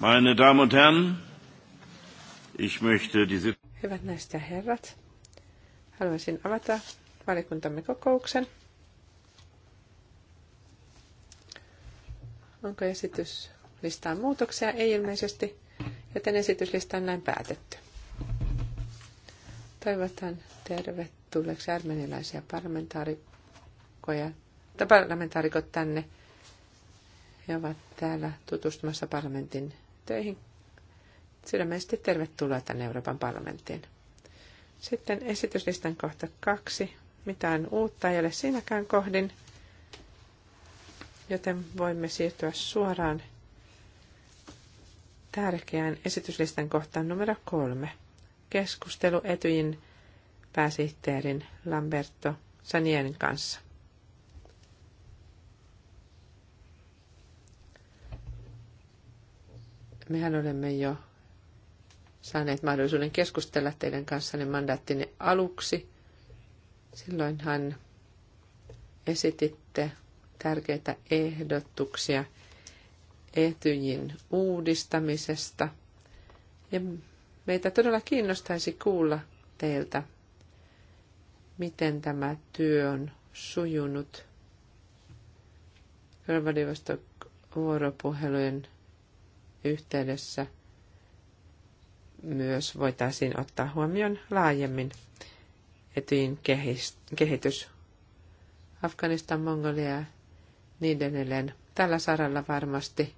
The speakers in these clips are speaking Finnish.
Meine Damen und Herren, ich möchte die Hyvät naiset ja herrat, haluaisin avata valikuntamme kokouksen. Onko esityslistaan muutoksia? Ei ilmeisesti, joten esityslista on näin päätetty. Toivotan tervetulleeksi armenilaisia parlamentaarikkoja, parlamentaarikot tänne. He ovat täällä tutustumassa parlamentin töihin. Sydämellisesti tervetuloa tänne Euroopan parlamenttiin. Sitten esityslistan kohta kaksi. Mitään uutta ei ole siinäkään kohdin, joten voimme siirtyä suoraan tärkeään esityslistan kohtaan numero kolme. Keskustelu Etyjin pääsihteerin Lamberto Sanierin kanssa. Mehän olemme jo saaneet mahdollisuuden keskustella teidän kanssanne mandaattinne aluksi. Silloinhan esititte tärkeitä ehdotuksia Etyjin uudistamisesta. Ja meitä todella kiinnostaisi kuulla teiltä, miten tämä työ on sujunut Vladivostok-vuoropuhelujen yhteydessä myös voitaisiin ottaa huomioon laajemmin etyin kehitys Afganistan, Mongolia ja niin edelleen. Tällä saralla varmasti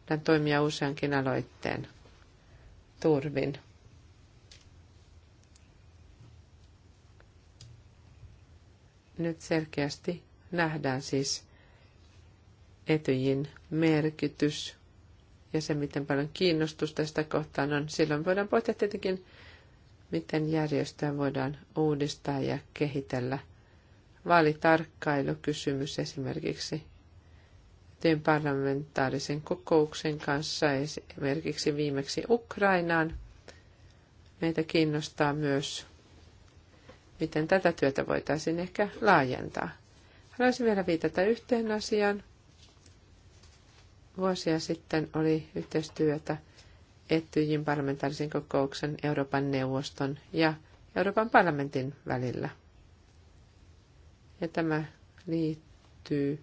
voidaan toimia useankin aloitteen turvin. Nyt selkeästi nähdään siis etyjin merkitys ja se, miten paljon kiinnostus tästä kohtaan on. Silloin voidaan pohtia tietenkin, miten järjestöä voidaan uudistaa ja kehitellä. Vaalitarkkailukysymys esimerkiksi. Tein parlamentaarisen kokouksen kanssa esimerkiksi viimeksi Ukrainaan. Meitä kiinnostaa myös, miten tätä työtä voitaisiin ehkä laajentaa. Haluaisin vielä viitata yhteen asiaan. Vuosia sitten oli yhteistyötä Etyjin parlamentaarisen kokouksen, Euroopan neuvoston ja Euroopan parlamentin välillä. Ja tämä liittyy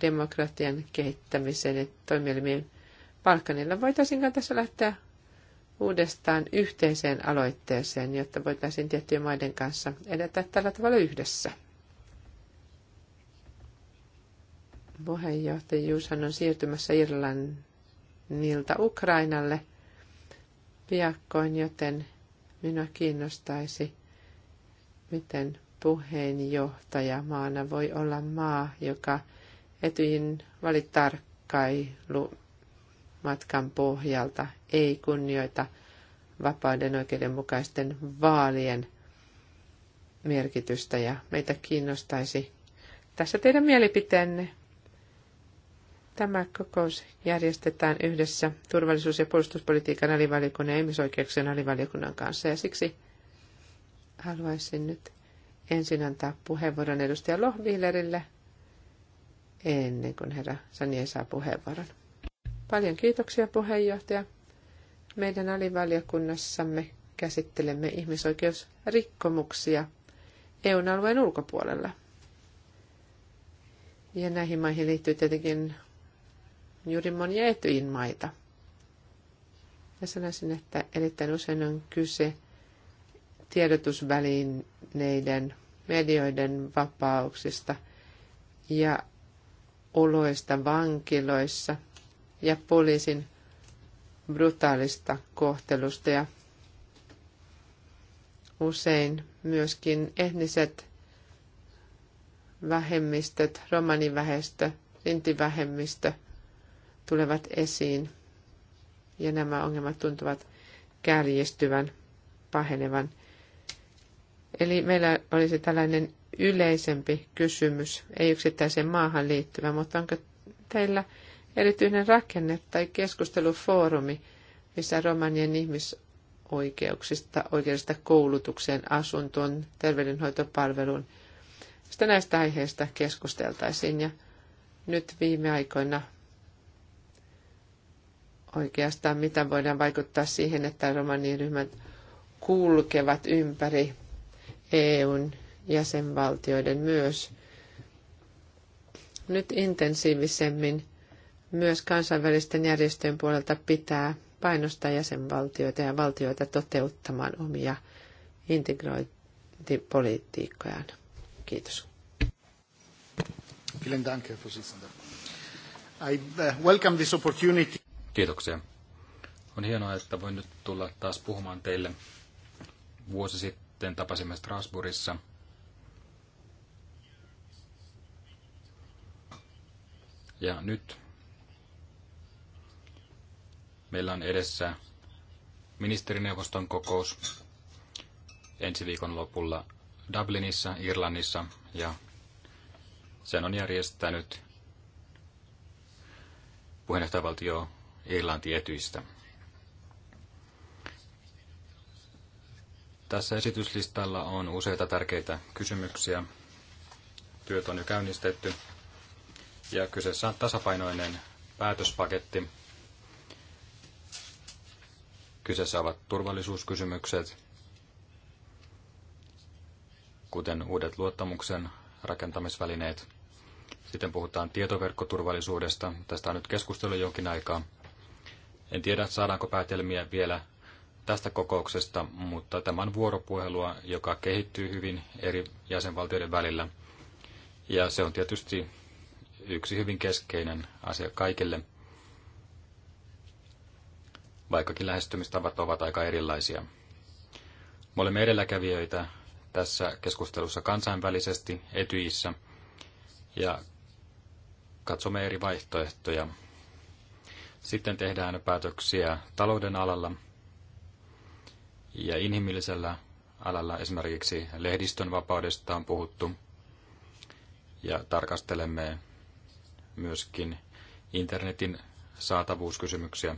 demokratian kehittämiseen ja toimielimien palkkanilla. voitaisiin tässä lähteä uudestaan yhteiseen aloitteeseen, jotta voitaisiin tiettyjen maiden kanssa edetä tällä tavalla yhdessä? Puheenjohtajuushan on siirtymässä Irlannilta Ukrainalle piakkoin, joten minua kiinnostaisi, miten puheenjohtaja maana voi olla maa, joka etyin valitarkkailu matkan pohjalta ei kunnioita vapauden oikeudenmukaisten vaalien merkitystä ja meitä kiinnostaisi tässä teidän mielipiteenne Tämä kokous järjestetään yhdessä turvallisuus- ja puolustuspolitiikan alivaliokunnan ja ihmisoikeuksien alivaliokunnan kanssa. Ja siksi haluaisin nyt ensin antaa puheenvuoron edustaja Lohviilerille ennen kuin herra Sanje saa puheenvuoron. Paljon kiitoksia puheenjohtaja. Meidän alivaliokunnassamme käsittelemme ihmisoikeusrikkomuksia EUn alueen ulkopuolella. Ja näihin maihin liittyy tietenkin juuri monia etyin maita. Ja sanoisin, että erittäin usein on kyse tiedotusvälineiden, medioiden vapauksista ja oloista vankiloissa ja poliisin brutaalista kohtelusta ja usein myöskin etniset vähemmistöt, romanivähestö, intivähemmistö – tulevat esiin ja nämä ongelmat tuntuvat kärjistyvän, pahenevan. Eli meillä olisi tällainen yleisempi kysymys, ei yksittäiseen maahan liittyvä, mutta onko teillä erityinen rakenne tai keskustelufoorumi, missä romanien ihmisoikeuksista, oikeudesta koulutukseen, asuntoon, terveydenhoitopalveluun, sitten näistä aiheista keskusteltaisiin ja nyt viime aikoina oikeastaan, mitä voidaan vaikuttaa siihen, että romaniryhmät kulkevat ympäri EUn jäsenvaltioiden myös nyt intensiivisemmin myös kansainvälisten järjestöjen puolelta pitää painostaa jäsenvaltioita ja valtioita toteuttamaan omia integrointipolitiikkojaan. Kiitos. Vielen Dank, Herr Vorsitzender. I uh, welcome this opportunity. Kiitoksia. On hienoa, että voin nyt tulla taas puhumaan teille. Vuosi sitten tapasimme Strasbourgissa. Ja nyt meillä on edessä ministerineuvoston kokous ensi viikon lopulla Dublinissa, Irlannissa, ja sen on järjestänyt puheenjohtajavaltio Irlanti etyistä. Tässä esityslistalla on useita tärkeitä kysymyksiä. Työt on jo käynnistetty ja kyseessä on tasapainoinen päätöspaketti. Kyseessä ovat turvallisuuskysymykset, kuten uudet luottamuksen rakentamisvälineet. Sitten puhutaan tietoverkkoturvallisuudesta. Tästä on nyt keskustelu jonkin aikaa. En tiedä, saadaanko päätelmiä vielä tästä kokouksesta, mutta tämä on vuoropuhelua, joka kehittyy hyvin eri jäsenvaltioiden välillä. Ja se on tietysti yksi hyvin keskeinen asia kaikille, vaikkakin lähestymistavat ovat aika erilaisia. Me olemme edelläkävijöitä tässä keskustelussa kansainvälisesti Etyissä ja katsomme eri vaihtoehtoja sitten tehdään päätöksiä talouden alalla ja inhimillisellä alalla. Esimerkiksi lehdistön vapaudesta on puhuttu ja tarkastelemme myöskin internetin saatavuuskysymyksiä.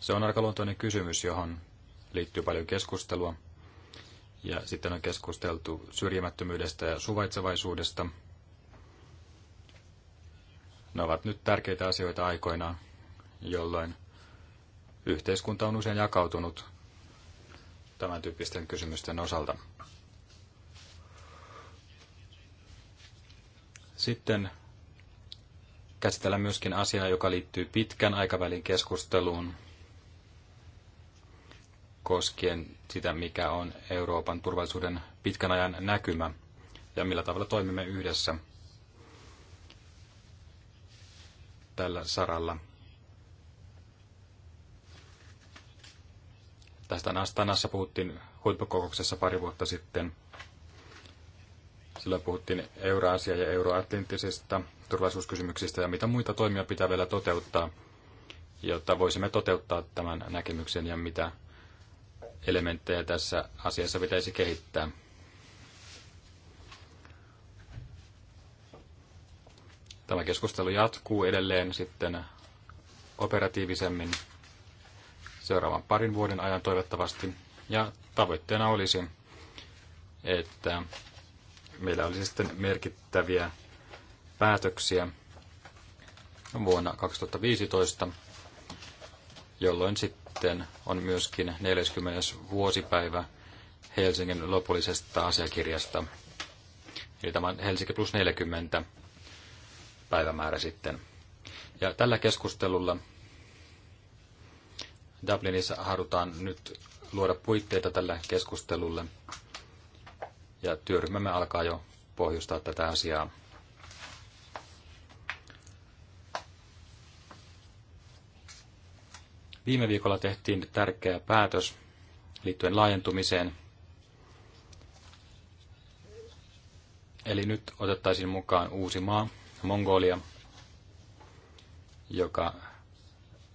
Se on arkaluontoinen kysymys, johon liittyy paljon keskustelua. Ja sitten on keskusteltu syrjimättömyydestä ja suvaitsevaisuudesta. Ne ovat nyt tärkeitä asioita aikoinaan jolloin yhteiskunta on usein jakautunut tämän tyyppisten kysymysten osalta. Sitten käsitellään myöskin asiaa, joka liittyy pitkän aikavälin keskusteluun koskien sitä, mikä on Euroopan turvallisuuden pitkän ajan näkymä ja millä tavalla toimimme yhdessä tällä saralla Tästä Astanassa puhuttiin huippukokouksessa pari vuotta sitten. Silloin puhuttiin Eurasia ja euroatlanttisista turvallisuuskysymyksistä ja mitä muita toimia pitää vielä toteuttaa, jotta voisimme toteuttaa tämän näkemyksen ja mitä elementtejä tässä asiassa pitäisi kehittää. Tämä keskustelu jatkuu edelleen sitten operatiivisemmin seuraavan parin vuoden ajan toivottavasti. Ja tavoitteena olisi, että meillä olisi sitten merkittäviä päätöksiä vuonna 2015, jolloin sitten on myöskin 40. vuosipäivä Helsingin lopullisesta asiakirjasta. Eli tämä on Helsinki plus 40 päivämäärä sitten. Ja tällä keskustelulla Dublinissa halutaan nyt luoda puitteita tällä keskustelulle. Ja työryhmämme alkaa jo pohjustaa tätä asiaa. Viime viikolla tehtiin tärkeä päätös liittyen laajentumiseen. Eli nyt otettaisiin mukaan uusi maa, Mongolia, joka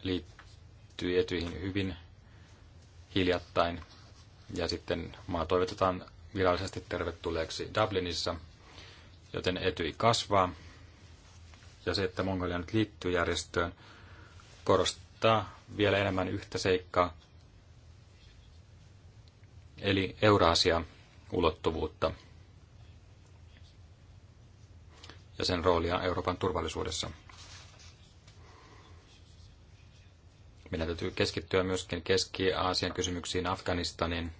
liittyy liittyy etyihin hyvin hiljattain. Ja sitten maa toivotetaan virallisesti tervetulleeksi Dublinissa, joten etyi kasvaa. Ja se, että Mongolia nyt liittyy järjestöön, korostaa vielä enemmän yhtä seikkaa, eli Euraasia ulottuvuutta ja sen roolia Euroopan turvallisuudessa. Meidän täytyy keskittyä myöskin Keski-Aasian kysymyksiin Afganistanin.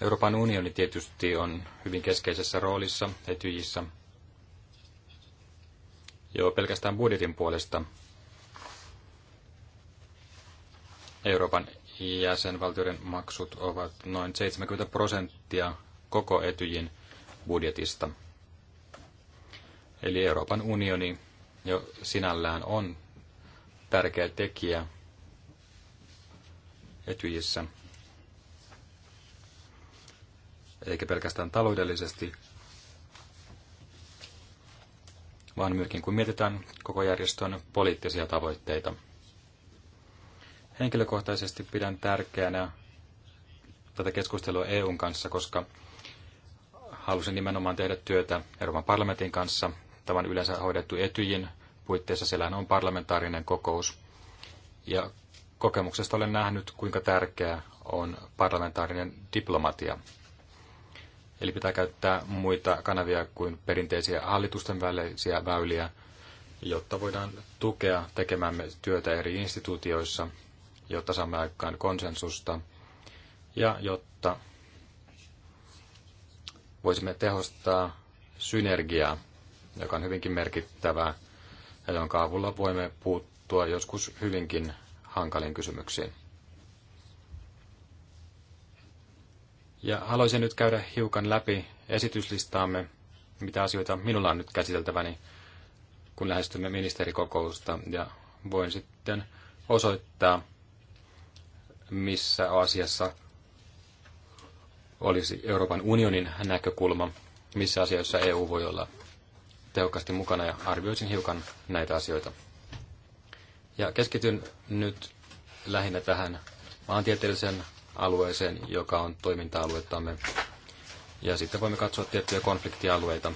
Euroopan unioni tietysti on hyvin keskeisessä roolissa Etyjissä. Joo, pelkästään budjetin puolesta Euroopan jäsenvaltioiden maksut ovat noin 70 prosenttia koko Etyjin budjetista. Eli Euroopan unioni jo sinällään on tärkeä tekijä Etyjissä, eikä pelkästään taloudellisesti, vaan myöskin kun mietitään koko järjestön poliittisia tavoitteita. Henkilökohtaisesti pidän tärkeänä tätä keskustelua EUn kanssa, koska halusin nimenomaan tehdä työtä Euroopan parlamentin kanssa. Tämä on yleensä hoidettu etyjin puitteissa. siellä on parlamentaarinen kokous. Ja kokemuksesta olen nähnyt, kuinka tärkeää on parlamentaarinen diplomatia. Eli pitää käyttää muita kanavia kuin perinteisiä hallitusten välisiä väyliä, jotta voidaan tukea tekemämme työtä eri instituutioissa, jotta saamme aikaan konsensusta ja jotta voisimme tehostaa synergiaa, joka on hyvinkin merkittävää ja jonka avulla voimme puuttua joskus hyvinkin hankaliin kysymyksiin. Ja haluaisin nyt käydä hiukan läpi esityslistaamme, mitä asioita minulla on nyt käsiteltäväni, kun lähestymme ministerikokousta, ja voin sitten osoittaa, missä asiassa olisi Euroopan unionin näkökulma, missä asioissa EU voi olla tehokkaasti mukana ja arvioisin hiukan näitä asioita. Ja keskityn nyt lähinnä tähän maantieteelliseen alueeseen, joka on toiminta-aluettamme. Ja sitten voimme katsoa tiettyjä konfliktialueita.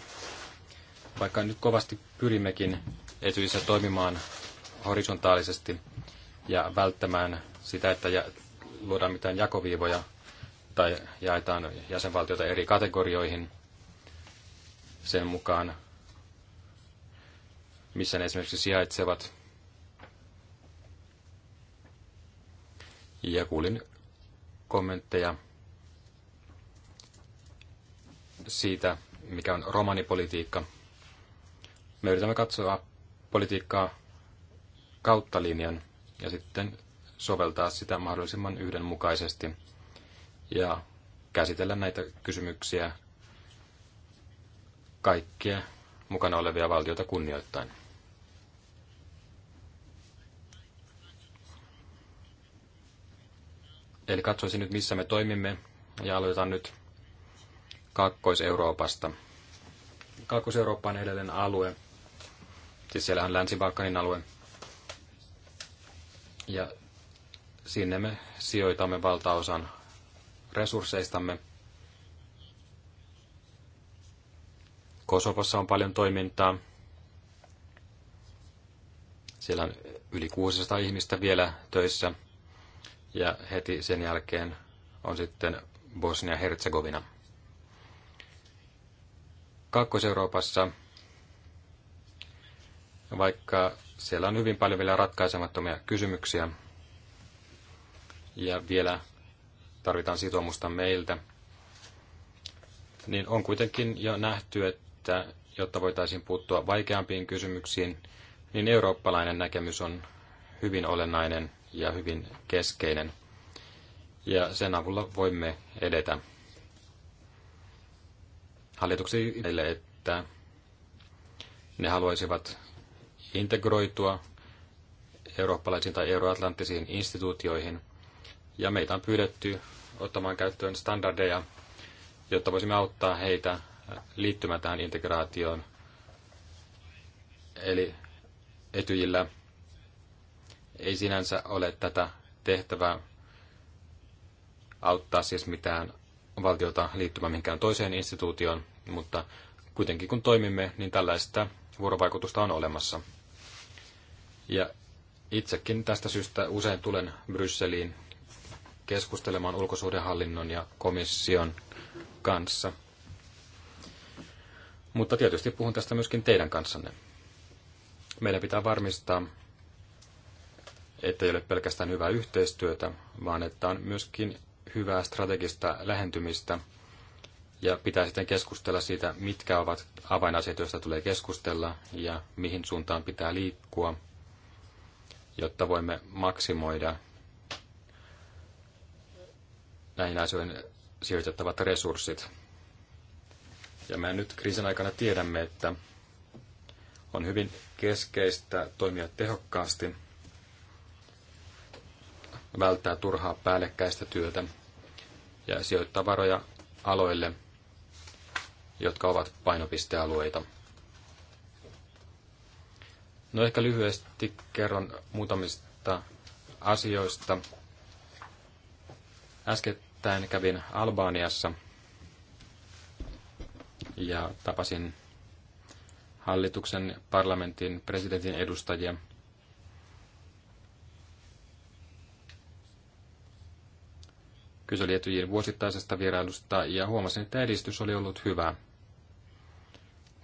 Vaikka nyt kovasti pyrimmekin etyissä toimimaan horisontaalisesti ja välttämään sitä, että luodaan mitään jakoviivoja tai jaetaan jäsenvaltioita eri kategorioihin sen mukaan, missä ne esimerkiksi sijaitsevat. Ja kuulin kommentteja siitä, mikä on romanipolitiikka. Me yritämme katsoa politiikkaa kautta linjan ja sitten soveltaa sitä mahdollisimman yhdenmukaisesti – ja käsitellä näitä kysymyksiä kaikkia mukana olevia valtioita kunnioittain. Eli katsoisin nyt, missä me toimimme, ja aloitetaan nyt Kaakkois-Euroopasta. Kaakkois-Eurooppa on edelleen alue, siis siellä on Länsi-Balkanin alue, ja sinne me sijoitamme valtaosan resursseistamme. Kosovossa on paljon toimintaa. Siellä on yli 600 ihmistä vielä töissä. Ja heti sen jälkeen on sitten Bosnia-Herzegovina. Kaakkois-Euroopassa, vaikka siellä on hyvin paljon vielä ratkaisemattomia kysymyksiä ja vielä tarvitaan sitoumusta meiltä, niin on kuitenkin jo nähty, että jotta voitaisiin puuttua vaikeampiin kysymyksiin, niin eurooppalainen näkemys on hyvin olennainen ja hyvin keskeinen. Ja sen avulla voimme edetä. Hallituksille, että ne haluaisivat integroitua eurooppalaisiin tai euroatlanttisiin instituutioihin. Ja meitä on pyydetty ottamaan käyttöön standardeja, jotta voisimme auttaa heitä liittymään tähän integraatioon. Eli etyjillä ei sinänsä ole tätä tehtävää auttaa siis mitään valtiota liittymään minkään toiseen instituutioon, mutta kuitenkin kun toimimme, niin tällaista vuorovaikutusta on olemassa. Ja itsekin tästä syystä usein tulen Brysseliin keskustelemaan ulkosuhdehallinnon ja komission kanssa. Mutta tietysti puhun tästä myöskin teidän kanssanne. Meidän pitää varmistaa, että ei ole pelkästään hyvää yhteistyötä, vaan että on myöskin hyvää strategista lähentymistä ja pitää sitten keskustella siitä, mitkä ovat avainasiat, joista tulee keskustella ja mihin suuntaan pitää liikkua, jotta voimme maksimoida näihin asioihin sijoitettavat resurssit. Ja me nyt kriisin aikana tiedämme, että on hyvin keskeistä toimia tehokkaasti, välttää turhaa päällekkäistä työtä ja sijoittaa varoja aloille, jotka ovat painopistealueita. No ehkä lyhyesti kerron muutamista asioista. Äsken hiljattain kävin Albaaniassa ja tapasin hallituksen, parlamentin, presidentin edustajia. Kyse oli etujien vuosittaisesta vierailusta ja huomasin, että edistys oli ollut hyvää,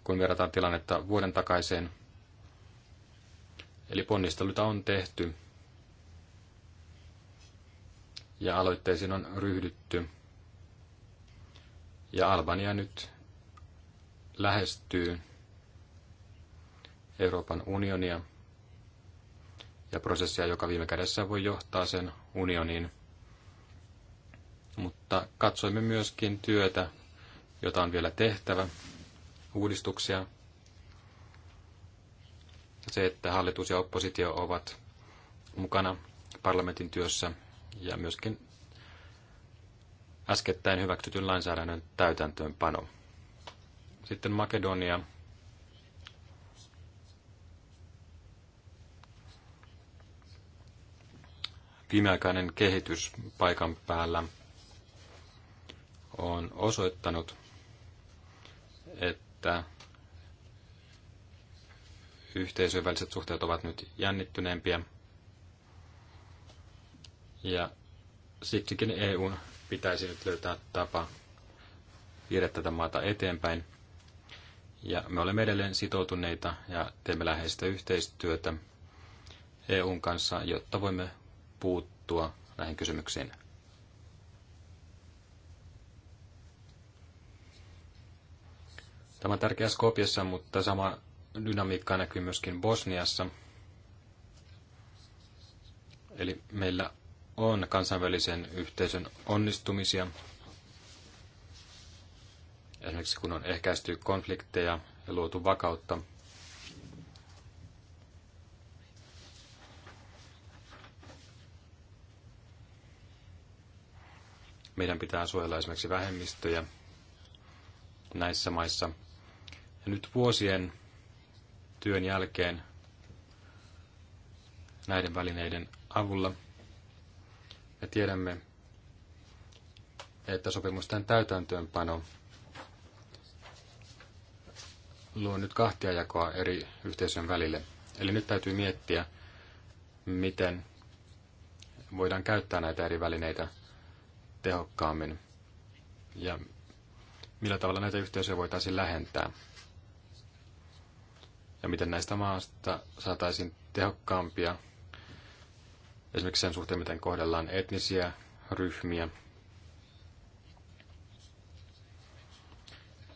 kun verrataan tilannetta vuoden takaiseen. Eli ponnisteluita on tehty ja aloitteisiin on ryhdytty. Ja Albania nyt lähestyy Euroopan unionia ja prosessia, joka viime kädessä voi johtaa sen unioniin. Mutta katsoimme myöskin työtä, jota on vielä tehtävä, uudistuksia. Se, että hallitus ja oppositio ovat mukana parlamentin työssä ja myöskin äskettäin hyväksytyn lainsäädännön täytäntöönpano. Sitten Makedonia. Viimeaikainen kehitys paikan päällä on osoittanut, että yhteisöväliset suhteet ovat nyt jännittyneempiä – ja siksikin EUn pitäisi nyt löytää tapa viedä tätä maata eteenpäin. Ja me olemme edelleen sitoutuneita ja teemme läheistä yhteistyötä EUn kanssa, jotta voimme puuttua näihin kysymyksiin. Tämä on tärkeä Skopjassa, mutta sama dynamiikka näkyy myöskin Bosniassa. Eli meillä on kansainvälisen yhteisön onnistumisia, esimerkiksi kun on ehkäisty konflikteja ja luotu vakautta. Meidän pitää suojella esimerkiksi vähemmistöjä näissä maissa. Ja nyt vuosien työn jälkeen näiden välineiden avulla – me tiedämme, että sopimusten täytäntöönpano luo nyt kahtia jakoa eri yhteisön välille. Eli nyt täytyy miettiä, miten voidaan käyttää näitä eri välineitä tehokkaammin ja millä tavalla näitä yhteisöjä voitaisiin lähentää ja miten näistä maasta saataisiin tehokkaampia esimerkiksi sen suhteen, miten kohdellaan etnisiä ryhmiä.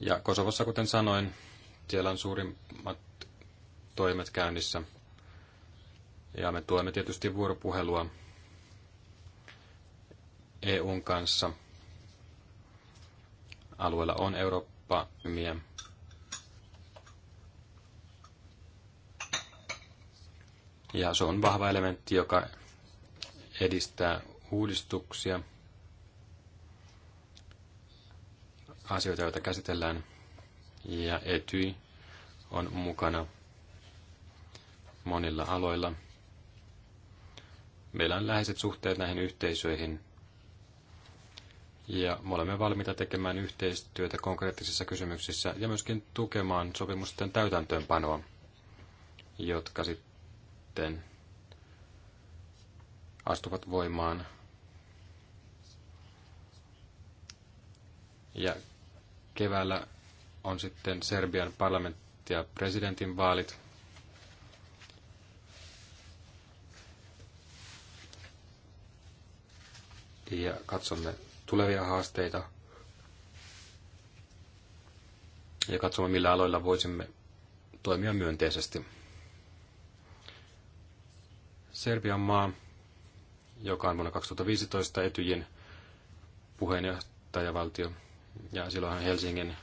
Ja Kosovossa, kuten sanoin, siellä on suurimmat toimet käynnissä. Ja me tuemme tietysti vuoropuhelua EUn kanssa. Alueella on Eurooppa-ymiä. Ja se on vahva elementti, joka edistää uudistuksia, asioita, joita käsitellään, ja Etyi on mukana monilla aloilla. Meillä on läheiset suhteet näihin yhteisöihin, ja me olemme valmiita tekemään yhteistyötä konkreettisissa kysymyksissä ja myöskin tukemaan sopimusten täytäntöönpanoa, jotka sitten astuvat voimaan. Ja keväällä on sitten Serbian parlamentti- ja presidentin vaalit. Ja katsomme tulevia haasteita ja katsomme, millä aloilla voisimme toimia myönteisesti. Serbian maa joka on vuonna 2015 Etyjin puheenjohtajavaltio. Ja silloinhan Helsingin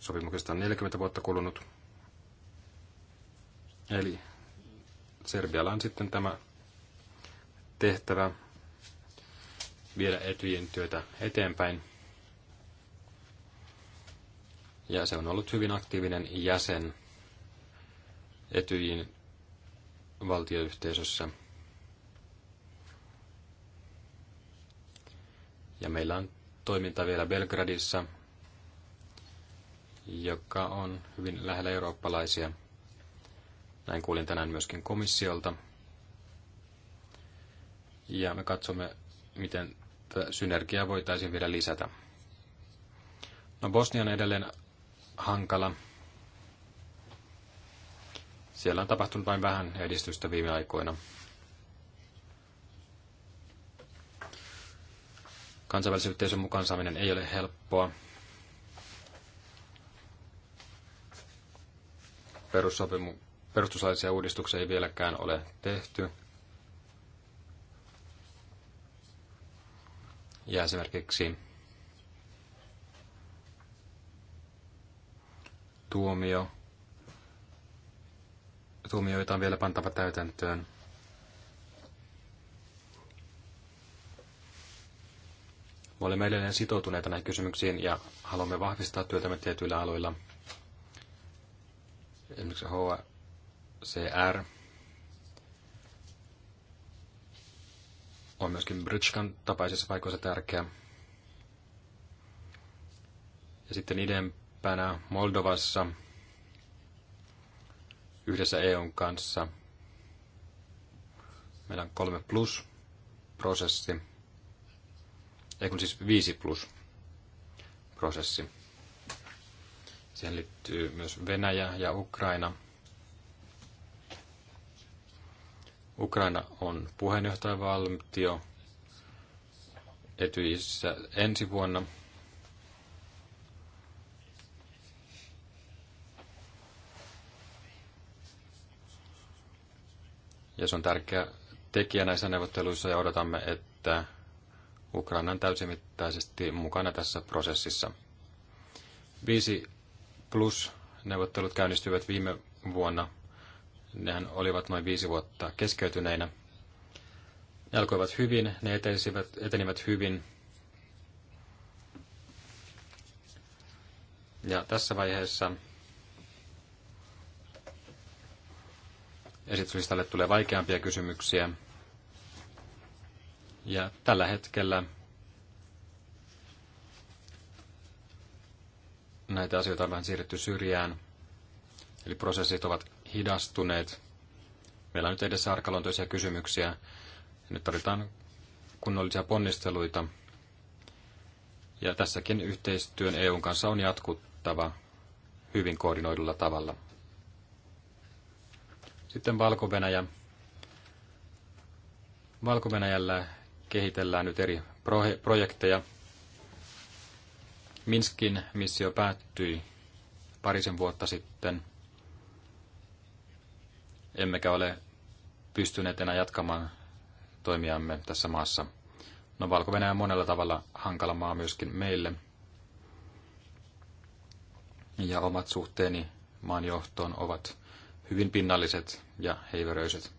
sopimuksesta on 40 vuotta kulunut. Eli Serbialla on sitten tämä tehtävä viedä Etyjin työtä eteenpäin. Ja se on ollut hyvin aktiivinen jäsen Etyjin valtioyhteisössä – Ja meillä on toiminta vielä Belgradissa, joka on hyvin lähellä eurooppalaisia. Näin kuulin tänään myöskin komissiolta. Ja me katsomme, miten synergiaa voitaisiin vielä lisätä. No Bosnia on edelleen hankala. Siellä on tapahtunut vain vähän edistystä viime aikoina. Kansainvälisen yhteisön mukaan saaminen ei ole helppoa. Perussopimu- perustuslaisia uudistuksia ei vieläkään ole tehty. Ja esimerkiksi tuomio, tuomioita on vielä pantava täytäntöön. Me olemme edelleen sitoutuneita näihin kysymyksiin ja haluamme vahvistaa työtämme tietyillä aloilla. Esimerkiksi HCR on myöskin Brytskan tapaisissa paikoissa tärkeä. Ja sitten idempänä Moldovassa yhdessä EUn kanssa. Meillä on kolme plus prosessi ei kun siis 5 plus prosessi. Siihen liittyy myös Venäjä ja Ukraina. Ukraina on puheenjohtajavaltio Etyissä ensi vuonna. Ja se on tärkeä tekijä näissä neuvotteluissa ja odotamme, että Ukrainan täysimittaisesti mukana tässä prosessissa. Viisi plus neuvottelut käynnistyivät viime vuonna. Nehän olivat noin viisi vuotta keskeytyneinä. Ne alkoivat hyvin, ne etenisivät, etenivät hyvin. Ja tässä vaiheessa esityslistalle tulee vaikeampia kysymyksiä, ja tällä hetkellä näitä asioita on vähän siirretty syrjään, eli prosessit ovat hidastuneet. Meillä on nyt edessä arkaluontoisia kysymyksiä, ja nyt tarvitaan kunnollisia ponnisteluita. Ja tässäkin yhteistyön EUn kanssa on jatkuttava hyvin koordinoidulla tavalla. Sitten Valko-Venäjä. Valko-Venäjällä kehitellään nyt eri projekteja. Minskin missio päättyi parisen vuotta sitten, emmekä ole pystyneet enää jatkamaan toimiamme tässä maassa. No valko on monella tavalla hankala maa myöskin meille. Ja omat suhteeni maan johtoon ovat hyvin pinnalliset ja heiveröiset.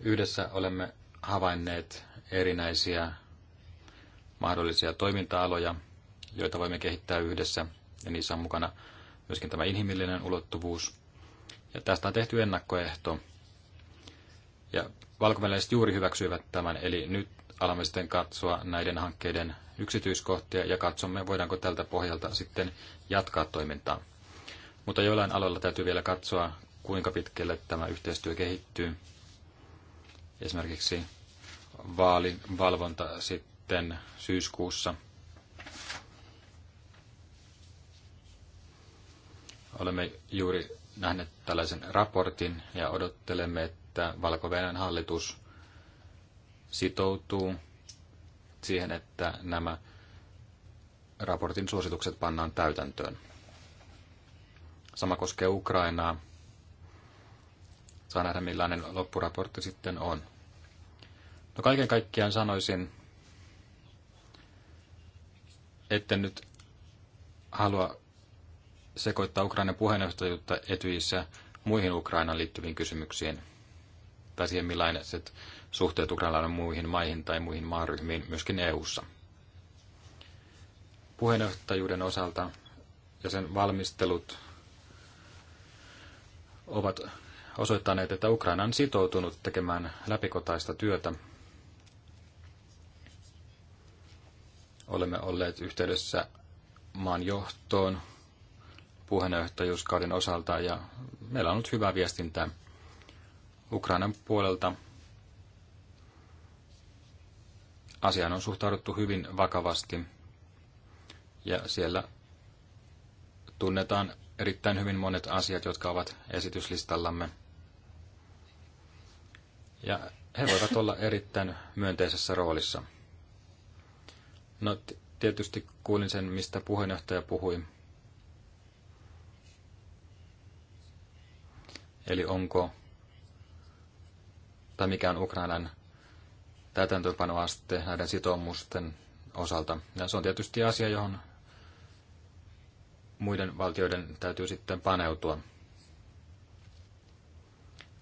Yhdessä olemme havainneet erinäisiä mahdollisia toiminta-aloja, joita voimme kehittää yhdessä, ja niissä on mukana myöskin tämä inhimillinen ulottuvuus. Ja tästä on tehty ennakkoehto. Ja valko juuri hyväksyivät tämän, eli nyt alamme sitten katsoa näiden hankkeiden yksityiskohtia ja katsomme, voidaanko tältä pohjalta sitten jatkaa toimintaa. Mutta joillain aloilla täytyy vielä katsoa, kuinka pitkälle tämä yhteistyö kehittyy esimerkiksi vaalivalvonta sitten syyskuussa. Olemme juuri nähneet tällaisen raportin ja odottelemme, että valko hallitus sitoutuu siihen, että nämä raportin suositukset pannaan täytäntöön. Sama koskee Ukrainaa. Saa nähdä, millainen loppuraportti sitten on. No kaiken kaikkiaan sanoisin, etten nyt halua sekoittaa Ukrainan puheenjohtajuutta etyissä muihin Ukrainaan liittyviin kysymyksiin, tai siihen millaiset suhteet Ukrainalla muihin maihin tai muihin maaryhmiin, myöskin EU-ssa. Puheenjohtajuuden osalta ja sen valmistelut ovat osoittaneet, että Ukraina on sitoutunut tekemään läpikotaista työtä Olemme olleet yhteydessä maan johtoon puheenjohtajuuskauden osalta ja meillä on ollut hyvää viestintää Ukrainan puolelta. Asiaan on suhtauduttu hyvin vakavasti ja siellä tunnetaan erittäin hyvin monet asiat, jotka ovat esityslistallamme. Ja he voivat olla erittäin myönteisessä roolissa. No tietysti kuulin sen, mistä puheenjohtaja puhui. Eli onko, tai mikä on Ukrainan täytäntöönpanoaste näiden sitoumusten osalta. Ja se on tietysti asia, johon muiden valtioiden täytyy sitten paneutua.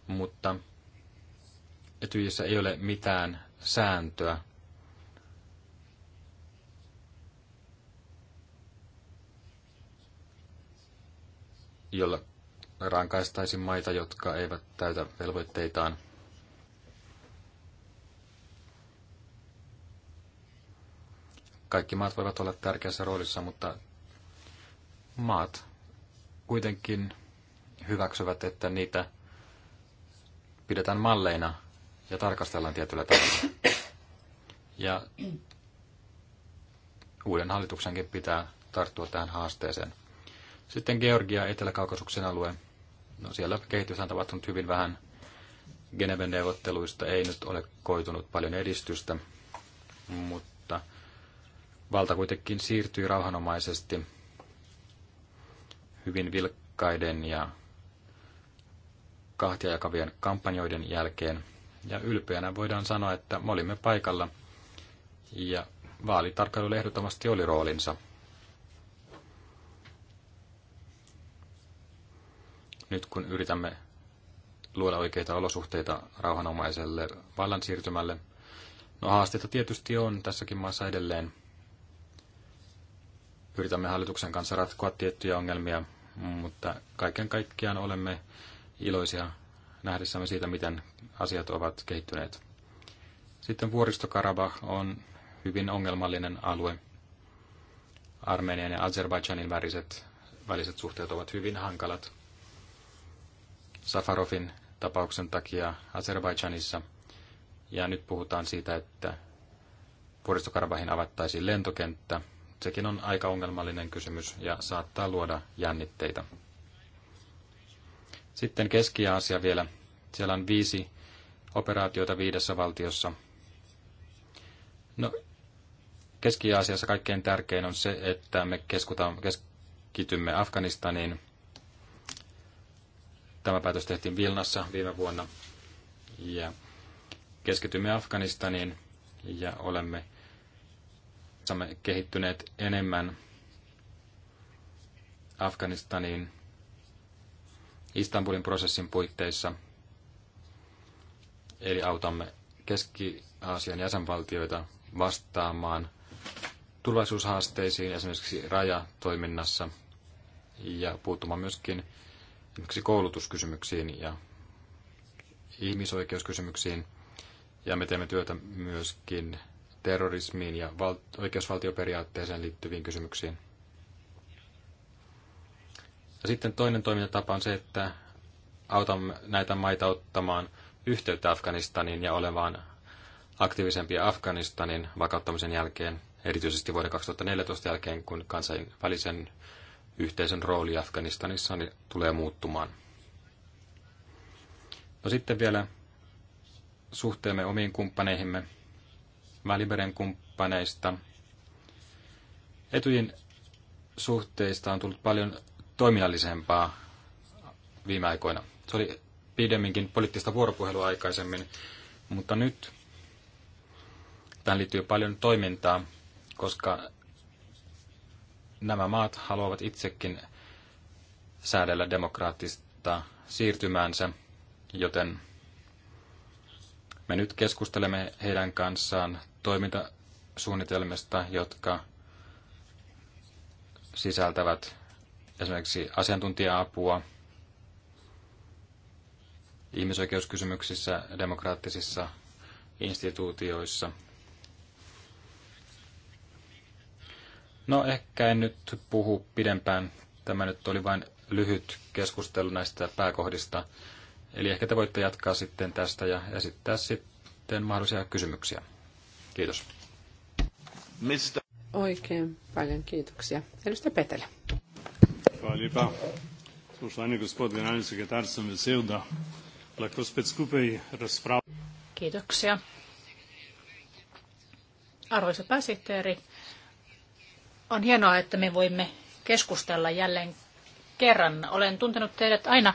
Mutta Etyjissä ei ole mitään sääntöä jolla rankaistaisiin maita, jotka eivät täytä velvoitteitaan. Kaikki maat voivat olla tärkeässä roolissa, mutta maat kuitenkin hyväksyvät, että niitä pidetään malleina ja tarkastellaan tietyllä tavalla. Ja uuden hallituksenkin pitää tarttua tähän haasteeseen. Sitten Georgia, Etelä-Kaukasuksen alue. No siellä kehitys on tapahtunut hyvin vähän. Geneven neuvotteluista ei nyt ole koitunut paljon edistystä, mutta valta kuitenkin siirtyy rauhanomaisesti hyvin vilkkaiden ja kahtia jakavien kampanjoiden jälkeen. Ja ylpeänä voidaan sanoa, että me olimme paikalla ja vaalitarkkailulla ehdottomasti oli roolinsa – nyt kun yritämme luoda oikeita olosuhteita rauhanomaiselle vallan siirtymälle. No haasteita tietysti on tässäkin maassa edelleen. Yritämme hallituksen kanssa ratkoa tiettyjä ongelmia, mutta kaiken kaikkiaan olemme iloisia nähdessämme siitä, miten asiat ovat kehittyneet. Sitten vuoristokarabah on hyvin ongelmallinen alue. Armenian ja Azerbaidžanin väliset, väliset suhteet ovat hyvin hankalat. Safarovin tapauksen takia Azerbaidžanissa. Ja nyt puhutaan siitä, että vuoristokarvahin avattaisiin lentokenttä. Sekin on aika ongelmallinen kysymys ja saattaa luoda jännitteitä. Sitten Keski-Aasia vielä. Siellä on viisi operaatioita viidessä valtiossa. No, Keski-Aasiassa kaikkein tärkein on se, että me keskutaan, keskitymme Afganistaniin – Tämä päätös tehtiin Vilnassa viime vuonna ja keskitymme Afganistaniin ja olemme saamme kehittyneet enemmän Afganistaniin Istanbulin prosessin puitteissa. Eli autamme Keski-Aasian jäsenvaltioita vastaamaan turvallisuushaasteisiin esimerkiksi rajatoiminnassa ja puuttumaan myöskin esimerkiksi koulutuskysymyksiin ja ihmisoikeuskysymyksiin. Ja me teemme työtä myöskin terrorismiin ja val- oikeusvaltioperiaatteeseen liittyviin kysymyksiin. Ja sitten toinen toimintatapa on se, että autamme näitä maita ottamaan yhteyttä Afganistaniin ja olemaan aktiivisempia Afganistanin vakauttamisen jälkeen, erityisesti vuoden 2014 jälkeen, kun kansainvälisen yhteisön rooli Afganistanissa niin tulee muuttumaan. No sitten vielä suhteemme omiin kumppaneihimme, Välimeren kumppaneista. Etujen suhteista on tullut paljon toiminnallisempaa viime aikoina. Se oli pidemminkin poliittista vuoropuhelua aikaisemmin, mutta nyt tähän liittyy paljon toimintaa, koska nämä maat haluavat itsekin säädellä demokraattista siirtymäänsä, joten me nyt keskustelemme heidän kanssaan toimintasuunnitelmista, jotka sisältävät esimerkiksi asiantuntija-apua ihmisoikeuskysymyksissä, demokraattisissa instituutioissa No ehkä en nyt puhu pidempään. Tämä nyt oli vain lyhyt keskustelu näistä pääkohdista. Eli ehkä te voitte jatkaa sitten tästä ja esittää sitten mahdollisia kysymyksiä. Kiitos. Mistä? Oikein paljon kiitoksia. Edustaja Petele. Hvala lepa. gospod generalni sekretar, sem vesel, da lahko spet skupaj Kiitoksia. Arvoisa pääsihteeri, on hienoa, että me voimme keskustella jälleen kerran. Olen tuntenut teidät aina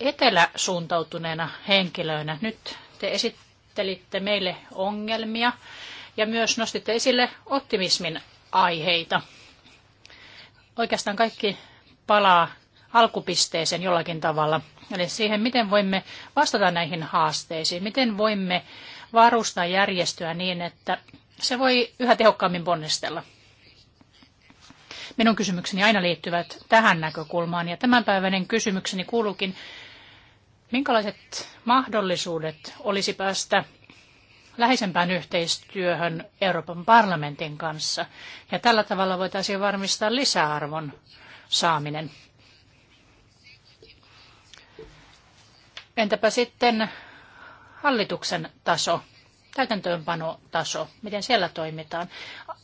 eteläsuuntautuneena henkilöinä. Nyt te esittelitte meille ongelmia ja myös nostitte esille optimismin aiheita. Oikeastaan kaikki palaa alkupisteeseen jollakin tavalla. Eli siihen, miten voimme vastata näihin haasteisiin, miten voimme varustaa järjestöä niin, että se voi yhä tehokkaammin ponnistella. Minun kysymykseni aina liittyvät tähän näkökulmaan ja tämänpäiväinen kysymykseni kuuluukin, minkälaiset mahdollisuudet olisi päästä läheisempään yhteistyöhön Euroopan parlamentin kanssa ja tällä tavalla voitaisiin varmistaa lisäarvon saaminen. Entäpä sitten hallituksen taso, täytäntöönpanotaso, miten siellä toimitaan?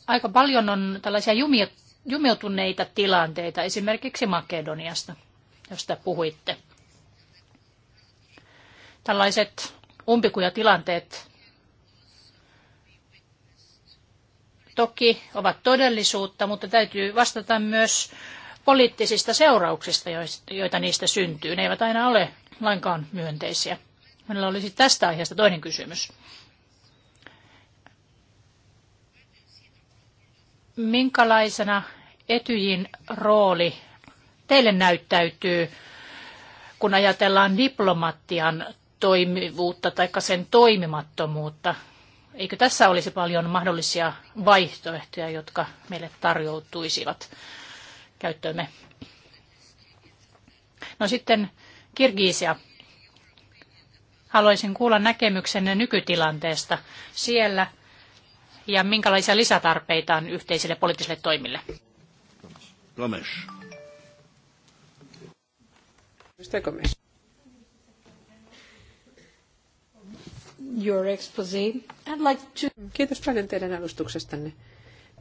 Aika paljon on tällaisia jumia jumiutuneita tilanteita, esimerkiksi Makedoniasta, josta puhuitte. Tällaiset umpikujatilanteet toki ovat todellisuutta, mutta täytyy vastata myös poliittisista seurauksista, joita niistä syntyy. Ne eivät aina ole lainkaan myönteisiä. Meillä olisi tästä aiheesta toinen kysymys. minkälaisena Etyjin rooli teille näyttäytyy, kun ajatellaan diplomatian toimivuutta tai sen toimimattomuutta? Eikö tässä olisi paljon mahdollisia vaihtoehtoja, jotka meille tarjoutuisivat käyttöömme? No sitten Kirgisia. Haluaisin kuulla näkemyksenne nykytilanteesta siellä – ja minkälaisia lisätarpeita on yhteisille poliittisille toimille? Gomes. Gomes. Your expose. I'd like to... Kiitos paljon teidän alustuksestanne.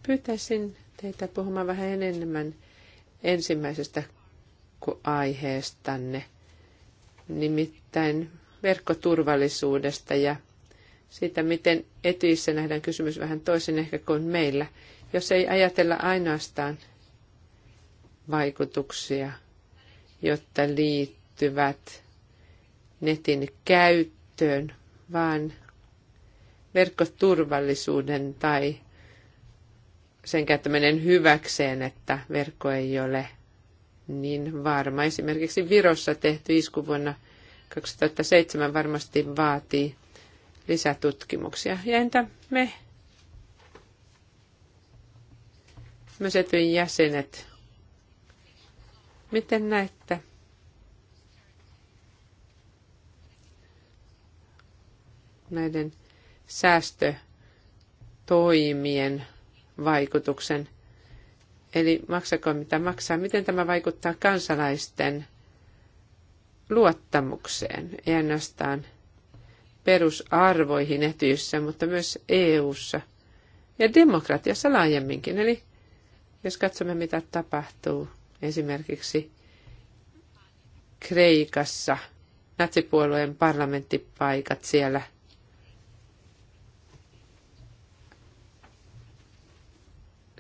Pyytäisin teitä puhumaan vähän enemmän ensimmäisestä aiheestanne, nimittäin verkkoturvallisuudesta ja siitä, miten etyissä nähdään kysymys vähän toisin ehkä kuin meillä. Jos ei ajatella ainoastaan vaikutuksia, jotta liittyvät netin käyttöön, vaan verkkoturvallisuuden tai sen käyttäminen hyväkseen, että verkko ei ole niin varma. Esimerkiksi Virossa tehty isku vuonna 2007 varmasti vaatii lisätutkimuksia. Ja entä me, myös etyin jäsenet, miten näette näiden säästötoimien vaikutuksen? Eli maksako mitä maksaa? Miten tämä vaikuttaa kansalaisten luottamukseen, ei ainoastaan perusarvoihin etyissä, mutta myös EU:ssa ja demokratiassa laajemminkin. Eli jos katsomme, mitä tapahtuu esimerkiksi Kreikassa, natsipuolueen parlamenttipaikat siellä –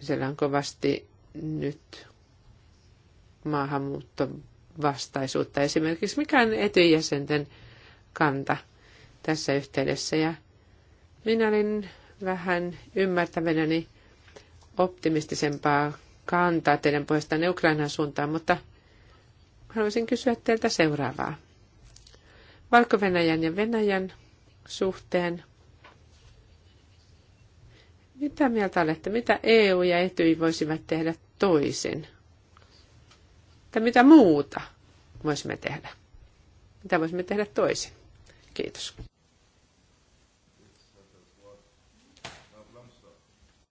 siellä on kovasti nyt maahanmuuttovastaisuutta. Esimerkiksi mikä on etyjäsenten kanta tässä yhteydessä. Ja minä olin vähän ymmärtävänäni optimistisempaa kantaa teidän puheestanne Ukrainan suuntaan, mutta haluaisin kysyä teiltä seuraavaa. valko -Venäjän ja Venäjän suhteen. Mitä mieltä olette, mitä EU ja Etyj voisivat tehdä toisin? Tai mitä muuta voisimme tehdä? Mitä voisimme tehdä toisin? Kiitos.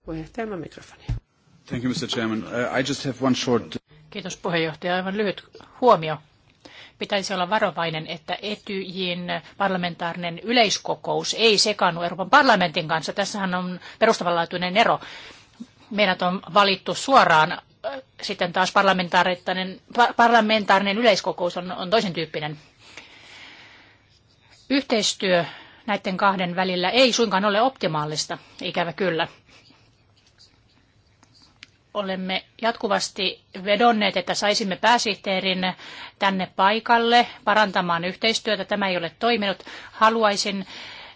Thank you, Mr. Chairman. Uh, I just have one short... Kiitos puheenjohtaja. Aivan lyhyt huomio. Pitäisi olla varovainen, että Etyjin parlamentaarinen yleiskokous ei sekaannu Euroopan parlamentin kanssa. Tässähän on perustavanlaatuinen ero. Meidät on valittu suoraan äh, sitten taas parlamentaarinen, parlamentaarinen yleiskokous on, on toisen tyyppinen. Yhteistyö näiden kahden välillä ei suinkaan ole optimaalista, ikävä kyllä olemme jatkuvasti vedonneet, että saisimme pääsihteerin tänne paikalle parantamaan yhteistyötä. Tämä ei ole toiminut. Haluaisin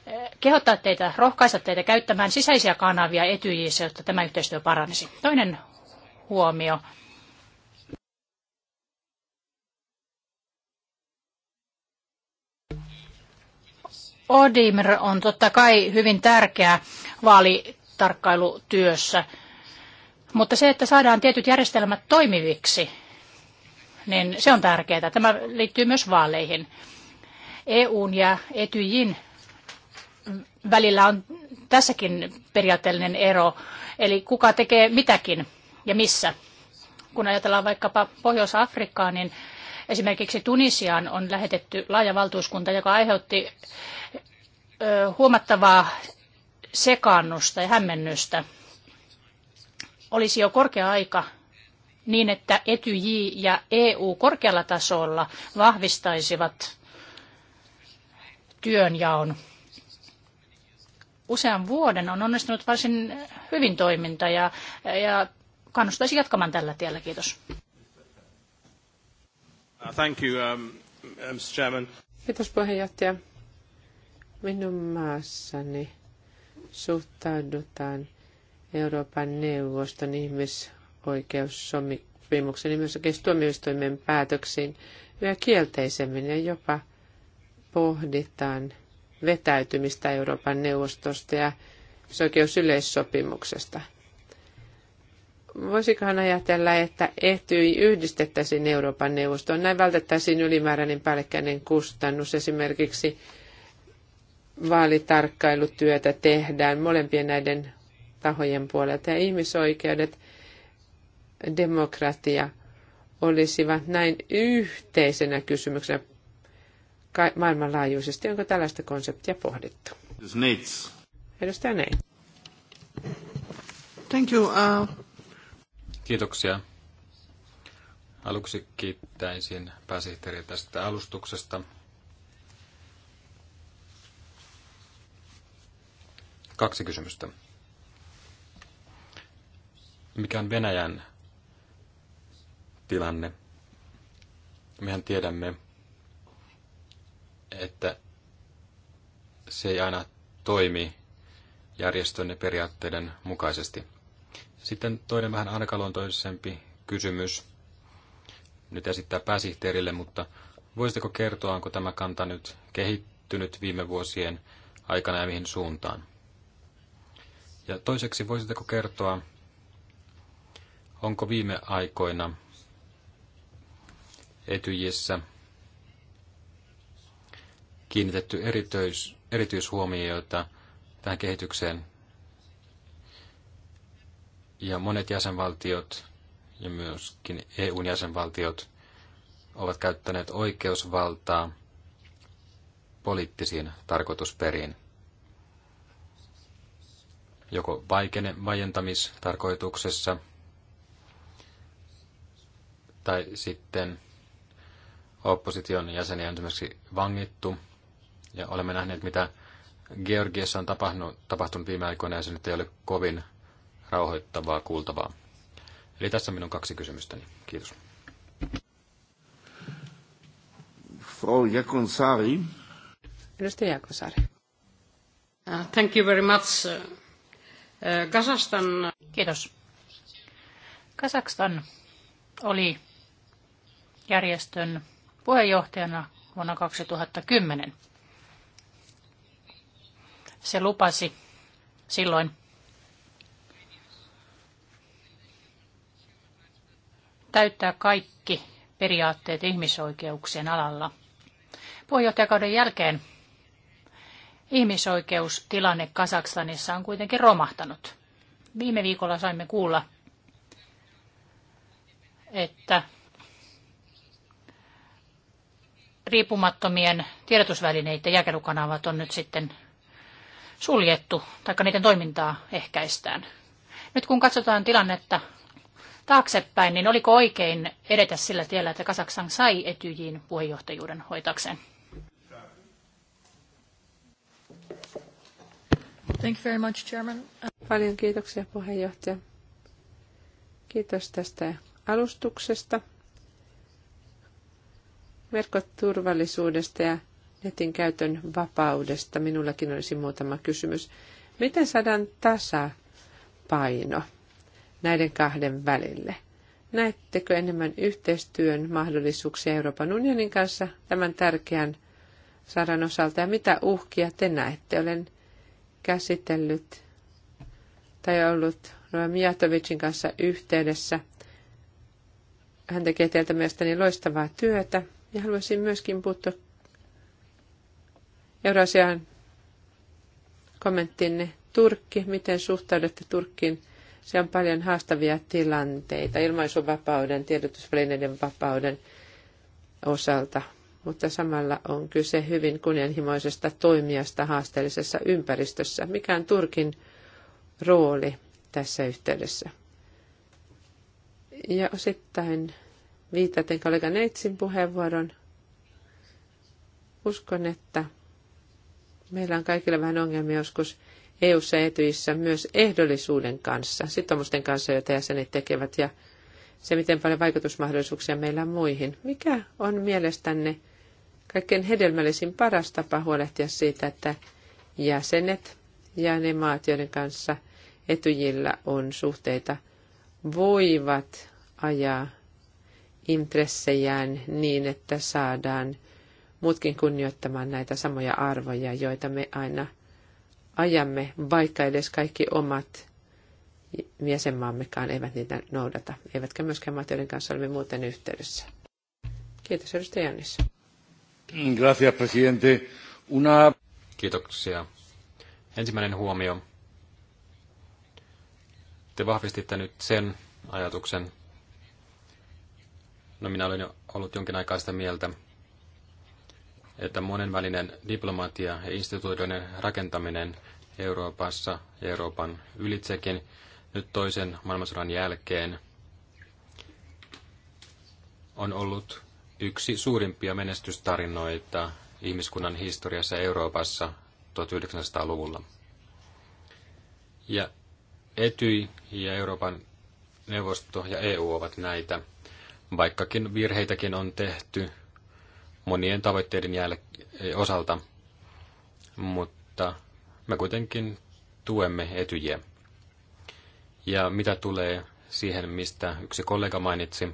eh, kehottaa teitä, rohkaista teitä käyttämään sisäisiä kanavia etyjissä, jotta tämä yhteistyö paranisi. Toinen huomio. Odimer on totta kai hyvin tärkeä vaalitarkkailutyössä. Mutta se, että saadaan tietyt järjestelmät toimiviksi, niin se on tärkeää. Tämä liittyy myös vaaleihin. EUn ja Etyjin välillä on tässäkin periaatteellinen ero, eli kuka tekee mitäkin ja missä. Kun ajatellaan vaikkapa Pohjois-Afrikkaa, niin esimerkiksi Tunisiaan on lähetetty laaja valtuuskunta, joka aiheutti huomattavaa sekaannusta ja hämmennystä olisi jo korkea aika niin, että Etyj ja EU korkealla tasolla vahvistaisivat työnjaon. Usean vuoden on onnistunut varsin hyvin toiminta ja, ja kannustaisin jatkamaan tällä tiellä. Kiitos. Uh, thank you, um, uh, Mr. Chairman. Kiitos puheenjohtaja. Minun maassani suhtaudutaan Euroopan neuvoston ihmisoikeussopimukseen ja myös päätöksiin yhä kielteisemmin ja jopa pohditaan vetäytymistä Euroopan neuvostosta ja ihmisoikeusyleissopimuksesta. Voisikohan ajatella, että Etyj yhdistettäisiin Euroopan neuvostoon? Näin vältettäisiin ylimääräinen päällekkäinen kustannus. Esimerkiksi vaalitarkkailutyötä tehdään molempien näiden tahojen puolelta. Ja ihmisoikeudet, demokratia olisivat näin yhteisenä kysymyksenä maailmanlaajuisesti. Onko tällaista konseptia pohdittu? Neitz. Edustaja Neitz. Thank you. Uh... Kiitoksia. Aluksi kiittäisin pääsihteeriä tästä alustuksesta. Kaksi kysymystä mikä on Venäjän tilanne. Mehän tiedämme, että se ei aina toimi järjestön ja periaatteiden mukaisesti. Sitten toinen vähän arkaluontoisempi kysymys. Nyt esittää pääsihteerille, mutta voisitteko kertoa, onko tämä kanta nyt kehittynyt viime vuosien aikana ja mihin suuntaan? Ja toiseksi voisitteko kertoa, Onko viime aikoina etyjissä kiinnitetty erityis, erityishuomioita tähän kehitykseen? Ja monet jäsenvaltiot ja myöskin EUn jäsenvaltiot ovat käyttäneet oikeusvaltaa poliittisiin tarkoitusperiin. Joko vaikene vajentamistarkoituksessa – tai sitten opposition jäseniä on esimerkiksi vangittu. Ja olemme nähneet, mitä Georgiassa on tapahtunut, tapahtunut viime aikoina, ja se nyt ei ole kovin rauhoittavaa kuultavaa. Eli tässä minun kaksi kysymystäni. Kiitos. Frau Jakonsari. Edustaja Jakonsari. Uh, thank you very much. Uh, Kazakstan. Kiitos. Kazakstan oli järjestön puheenjohtajana vuonna 2010. Se lupasi silloin täyttää kaikki periaatteet ihmisoikeuksien alalla. Puheenjohtajakauden jälkeen ihmisoikeustilanne Kasakstanissa on kuitenkin romahtanut. Viime viikolla saimme kuulla, että riippumattomien tiedotusvälineiden jakelukanavat on nyt sitten suljettu, tai niiden toimintaa ehkäistään. Nyt kun katsotaan tilannetta taaksepäin, niin oliko oikein edetä sillä tiellä, että Kasaksan sai Etyjiin puheenjohtajuuden hoitakseen? Thank you very much, Chairman. Paljon kiitoksia puheenjohtaja. Kiitos tästä alustuksesta. Verkkoturvallisuudesta ja netin käytön vapaudesta minullakin olisi muutama kysymys. Miten saadaan tasapaino näiden kahden välille? Näettekö enemmän yhteistyön mahdollisuuksia Euroopan unionin kanssa tämän tärkeän saran osalta ja mitä uhkia te näette? Olen käsitellyt tai ollut Noa Mijatovicin kanssa yhteydessä. Hän tekee teiltä mielestäni loistavaa työtä ja haluaisin myöskin puuttua Eurasian kommenttiinne Turkki. Miten suhtaudutte Turkkiin? Se on paljon haastavia tilanteita ilmaisuvapauden, tiedotusvälineiden vapauden osalta, mutta samalla on kyse hyvin kunnianhimoisesta toimijasta haasteellisessa ympäristössä. Mikä on Turkin rooli tässä yhteydessä? Ja osittain viitaten kollega Neitsin puheenvuoron. Uskon, että meillä on kaikilla vähän ongelmia joskus EU-ssa etyissä myös ehdollisuuden kanssa, sitoumusten kanssa, joita jäsenet tekevät, ja se, miten paljon vaikutusmahdollisuuksia meillä on muihin. Mikä on mielestänne kaikkein hedelmällisin paras tapa huolehtia siitä, että jäsenet ja ne maat, joiden kanssa etujilla on suhteita, voivat ajaa intressejään niin, että saadaan muutkin kunnioittamaan näitä samoja arvoja, joita me aina ajamme, vaikka edes kaikki omat jäsenmaammekaan eivät niitä noudata, eivätkä myöskään maat, joiden kanssa olemme muuten yhteydessä. Kiitos, edustaja Jannis. Mm, gracias, presidente. Una... Kiitoksia. Ensimmäinen huomio. Te vahvistitte nyt sen ajatuksen, No minä olen jo ollut jonkin aikaa sitä mieltä, että monenvälinen diplomatia ja instituutioiden rakentaminen Euroopassa ja Euroopan ylitsekin nyt toisen maailmansodan jälkeen on ollut yksi suurimpia menestystarinoita ihmiskunnan historiassa Euroopassa 1900-luvulla. Ja Etyi ja Euroopan neuvosto ja EU ovat näitä vaikkakin virheitäkin on tehty monien tavoitteiden jäl- eh, osalta, mutta me kuitenkin tuemme etyjiä. Ja mitä tulee siihen, mistä yksi kollega mainitsi,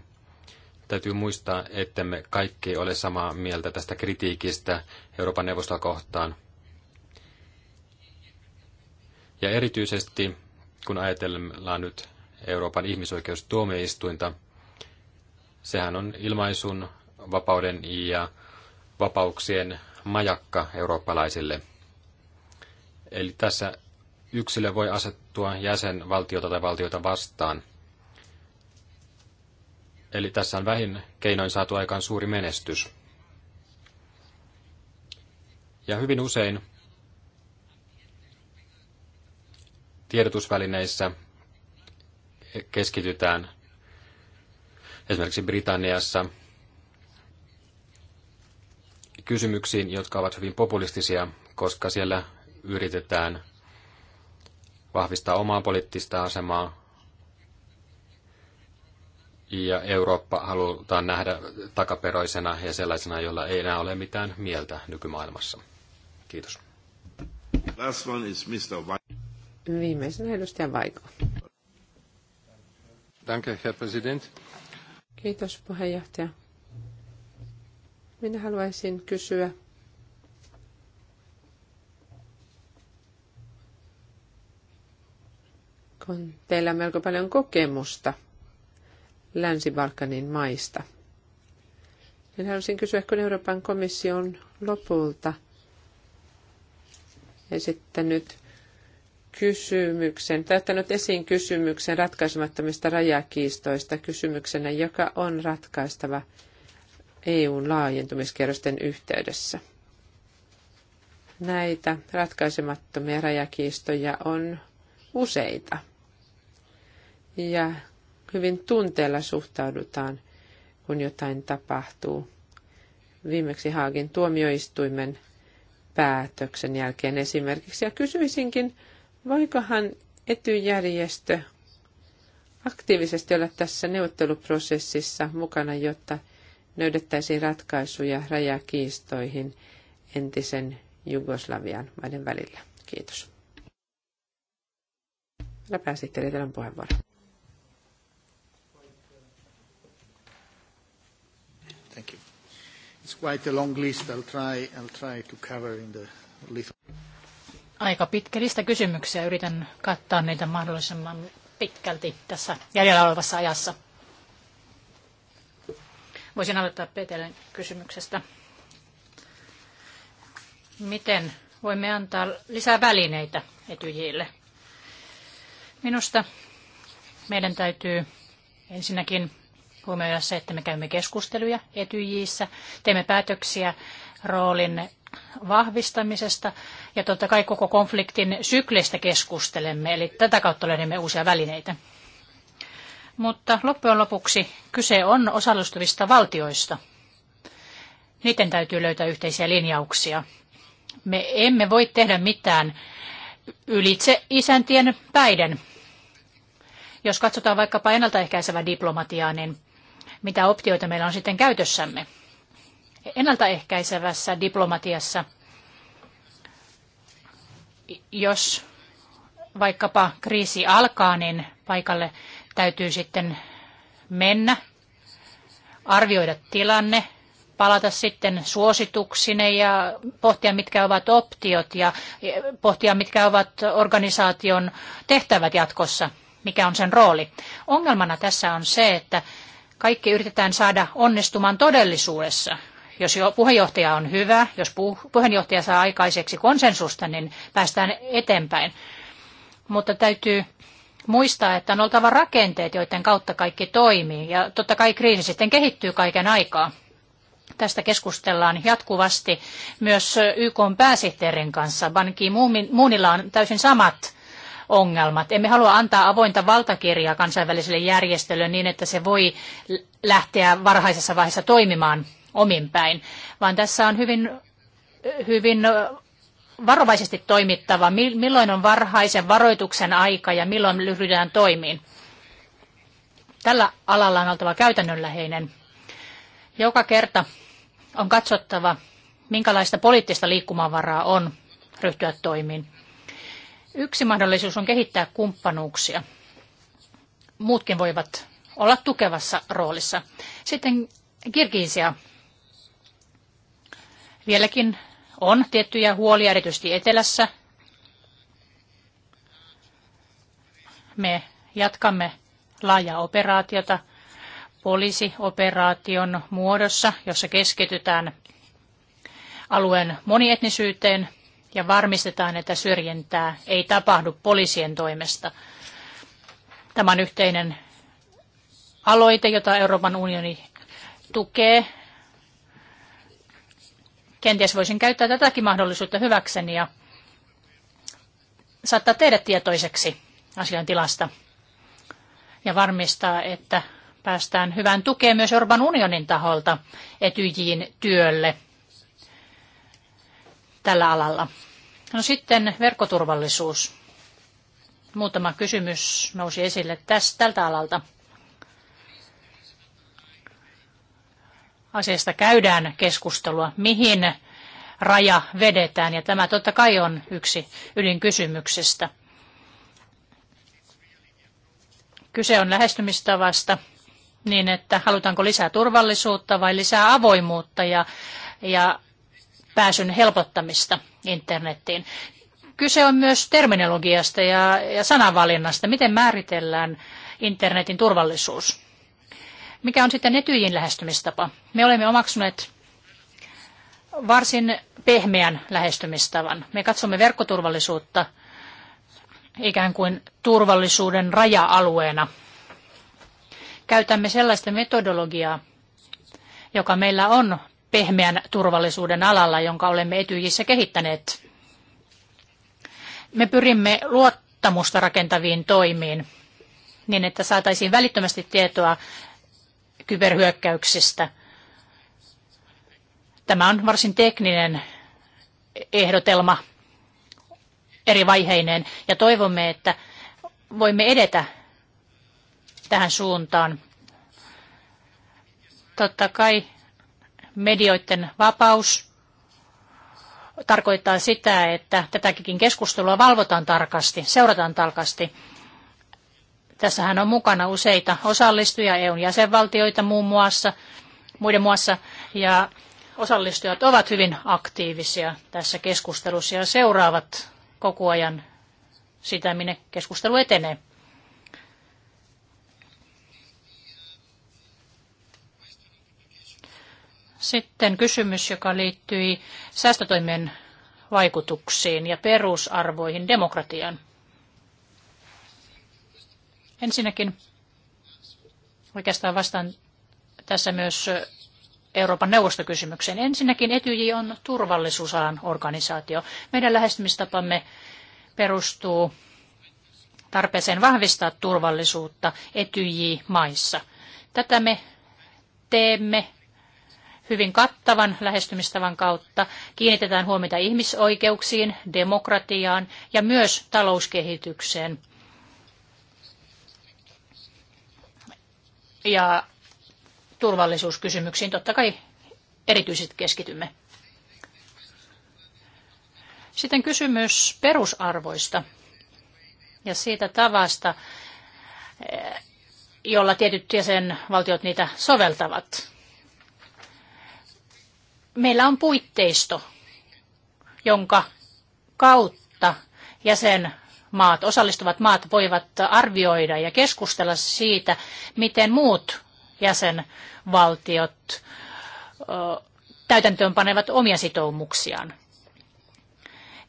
täytyy muistaa, ettemme kaikki ole samaa mieltä tästä kritiikistä Euroopan neuvostoa kohtaan. Ja erityisesti, kun ajatellaan nyt Euroopan ihmisoikeustuomioistuinta, Sehän on ilmaisun vapauden ja vapauksien majakka eurooppalaisille. Eli tässä yksilö voi asettua jäsenvaltiota tai valtiota vastaan. Eli tässä on vähin keinoin saatu aikaan suuri menestys. Ja hyvin usein tiedotusvälineissä keskitytään esimerkiksi Britanniassa kysymyksiin, jotka ovat hyvin populistisia, koska siellä yritetään vahvistaa omaa poliittista asemaa ja Eurooppa halutaan nähdä takaperoisena ja sellaisena, jolla ei enää ole mitään mieltä nykymaailmassa. Kiitos. Last one is Mr. Viimeisenä edustaja Vaiko. Danke, Herr Präsident. Kiitos puheenjohtaja. Minä haluaisin kysyä kun teillä on melko paljon kokemusta Länsi-Balkanin maista. Niin haluaisin kysyä, kun Euroopan komission lopulta esittänyt kysymyksen, täyttänyt esiin kysymyksen ratkaisemattomista rajakiistoista kysymyksenä, joka on ratkaistava EUn laajentumiskierrosten yhteydessä. Näitä ratkaisemattomia rajakiistoja on useita. Ja hyvin tunteella suhtaudutaan, kun jotain tapahtuu. Viimeksi Haagin tuomioistuimen päätöksen jälkeen esimerkiksi. Ja kysyisinkin, Voikohan etujärjestö aktiivisesti olla tässä neuvotteluprosessissa mukana, jotta löydettäisiin ratkaisuja rajakiistoihin entisen Jugoslavian maiden välillä? Kiitos. Herra pääsihteeri, teillä on puheenvuoro. Thank you. It's quite a long list. I'll try, I'll try to cover in the little aika pitkä lista kysymyksiä. Yritän kattaa niitä mahdollisimman pitkälti tässä jäljellä olevassa ajassa. Voisin aloittaa Petelen kysymyksestä. Miten voimme antaa lisää välineitä etyjille? Minusta meidän täytyy ensinnäkin huomioida se, että me käymme keskusteluja etyjissä, teemme päätöksiä roolin vahvistamisesta ja totta kai koko konfliktin syklistä keskustelemme, eli tätä kautta löydämme uusia välineitä. Mutta loppujen lopuksi kyse on osallistuvista valtioista. Niiden täytyy löytää yhteisiä linjauksia. Me emme voi tehdä mitään ylitse isäntien päiden. Jos katsotaan vaikkapa ennaltaehkäisevää diplomatiaa, niin mitä optioita meillä on sitten käytössämme? ennaltaehkäisevässä diplomatiassa. Jos vaikkapa kriisi alkaa, niin paikalle täytyy sitten mennä, arvioida tilanne, palata sitten suosituksine ja pohtia, mitkä ovat optiot ja pohtia, mitkä ovat organisaation tehtävät jatkossa, mikä on sen rooli. Ongelmana tässä on se, että kaikki yritetään saada onnistumaan todellisuudessa, jos jo puheenjohtaja on hyvä, jos puheenjohtaja saa aikaiseksi konsensusta, niin päästään eteenpäin. Mutta täytyy muistaa, että on oltava rakenteet, joiden kautta kaikki toimii. Ja totta kai kriisi sitten kehittyy kaiken aikaa. Tästä keskustellaan jatkuvasti myös YK pääsihteerin kanssa. Ban Ki-moonilla on täysin samat ongelmat. Emme halua antaa avointa valtakirjaa kansainväliselle järjestölle niin, että se voi lähteä varhaisessa vaiheessa toimimaan omin päin, vaan tässä on hyvin, hyvin varovaisesti toimittava, milloin on varhaisen varoituksen aika ja milloin ryhdytään toimiin. Tällä alalla on oltava käytännönläheinen. Joka kerta on katsottava, minkälaista poliittista liikkumavaraa on ryhtyä toimiin. Yksi mahdollisuus on kehittää kumppanuuksia. Muutkin voivat olla tukevassa roolissa. Sitten Kirgisia Vieläkin on tiettyjä huolia, erityisesti etelässä. Me jatkamme laajaa operaatiota poliisioperaation muodossa, jossa keskitytään alueen monietnisyyteen ja varmistetaan, että syrjintää ei tapahdu poliisien toimesta. Tämä on yhteinen aloite, jota Euroopan unioni tukee Kenties voisin käyttää tätäkin mahdollisuutta hyväkseni ja saattaa tehdä tietoiseksi asian tilasta ja varmistaa, että päästään hyvään tukeen myös Euroopan unionin taholta etyjiin työlle tällä alalla. No sitten verkkoturvallisuus. Muutama kysymys nousi esille tästä, tältä alalta. asiasta käydään keskustelua, mihin raja vedetään, ja tämä totta kai on yksi ydinkysymyksistä. Kyse on lähestymistavasta niin, että halutaanko lisää turvallisuutta vai lisää avoimuutta ja, ja pääsyn helpottamista internettiin. Kyse on myös terminologiasta ja, ja sanavalinnasta, miten määritellään internetin turvallisuus. Mikä on sitten etyjin lähestymistapa? Me olemme omaksuneet varsin pehmeän lähestymistavan. Me katsomme verkkoturvallisuutta ikään kuin turvallisuuden raja-alueena. Käytämme sellaista metodologiaa, joka meillä on pehmeän turvallisuuden alalla, jonka olemme etyjissä kehittäneet. Me pyrimme luottamusta rakentaviin toimiin niin, että saataisiin välittömästi tietoa kyberhyökkäyksistä. Tämä on varsin tekninen ehdotelma eri vaiheineen ja toivomme, että voimme edetä tähän suuntaan. Totta kai medioiden vapaus tarkoittaa sitä, että tätäkin keskustelua valvotaan tarkasti, seurataan tarkasti. Tässähän on mukana useita osallistujia, EUn jäsenvaltioita muun muassa, muiden muassa, ja osallistujat ovat hyvin aktiivisia tässä keskustelussa ja seuraavat koko ajan sitä, minne keskustelu etenee. Sitten kysymys, joka liittyi säästötoimien vaikutuksiin ja perusarvoihin demokratiaan. Ensinnäkin oikeastaan vastaan tässä myös Euroopan neuvostokysymykseen. Ensinnäkin Etyj on turvallisuusalan organisaatio. Meidän lähestymistapamme perustuu tarpeeseen vahvistaa turvallisuutta Etyj-maissa. Tätä me teemme hyvin kattavan lähestymistavan kautta. Kiinnitetään huomiota ihmisoikeuksiin, demokratiaan ja myös talouskehitykseen – ja turvallisuuskysymyksiin totta kai erityisesti keskitymme. Sitten kysymys perusarvoista ja siitä tavasta, eh, jolla tietyt jäsenvaltiot niitä soveltavat. Meillä on puitteisto, jonka kautta jäsen maat, osallistuvat maat voivat arvioida ja keskustella siitä, miten muut jäsenvaltiot täytäntöönpanevat omia sitoumuksiaan.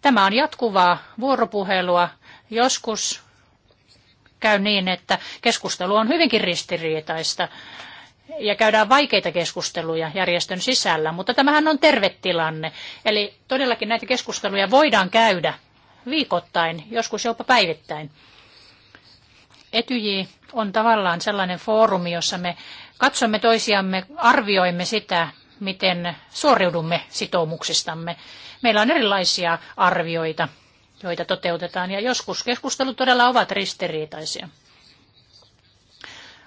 Tämä on jatkuvaa vuoropuhelua. Joskus käy niin, että keskustelu on hyvinkin ristiriitaista ja käydään vaikeita keskusteluja järjestön sisällä, mutta tämähän on terve tilanne. Eli todellakin näitä keskusteluja voidaan käydä viikoittain, joskus jopa päivittäin. Etyji on tavallaan sellainen foorumi, jossa me katsomme toisiamme, arvioimme sitä, miten suoriudumme sitoumuksistamme. Meillä on erilaisia arvioita, joita toteutetaan, ja joskus keskustelut todella ovat ristiriitaisia.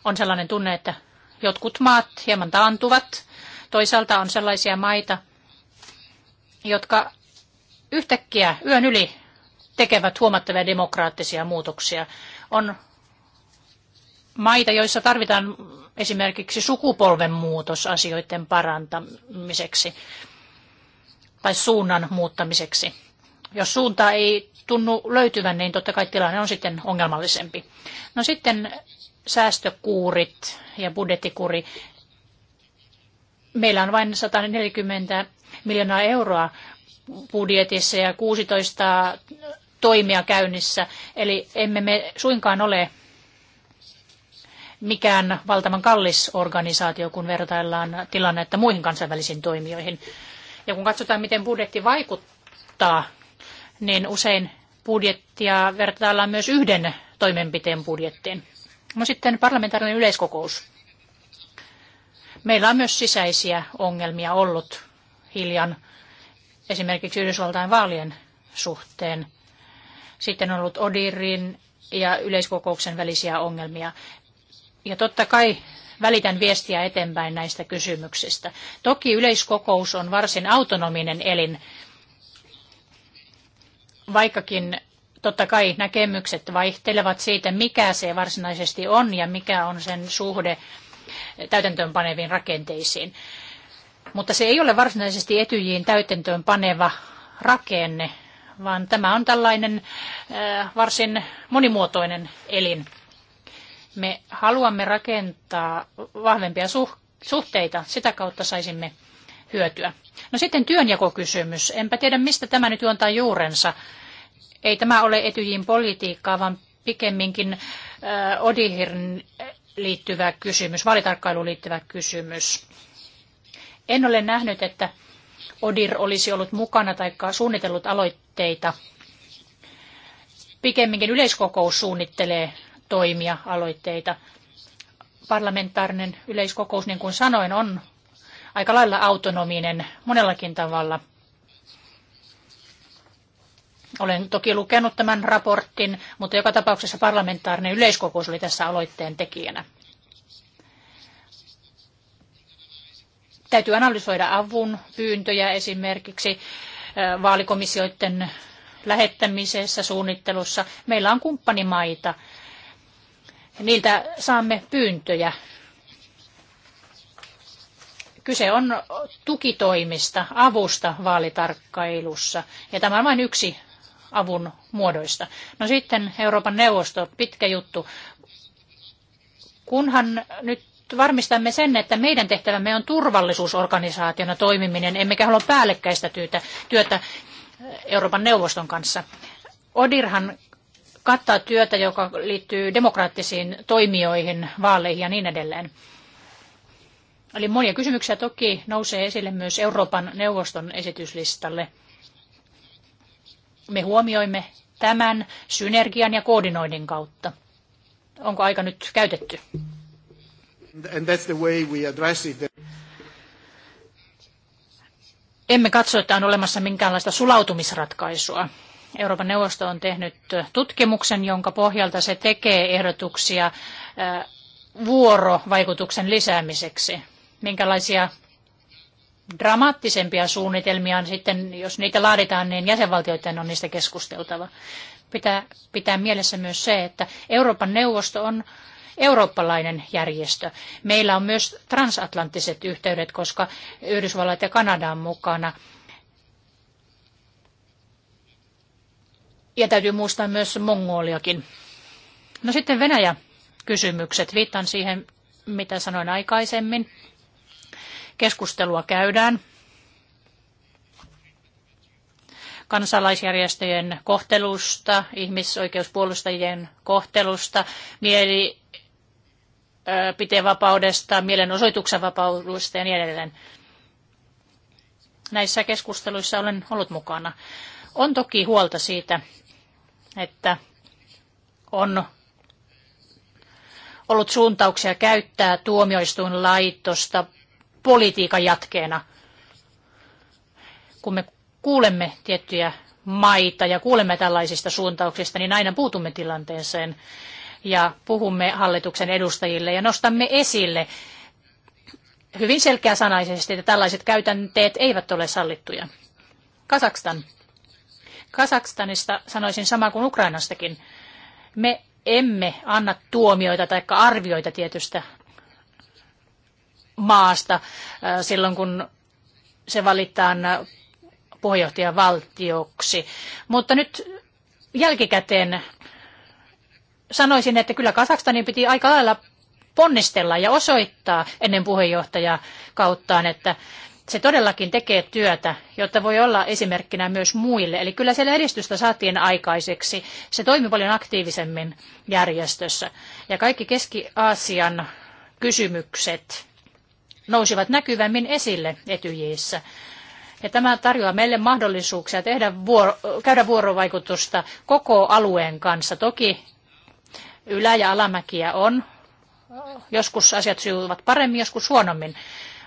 On sellainen tunne, että jotkut maat hieman taantuvat, toisaalta on sellaisia maita, jotka yhtäkkiä yön yli tekevät huomattavia demokraattisia muutoksia. On maita, joissa tarvitaan esimerkiksi sukupolven muutos asioiden parantamiseksi tai suunnan muuttamiseksi. Jos suunta ei tunnu löytyvän, niin totta kai tilanne on sitten ongelmallisempi. No sitten säästökuurit ja budjettikuri. Meillä on vain 140 miljoonaa euroa budjetissa ja 16 toimia käynnissä. Eli emme me suinkaan ole mikään valtavan kallis organisaatio, kun vertaillaan tilannetta muihin kansainvälisiin toimijoihin. Ja kun katsotaan, miten budjetti vaikuttaa, niin usein budjettia vertaillaan myös yhden toimenpiteen budjettiin. No sitten parlamentaarinen yleiskokous. Meillä on myös sisäisiä ongelmia ollut hiljan esimerkiksi Yhdysvaltain vaalien suhteen. Sitten on ollut Odirin ja yleiskokouksen välisiä ongelmia. Ja totta kai välitän viestiä eteenpäin näistä kysymyksistä. Toki yleiskokous on varsin autonominen elin, vaikkakin totta kai näkemykset vaihtelevat siitä, mikä se varsinaisesti on ja mikä on sen suhde täytäntöönpaneviin rakenteisiin. Mutta se ei ole varsinaisesti etyjiin täytäntöönpaneva rakenne, vaan tämä on tällainen äh, varsin monimuotoinen elin. Me haluamme rakentaa vahvempia suhteita, sitä kautta saisimme hyötyä. No sitten työnjakokysymys. Enpä tiedä, mistä tämä nyt juontaa juurensa. Ei tämä ole etyjin politiikkaa, vaan pikemminkin äh, odihirn liittyvä kysymys, vaalitarkkailuun liittyvä kysymys. En ole nähnyt, että ODIR olisi ollut mukana tai suunnitellut aloitteita. Pikemminkin yleiskokous suunnittelee toimia, aloitteita. Parlamentaarinen yleiskokous, niin kuin sanoin, on aika lailla autonominen monellakin tavalla. Olen toki lukenut tämän raportin, mutta joka tapauksessa parlamentaarinen yleiskokous oli tässä aloitteen tekijänä. Täytyy analysoida avun pyyntöjä esimerkiksi vaalikomissioiden lähettämisessä, suunnittelussa. Meillä on kumppanimaita. Niiltä saamme pyyntöjä. Kyse on tukitoimista, avusta vaalitarkkailussa. Ja tämä on vain yksi avun muodoista. No sitten Euroopan neuvosto, pitkä juttu. Kunhan nyt varmistamme sen, että meidän tehtävämme on turvallisuusorganisaationa toimiminen, emmekä halua päällekkäistä työtä, työtä Euroopan neuvoston kanssa. Odirhan kattaa työtä, joka liittyy demokraattisiin toimijoihin, vaaleihin ja niin edelleen. Eli monia kysymyksiä toki nousee esille myös Euroopan neuvoston esityslistalle. Me huomioimme tämän synergian ja koordinoinnin kautta. Onko aika nyt käytetty? that's the way we address it. Emme katso, että on olemassa minkäänlaista sulautumisratkaisua. Euroopan neuvosto on tehnyt tutkimuksen, jonka pohjalta se tekee ehdotuksia vuorovaikutuksen lisäämiseksi. Minkälaisia dramaattisempia suunnitelmia on sitten, jos niitä laaditaan, niin jäsenvaltioiden on niistä keskusteltava. Pitää pitää mielessä myös se, että Euroopan neuvosto on eurooppalainen järjestö. Meillä on myös transatlanttiset yhteydet, koska Yhdysvallat ja Kanada on mukana. Ja täytyy muistaa myös Mongoliakin. No sitten Venäjä kysymykset. Viittaan siihen, mitä sanoin aikaisemmin. Keskustelua käydään. kansalaisjärjestöjen kohtelusta, ihmisoikeuspuolustajien kohtelusta, mieli vapaudesta, mielenosoituksen vapaudesta ja niin edelleen. Näissä keskusteluissa olen ollut mukana. On toki huolta siitä, että on ollut suuntauksia käyttää tuomioistuinlaitosta politiikan jatkeena. Kun me kuulemme tiettyjä maita ja kuulemme tällaisista suuntauksista, niin aina puutumme tilanteeseen ja puhumme hallituksen edustajille ja nostamme esille hyvin selkeäsanaisesti, että tällaiset käytänteet eivät ole sallittuja. Kasakstan. Kasakstanista sanoisin sama kuin Ukrainastakin. Me emme anna tuomioita tai arvioita tietystä maasta äh, silloin, kun se valitaan puheenjohtajavaltioksi. Mutta nyt jälkikäteen sanoisin, että kyllä Kazakstanin piti aika lailla ponnistella ja osoittaa ennen puheenjohtajaa kauttaan, että se todellakin tekee työtä, jotta voi olla esimerkkinä myös muille. Eli kyllä siellä edistystä saatiin aikaiseksi. Se toimi paljon aktiivisemmin järjestössä. Ja kaikki Keski-Aasian kysymykset nousivat näkyvämmin esille etyjissä. Ja tämä tarjoaa meille mahdollisuuksia tehdä vuoro, käydä vuorovaikutusta koko alueen kanssa. Toki ylä- ja alamäkiä on. Joskus asiat sujuvat paremmin, joskus huonommin.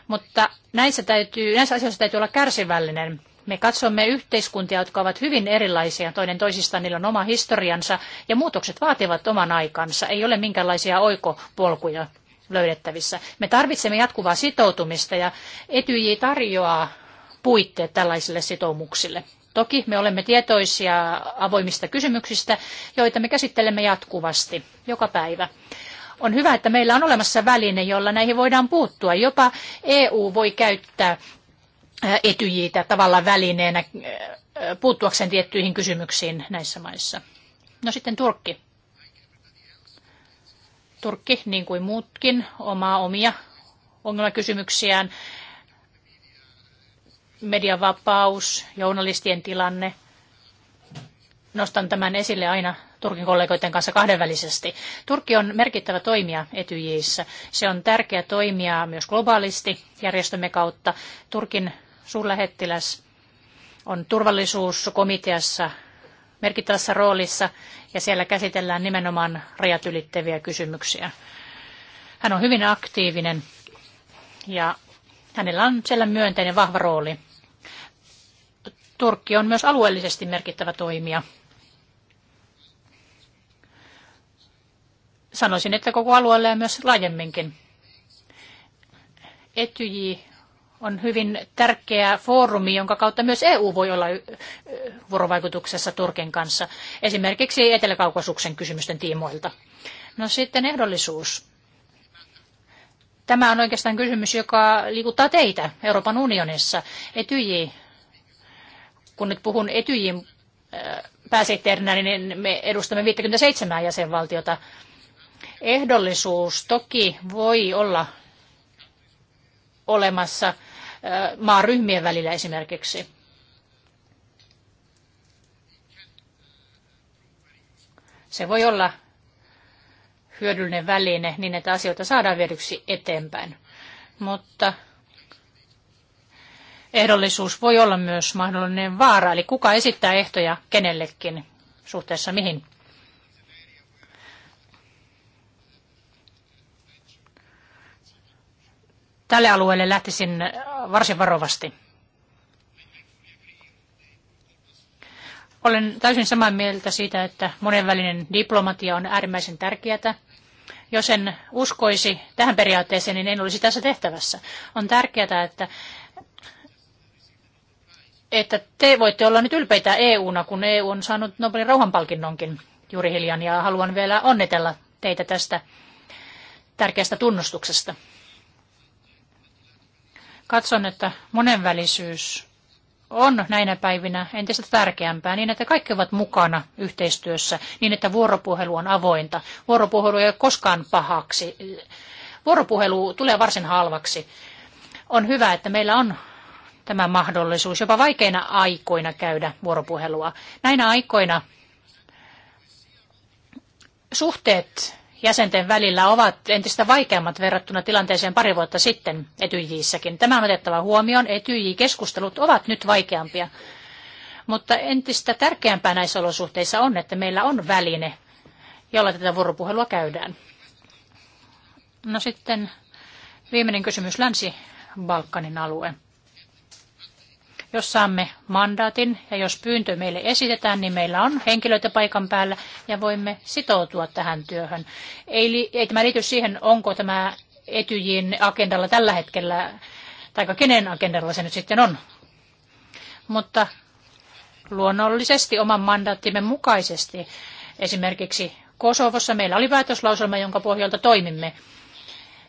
Mutta näissä, täytyy, näissä asioissa täytyy olla kärsivällinen. Me katsomme yhteiskuntia, jotka ovat hyvin erilaisia toinen toisistaan, niillä on oma historiansa ja muutokset vaativat oman aikansa. Ei ole minkäänlaisia oikopolkuja löydettävissä. Me tarvitsemme jatkuvaa sitoutumista ja Etyji tarjoaa puitteet tällaisille sitoumuksille. Toki me olemme tietoisia avoimista kysymyksistä, joita me käsittelemme jatkuvasti, joka päivä. On hyvä, että meillä on olemassa väline, jolla näihin voidaan puuttua. Jopa EU voi käyttää etyjiitä tavallaan välineenä puuttuakseen tiettyihin kysymyksiin näissä maissa. No sitten Turkki. Turkki, niin kuin muutkin, omaa omia ongelmakysymyksiään mediavapaus, journalistien tilanne. Nostan tämän esille aina Turkin kollegoiden kanssa kahdenvälisesti. Turkki on merkittävä toimija Etyjissä. Se on tärkeä toimija myös globaalisti järjestömme kautta. Turkin suurlähettiläs on turvallisuuskomiteassa merkittävässä roolissa ja siellä käsitellään nimenomaan rajat ylittäviä kysymyksiä. Hän on hyvin aktiivinen ja hänellä on siellä myönteinen vahva rooli. Turkki on myös alueellisesti merkittävä toimija. Sanoisin, että koko alueelle ja myös laajemminkin. Etyj on hyvin tärkeä foorumi, jonka kautta myös EU voi olla vuorovaikutuksessa Turkin kanssa, esimerkiksi Etelä-Kaukasuksen kysymysten tiimoilta. No sitten ehdollisuus. Tämä on oikeastaan kysymys, joka liikuttaa teitä Euroopan unionissa. Etyj kun nyt puhun Etyjin äh, pääsihteerinä, niin me edustamme 57 jäsenvaltiota. Ehdollisuus toki voi olla olemassa äh, maaryhmien välillä esimerkiksi. Se voi olla hyödyllinen väline niin, että asioita saadaan viedyksi eteenpäin. Mutta ehdollisuus voi olla myös mahdollinen vaara, eli kuka esittää ehtoja kenellekin suhteessa mihin. Tälle alueelle lähtisin varsin varovasti. Olen täysin samaa mieltä siitä, että monenvälinen diplomatia on äärimmäisen tärkeää. Jos en uskoisi tähän periaatteeseen, niin en olisi tässä tehtävässä. On tärkeää, että että te voitte olla nyt ylpeitä EU-na, kun EU on saanut Nobelin rauhanpalkinnonkin juuri hiljan, ja haluan vielä onnitella teitä tästä tärkeästä tunnustuksesta. Katson, että monenvälisyys on näinä päivinä entistä tärkeämpää niin, että kaikki ovat mukana yhteistyössä, niin että vuoropuhelu on avointa. Vuoropuhelu ei ole koskaan pahaksi. Vuoropuhelu tulee varsin halvaksi. On hyvä, että meillä on tämä mahdollisuus jopa vaikeina aikoina käydä vuoropuhelua. Näinä aikoina suhteet jäsenten välillä ovat entistä vaikeammat verrattuna tilanteeseen pari vuotta sitten Etyjissäkin. Tämä on otettava huomioon. etyji keskustelut ovat nyt vaikeampia. Mutta entistä tärkeämpää näissä olosuhteissa on, että meillä on väline, jolla tätä vuoropuhelua käydään. No sitten viimeinen kysymys, Länsi-Balkanin alue. Jos saamme mandaatin ja jos pyyntö meille esitetään, niin meillä on henkilöitä paikan päällä ja voimme sitoutua tähän työhön. Ei, ei tämä liity siihen, onko tämä Etyjin agendalla tällä hetkellä, tai kenen agendalla se nyt sitten on. Mutta luonnollisesti oman mandaattimme mukaisesti esimerkiksi Kosovossa meillä oli päätöslauselma, jonka pohjalta toimimme.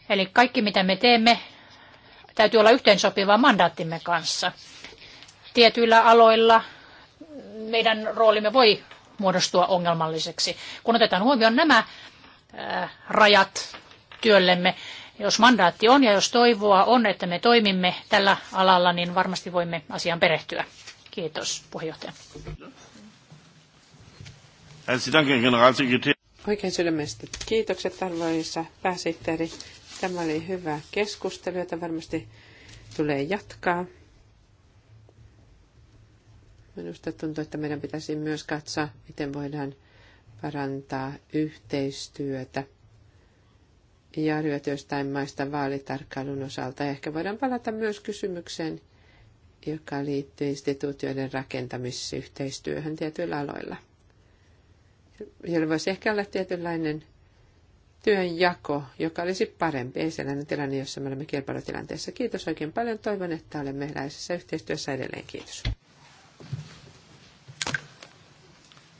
Eli kaikki, mitä me teemme, täytyy olla yhteensopivaa mandaattimme kanssa tietyillä aloilla meidän roolimme voi muodostua ongelmalliseksi. Kun otetaan huomioon nämä äh, rajat työllemme, jos mandaatti on ja jos toivoa on, että me toimimme tällä alalla, niin varmasti voimme asiaan perehtyä. Kiitos, puheenjohtaja. Oikein sydämestä kiitokset arvoisa pääsihteeri. Tämä oli hyvä keskustelu, jota varmasti tulee jatkaa. Minusta tuntuu, että meidän pitäisi myös katsoa, miten voidaan parantaa yhteistyötä ja arviot jostain maista vaalitarkkailun osalta. Ehkä voidaan palata myös kysymykseen, joka liittyy instituutioiden rakentamisyhteistyöhön tietyillä aloilla. Siellä voisi ehkä olla tietynlainen työnjako, joka olisi parempi, ei sellainen tilanne, jossa me olemme kilpailutilanteessa. Kiitos oikein paljon. Toivon, että olemme läheisessä yhteistyössä edelleen. Kiitos.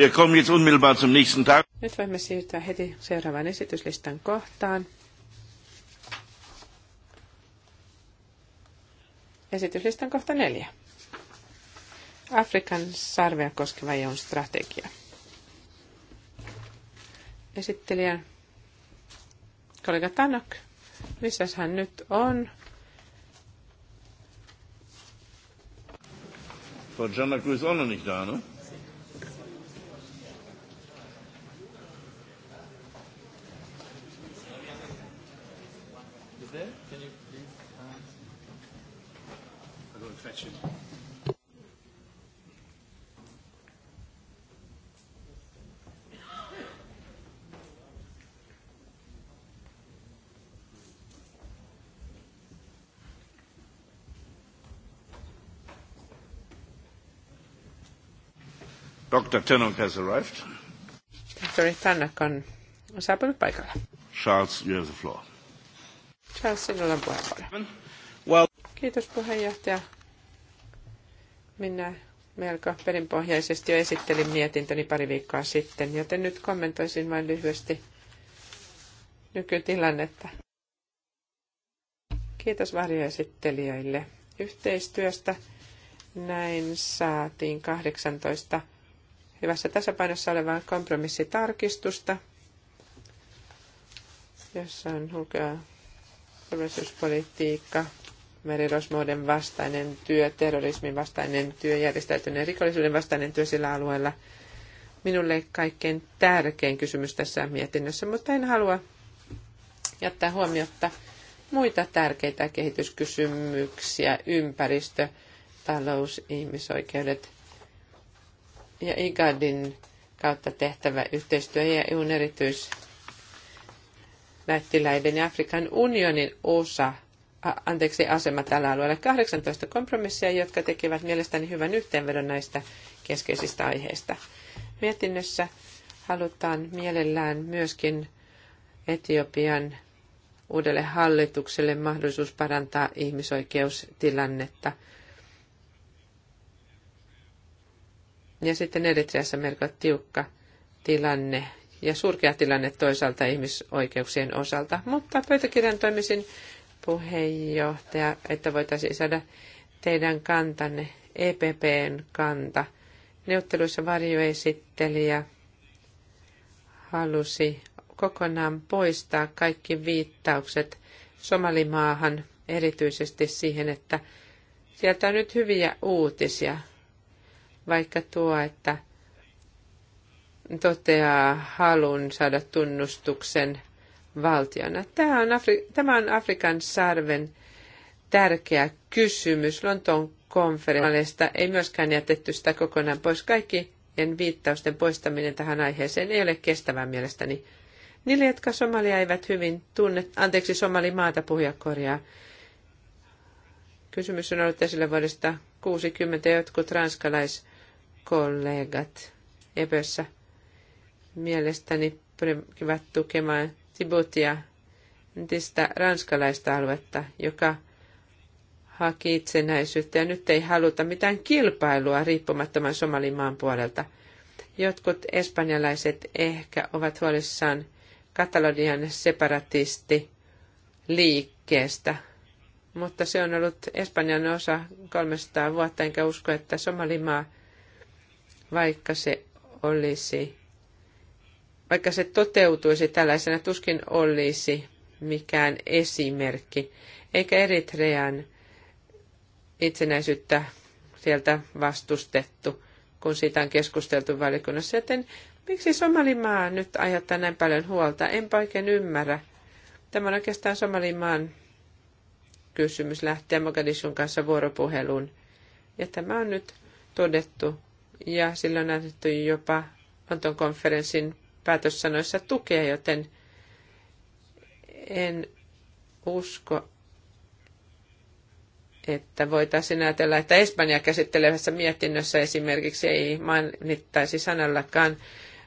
Wir kommen jetzt unmittelbar zum nächsten Tag. Nyt voimme siirtyä heti seuraavan esityslistan kohtaan. Esityslistan kohta neljä. Afrikan sarvea koskeva EUn strategia. Esittelijä kollega Tanok, missä hän nyt on? Frau Janak ist auch noch nicht da, ne? action. Dr. Tannock has arrived. Dr. Tannock on, saapunut paikalla. Charles, you have the floor. Charles, sinulla on puheenvuoro. Well. Kiitos puheenjohtaja. Minä melko perinpohjaisesti jo esittelin mietintöni pari viikkoa sitten, joten nyt kommentoisin vain lyhyesti nykytilannetta. Kiitos varjoesittelijöille yhteistyöstä. Näin saatiin 18 hyvässä tasapainossa olevaa kompromissitarkistusta, jossa on ulko- ja turvallisuuspolitiikka, merirosmouden vastainen työ, terrorismin vastainen työ, järjestäytyneen rikollisuuden vastainen työ sillä alueella minulle kaikkein tärkein kysymys tässä mietinnössä, mutta en halua jättää huomiota muita tärkeitä kehityskysymyksiä, ympäristö, talous, ihmisoikeudet ja IGADin kautta tehtävä yhteistyö ja EUn erityis ja Afrikan unionin osa anteeksi, asema tällä alueella. 18 kompromissia, jotka tekevät mielestäni hyvän yhteenvedon näistä keskeisistä aiheista. Mietinnössä halutaan mielellään myöskin Etiopian uudelle hallitukselle mahdollisuus parantaa ihmisoikeustilannetta. Ja sitten Eritreassa melko tiukka tilanne ja surkea tilanne toisaalta ihmisoikeuksien osalta. Mutta pöytäkirjan toimisin puheenjohtaja, että voitaisiin saada teidän kantanne, EPPn kanta. Neuvotteluissa varjoesittelijä halusi kokonaan poistaa kaikki viittaukset Somalimaahan, erityisesti siihen, että sieltä on nyt hyviä uutisia, vaikka tuo, että toteaa halun saada tunnustuksen valtiona. Tämä on, Afri- tämä on Afrikan sarven tärkeä kysymys. Lontoon konferenssista ei myöskään jätetty sitä kokonaan pois. Kaikkien viittausten poistaminen tähän aiheeseen ei ole kestävää mielestäni. Niille, jotka Somalia eivät hyvin tunne, anteeksi Somalimaata puhujakorjaa. Kysymys on ollut esillä vuodesta 60 jotkut ranskalaiskollegat EPössä mielestäni pyrkivät tukemaan Djiboutia, entistä ranskalaista aluetta, joka haki itsenäisyyttä ja nyt ei haluta mitään kilpailua riippumattoman Somalimaan puolelta. Jotkut espanjalaiset ehkä ovat huolissaan Katalonian separatisti liikkeestä, mutta se on ollut Espanjan osa 300 vuotta, enkä usko, että Somalimaa, vaikka se olisi vaikka se toteutuisi tällaisena, tuskin olisi mikään esimerkki, eikä Eritrean itsenäisyyttä sieltä vastustettu, kun siitä on keskusteltu valiokunnassa. Joten miksi Somalimaa nyt aiheuttaa näin paljon huolta? Enpä oikein ymmärrä. Tämä on oikeastaan Somalimaan kysymys lähteä Mogadishun kanssa vuoropuheluun. Ja tämä on nyt todettu ja silloin annettu jopa Anton konferenssin päätössanoissa tukea, joten en usko, että voitaisiin ajatella, että Espanja käsittelevässä mietinnössä esimerkiksi ei mainittaisi sanallakaan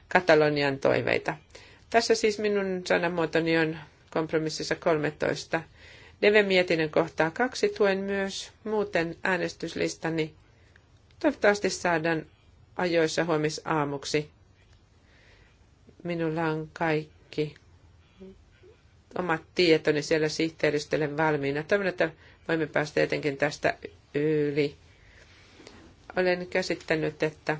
Katalonian toiveita. Tässä siis minun sanamuotoni on kompromississa 13. Deve-mietinnön kohtaa kaksi tuen myös muuten äänestyslistani. Toivottavasti saadaan ajoissa huomisaamuksi Minulla on kaikki omat tietoni siellä sihteeristölle valmiina. Toivon, että voimme päästä jotenkin tästä yli. Olen käsittänyt, että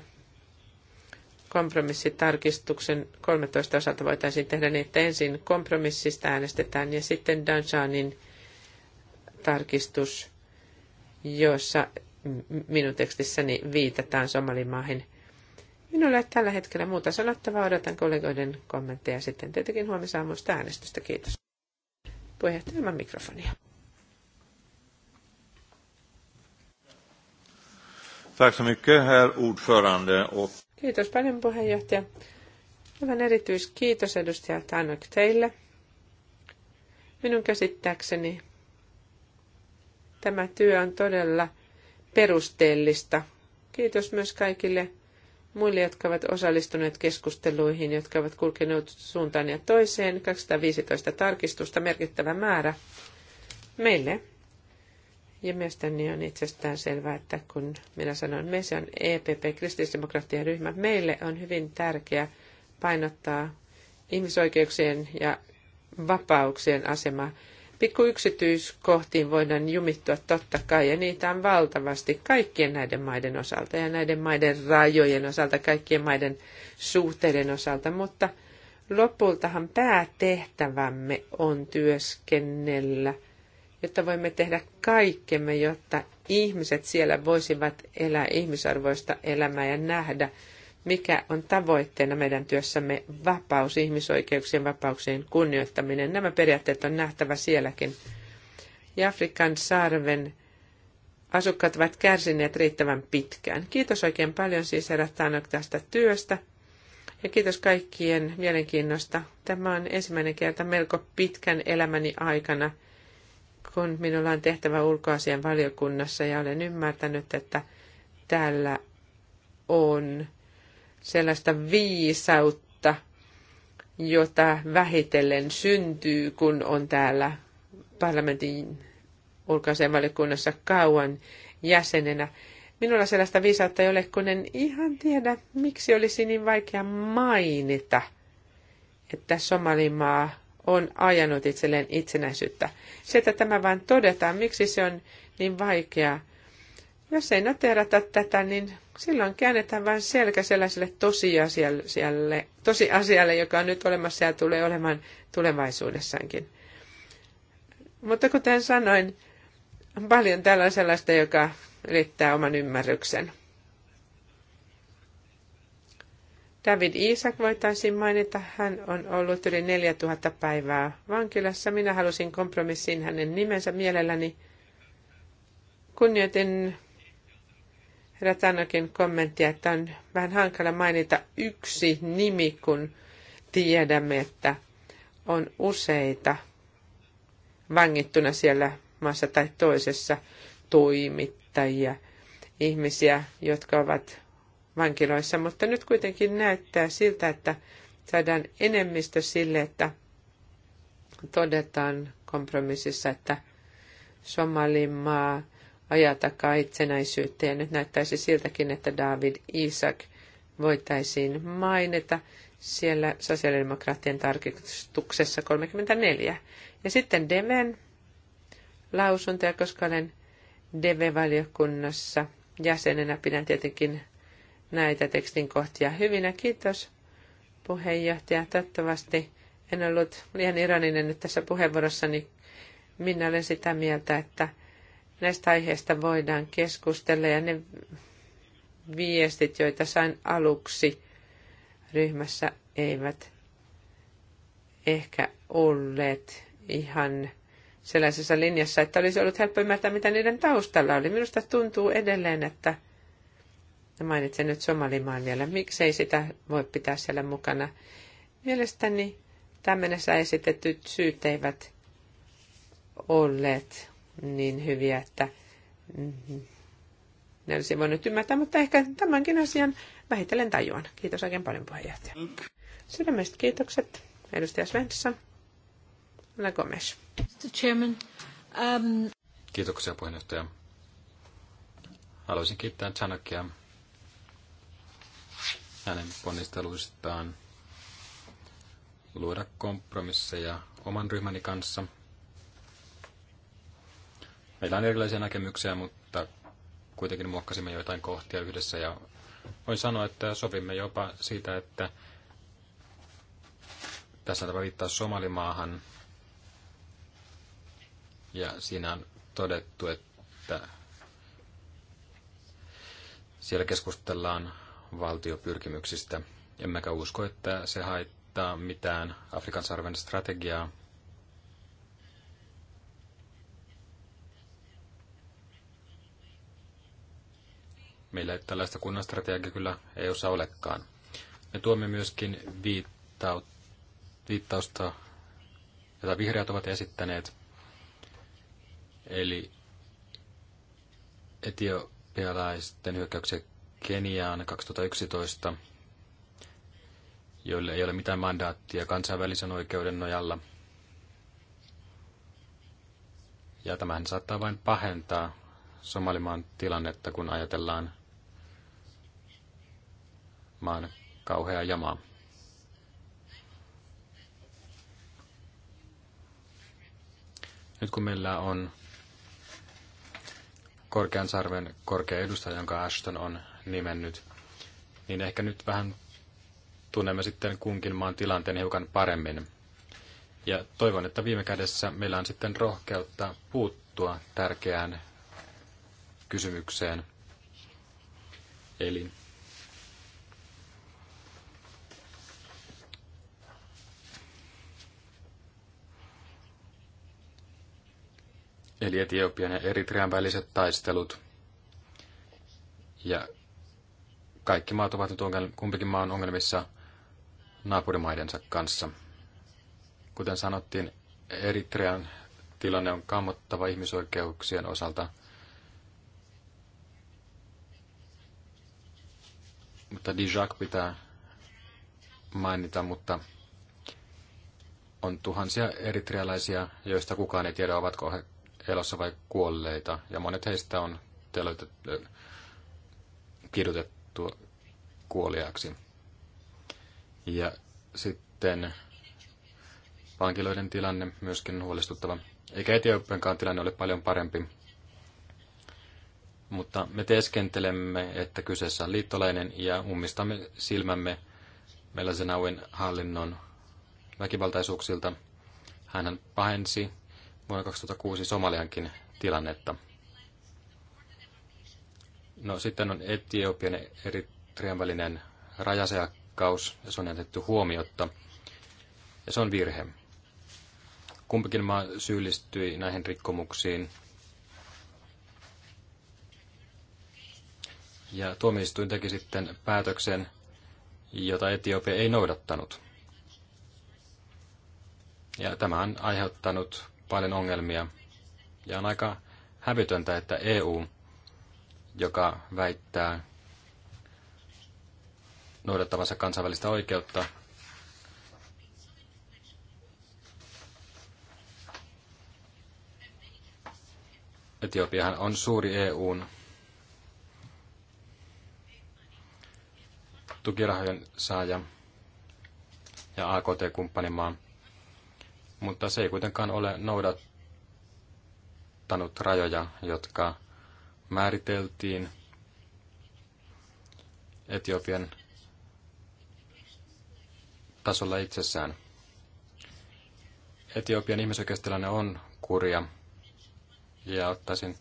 kompromissitarkistuksen 13 osalta voitaisiin tehdä niin, että ensin kompromissista äänestetään ja sitten Danjanin tarkistus, jossa minun tekstissäni viitataan Somalimaahin Minulla ei ole tällä hetkellä muuta sanottavaa. Odotan kollegoiden kommentteja sitten tietenkin huomisaamuista äänestystä. Kiitos. Puheenjohtaja ilman mikrofonia. Tack så mycket, herr ordförande. Kiitos paljon puheenjohtaja. Aivan erityiskiitos edustaja Tanok teille. Minun käsittääkseni tämä työ on todella perusteellista. Kiitos myös kaikille muille, jotka ovat osallistuneet keskusteluihin, jotka ovat kulkeneet suuntaan ja toiseen. 215 tarkistusta, merkittävä määrä meille. Ja mielestäni on itsestään selvää, että kun minä sanon me, se on EPP, kristillisdemokraattien ryhmä, meille on hyvin tärkeää painottaa ihmisoikeuksien ja vapauksien asemaa pikku yksityiskohtiin voidaan jumittua totta kai, ja niitä on valtavasti kaikkien näiden maiden osalta ja näiden maiden rajojen osalta, kaikkien maiden suhteiden osalta, mutta lopultahan päätehtävämme on työskennellä, jotta voimme tehdä kaikkemme, jotta ihmiset siellä voisivat elää ihmisarvoista elämää ja nähdä, mikä on tavoitteena meidän työssämme vapaus, ihmisoikeuksien vapauksien kunnioittaminen. Nämä periaatteet on nähtävä sielläkin. Ja Afrikan saarven asukkaat ovat kärsineet riittävän pitkään. Kiitos oikein paljon siis herra Tanok tästä työstä. Ja kiitos kaikkien mielenkiinnosta. Tämä on ensimmäinen kerta melko pitkän elämäni aikana, kun minulla on tehtävä ulkoasian valiokunnassa ja olen ymmärtänyt, että täällä on sellaista viisautta, jota vähitellen syntyy, kun on täällä parlamentin ulkoasianvaliokunnassa kauan jäsenenä. Minulla sellaista viisautta ei ole, kun en ihan tiedä, miksi olisi niin vaikea mainita, että Somalimaa on ajanut itselleen itsenäisyyttä. Se, että tämä vain todetaan, miksi se on niin vaikeaa, jos ei noterata tätä, niin silloin käännetään vain selkä sellaiselle tosiasialle, tosiasialle, joka on nyt olemassa ja tulee olemaan tulevaisuudessakin. Mutta kuten sanoin, on paljon täällä on sellaista, joka riittää oman ymmärryksen. David Isak voitaisiin mainita. Hän on ollut yli 4000 päivää vankilassa. Minä halusin kompromissiin hänen nimensä mielelläni. Kunnioitin herra Tannokin kommenttia, että on vähän hankala mainita yksi nimi, kun tiedämme, että on useita vangittuna siellä maassa tai toisessa toimittajia, ihmisiä, jotka ovat vankiloissa, mutta nyt kuitenkin näyttää siltä, että saadaan enemmistö sille, että todetaan kompromississa, että Somalimaa – ajaa takaa itsenäisyyttä. Ja nyt näyttäisi siltäkin, että David Isaac voitaisiin mainita siellä sosiaalidemokraattien tarkistuksessa 34. Ja sitten Deven lausuntoja, koska olen deve valiokunnassa jäsenenä. Pidän tietenkin näitä tekstin kohtia hyvinä. Kiitos puheenjohtaja. Toivottavasti en ollut liian ironinen nyt tässä puheenvuorossani. Minä olen sitä mieltä, että näistä aiheista voidaan keskustella ja ne viestit, joita sain aluksi ryhmässä, eivät ehkä olleet ihan sellaisessa linjassa, että olisi ollut helppo ymmärtää, mitä niiden taustalla oli. Minusta tuntuu edelleen, että mainitsen nyt Somalimaan vielä, miksei sitä voi pitää siellä mukana. Mielestäni tämän mennessä esitetyt syyt eivät olleet niin hyviä, että mm-hmm. ne olisi voinut ymmärtää, mutta ehkä tämänkin asian vähitellen tajuan. Kiitos oikein paljon puheenjohtaja. Sydämestä kiitokset. Edustaja Svensson. Anna Gomes. Chairman, um... Kiitoksia puheenjohtaja. Haluaisin kiittää Chanakia hänen ponnisteluistaan luoda kompromisseja oman ryhmäni kanssa – Meillä on erilaisia näkemyksiä, mutta kuitenkin muokkasimme joitain kohtia yhdessä ja voin sanoa, että sovimme jopa siitä, että tässä tapa viittaa Somalimaahan ja siinä on todettu, että siellä keskustellaan valtiopyrkimyksistä. Emmekä usko, että se haittaa mitään Afrikan sarven strategiaa, Meillä ei tällaista kunnan strategiaa kyllä ei osaa olekaan. Me tuomme myöskin viittausta, jota vihreät ovat esittäneet, eli etiopialaisten hyökkäykset Keniaan 2011, joille ei ole mitään mandaattia kansainvälisen oikeuden nojalla. Ja tämähän saattaa vain pahentaa Somalimaan tilannetta, kun ajatellaan maan kauhea jamaa. Nyt kun meillä on korkean sarven korkea edustaja, jonka Ashton on nimennyt, niin ehkä nyt vähän tunnemme sitten kunkin maan tilanteen hiukan paremmin. Ja toivon, että viime kädessä meillä on sitten rohkeutta puuttua tärkeään kysymykseen. Eli eli Etiopian ja Eritrean väliset taistelut. Ja kaikki maat ovat nyt ongel- kumpikin maan ongelmissa naapurimaidensa kanssa. Kuten sanottiin, Eritrean tilanne on kammottava ihmisoikeuksien osalta. Mutta Dijak pitää mainita, mutta on tuhansia eritrealaisia, joista kukaan ei tiedä, ovatko he elossa vai kuolleita, ja monet heistä on teloitettu, kidutettu kuoliaksi. Ja sitten vankiloiden tilanne myöskin huolestuttava. Eikä Etiopiankaan tilanne ole paljon parempi. Mutta me teeskentelemme, että kyseessä on liittolainen ja ummistamme silmämme Melasenauin hallinnon väkivaltaisuuksilta. Hän pahensi vuonna 2006 Somaliankin tilannetta. No sitten on Etiopian ja Eritrean välinen rajaseakkaus, ja se on jätetty huomiotta, ja se on virhe. Kumpikin maa syyllistyi näihin rikkomuksiin, ja tuomioistuin teki sitten päätöksen, jota Etiopia ei noudattanut. Ja tämä on aiheuttanut paljon ongelmia. Ja on aika hävytöntä, että EU, joka väittää noudattavansa kansainvälistä oikeutta, Etiopiahan on suuri EUn tukirahojen saaja ja AKT-kumppanimaa mutta se ei kuitenkaan ole noudattanut rajoja, jotka määriteltiin Etiopian tasolla itsessään. Etiopian ihmisoikeustilanne on kurja. Ja ottaisin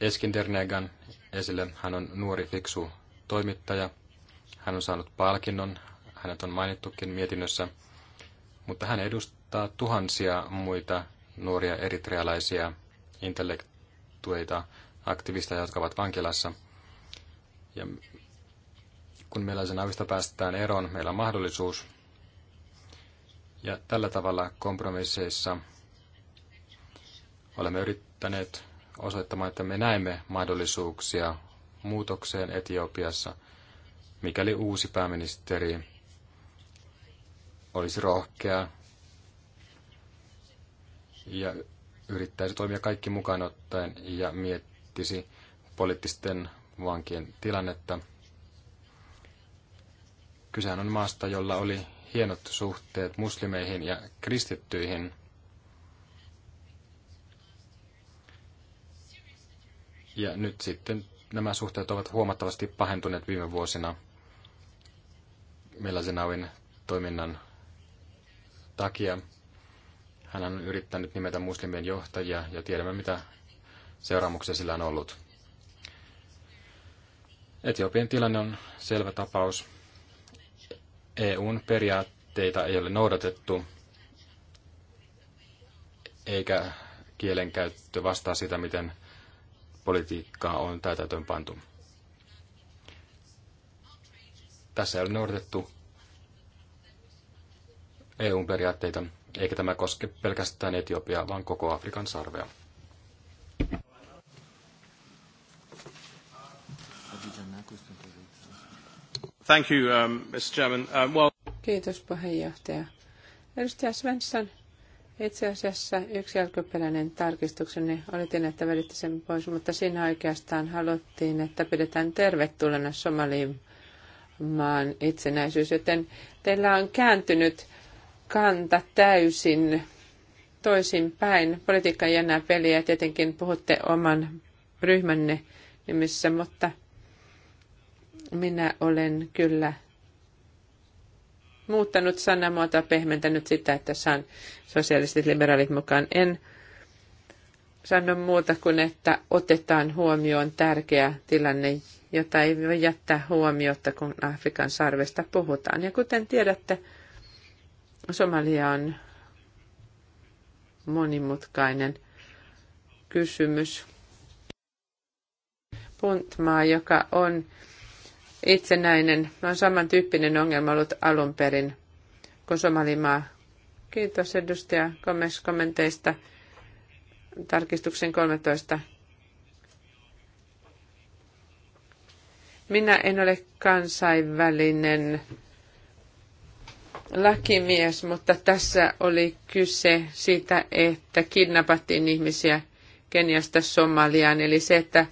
Eskindernegan esille. Hän on nuori fiksu toimittaja. Hän on saanut palkinnon. Hänet on mainittukin mietinnössä. Mutta hän edustaa auttaa tuhansia muita nuoria eritrealaisia intellektueita, aktivisteja, jotka ovat vankilassa. Ja kun meillä avista päästään eroon, meillä on mahdollisuus. Ja tällä tavalla kompromisseissa olemme yrittäneet osoittamaan, että me näemme mahdollisuuksia muutokseen Etiopiassa, mikäli uusi pääministeri olisi rohkea ja yrittäisi toimia kaikki mukaan ottaen ja miettisi poliittisten vankien tilannetta. Kysehän on maasta, jolla oli hienot suhteet muslimeihin ja kristittyihin. Ja nyt sitten nämä suhteet ovat huomattavasti pahentuneet viime vuosina Melazenauin toiminnan takia. Hän on yrittänyt nimetä muslimien johtajia ja tiedämme, mitä seuraamuksia sillä on ollut. Etiopian tilanne on selvä tapaus. EUn periaatteita ei ole noudatettu, eikä kielenkäyttö vastaa sitä, miten politiikkaa on täytäntöön pantu. Tässä ei ole noudatettu EUn periaatteita. Eikä tämä koske pelkästään Etiopiaa, vaan koko Afrikan sarvea. Thank you, um, Mr. Chairman. Um, well... Kiitos puheenjohtaja. Edustaja Svensson, itse asiassa yksi alkuperäinen tarkistukseni oli, että veditte sen pois, mutta siinä oikeastaan haluttiin, että pidetään tervetulleena Somaliin maan itsenäisyys, joten teillä on kääntynyt kanta täysin toisin Politiikka ei enää peliä, tietenkin puhutte oman ryhmänne nimissä, mutta minä olen kyllä muuttanut sanamuotoa, pehmentänyt sitä, että saan sosiaaliset liberaalit mukaan. En sano muuta kuin, että otetaan huomioon tärkeä tilanne, jota ei voi jättää huomiota, kun Afrikan sarvesta puhutaan. Ja kuten tiedätte, Somalia on monimutkainen kysymys. Puntmaa, joka on itsenäinen, on samantyyppinen ongelma ollut alun perin kuin Somalimaa. Kiitos edustaja Gomes kommenteista tarkistuksen 13. Minä en ole kansainvälinen lakimies, mutta tässä oli kyse siitä, että kidnappattiin ihmisiä Keniasta Somaliaan. Eli se, että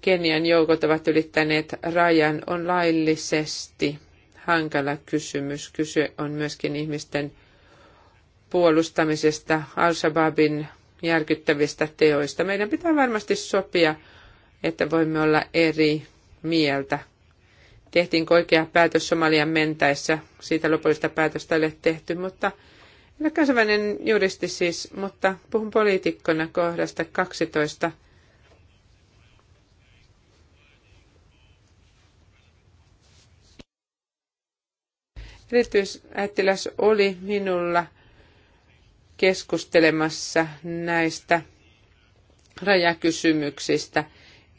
Kenian joukot ovat ylittäneet rajan, on laillisesti hankala kysymys. Kyse on myöskin ihmisten puolustamisesta, Al-Shabaabin järkyttävistä teoista. Meidän pitää varmasti sopia, että voimme olla eri mieltä tehtiin oikea päätös Somalian mentäessä. Siitä lopullista päätöstä ei ole tehty, mutta en ole kansainvälinen juristi siis, mutta puhun poliitikkona kohdasta 12. Erityislähettiläs oli minulla keskustelemassa näistä rajakysymyksistä,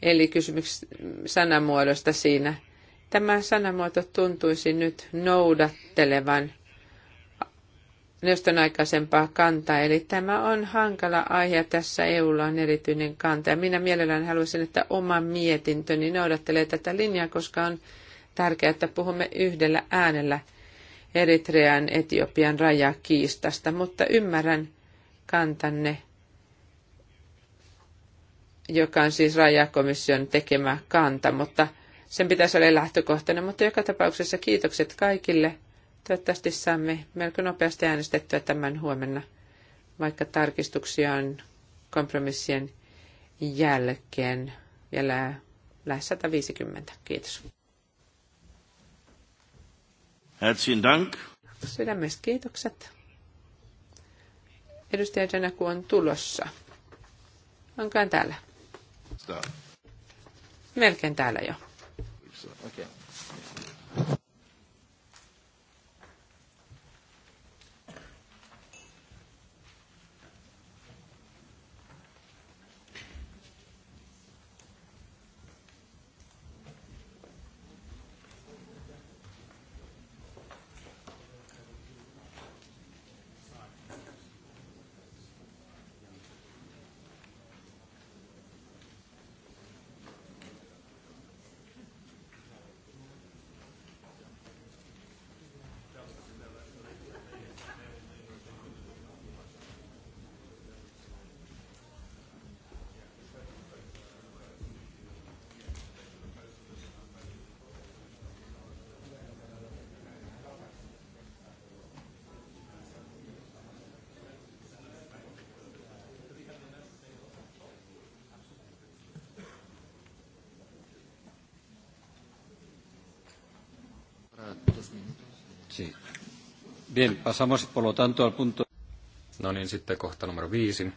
eli kysymys sanamuodosta siinä – Tämä sanamuoto tuntuisi nyt noudattelevan neuvoston aikaisempaa kantaa. Eli tämä on hankala aihe tässä EUlla on erityinen kanta. Ja minä mielellään haluaisin, että oma mietintöni noudattelee tätä linjaa, koska on tärkeää, että puhumme yhdellä äänellä Eritrean Etiopian rajakiistasta. Mutta ymmärrän kantanne, joka on siis rajakomission tekemä kanta, mutta – sen pitäisi olla lähtökohtana, mutta joka tapauksessa kiitokset kaikille. Toivottavasti saamme melko nopeasti äänestettyä tämän huomenna, vaikka tarkistuksia on kompromissien jälkeen vielä lähes 150. Kiitos. Herzlichen Dank. Sydämestä kiitokset. Edustaja Janaku on tulossa. Onkaan täällä. Melkein täällä jo. Okay Bien, pasamos por lo tanto al punto... No niin, sitten kohta numero viisi.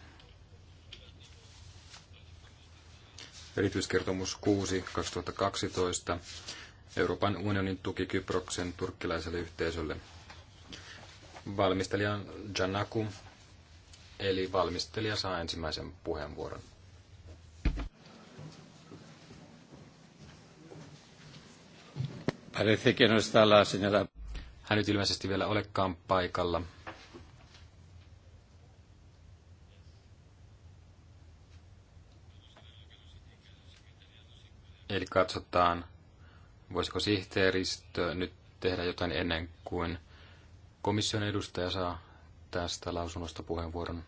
Erityiskertomus 6 2012. Euroopan unionin tuki Kyproksen turkkilaiselle yhteisölle. Valmistelija Janaku, eli valmistelija saa ensimmäisen puheenvuoron. Parece que no está la señora hän nyt ilmeisesti vielä olekaan paikalla. Eli katsotaan, voisiko sihteeristö nyt tehdä jotain ennen kuin komission edustaja saa tästä lausunnosta puheenvuoron.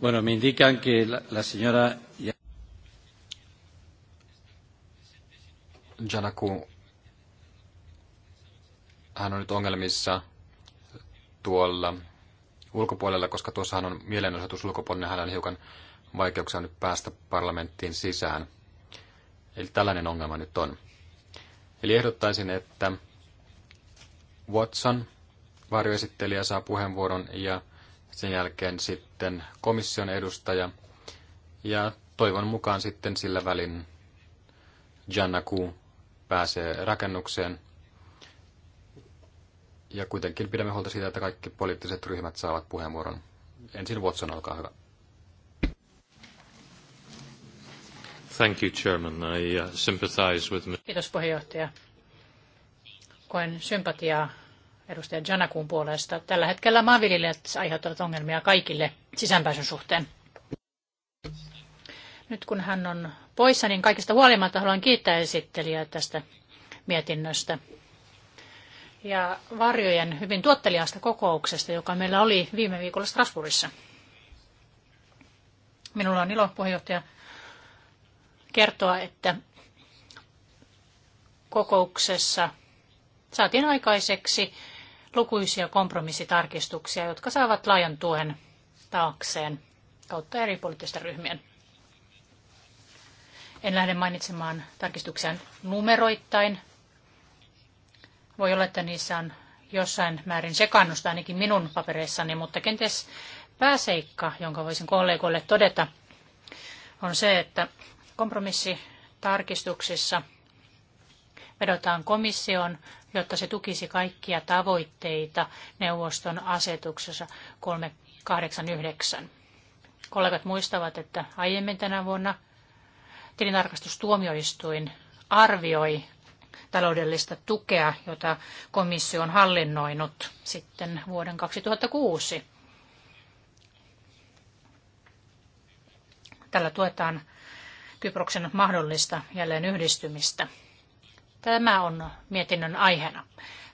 Bueno, me indican que la, la señora... Janaku, hän on nyt ongelmissa tuolla ulkopuolella, koska tuossahan on mielenosoitus ulkopuolella, hänellä on hiukan vaikeuksia nyt päästä parlamenttiin sisään. Eli tällainen ongelma nyt on. Eli ehdottaisin, että Watson, varjoesittelijä, saa puheenvuoron ja sen jälkeen sitten komission edustaja ja toivon mukaan sitten sillä välin Janna Ku pääsee rakennukseen. Ja kuitenkin pidämme huolta siitä, että kaikki poliittiset ryhmät saavat puheenvuoron. Ensin Watson, olkaa hyvä. Thank you, Chairman. I uh, sympathize with... Kiitos puheenjohtaja. Koen sympatiaa edustaja Janakuun puolesta. Tällä hetkellä maanviljelijät aiheuttavat ongelmia kaikille sisäänpääsyn suhteen. Nyt kun hän on poissa, niin kaikista huolimatta haluan kiittää esittelijää tästä mietinnöstä ja varjojen hyvin tuotteliaasta kokouksesta, joka meillä oli viime viikolla Strasbourgissa. Minulla on ilo puheenjohtaja kertoa, että kokouksessa saatiin aikaiseksi lukuisia kompromissitarkistuksia, jotka saavat laajan tuen taakseen kautta eri poliittisten ryhmien. En lähde mainitsemaan tarkistuksia numeroittain. Voi olla, että niissä on jossain määrin sekannusta ainakin minun papereissani, mutta kenties pääseikka, jonka voisin kollegoille todeta, on se, että kompromissitarkistuksissa vedotaan komission jotta se tukisi kaikkia tavoitteita neuvoston asetuksessa 389. Kollegat muistavat, että aiemmin tänä vuonna tilintarkastustuomioistuin arvioi taloudellista tukea, jota komissio on hallinnoinut sitten vuoden 2006. Tällä tuetaan Kyproksen mahdollista jälleen yhdistymistä. Tämä on mietinnön aiheena.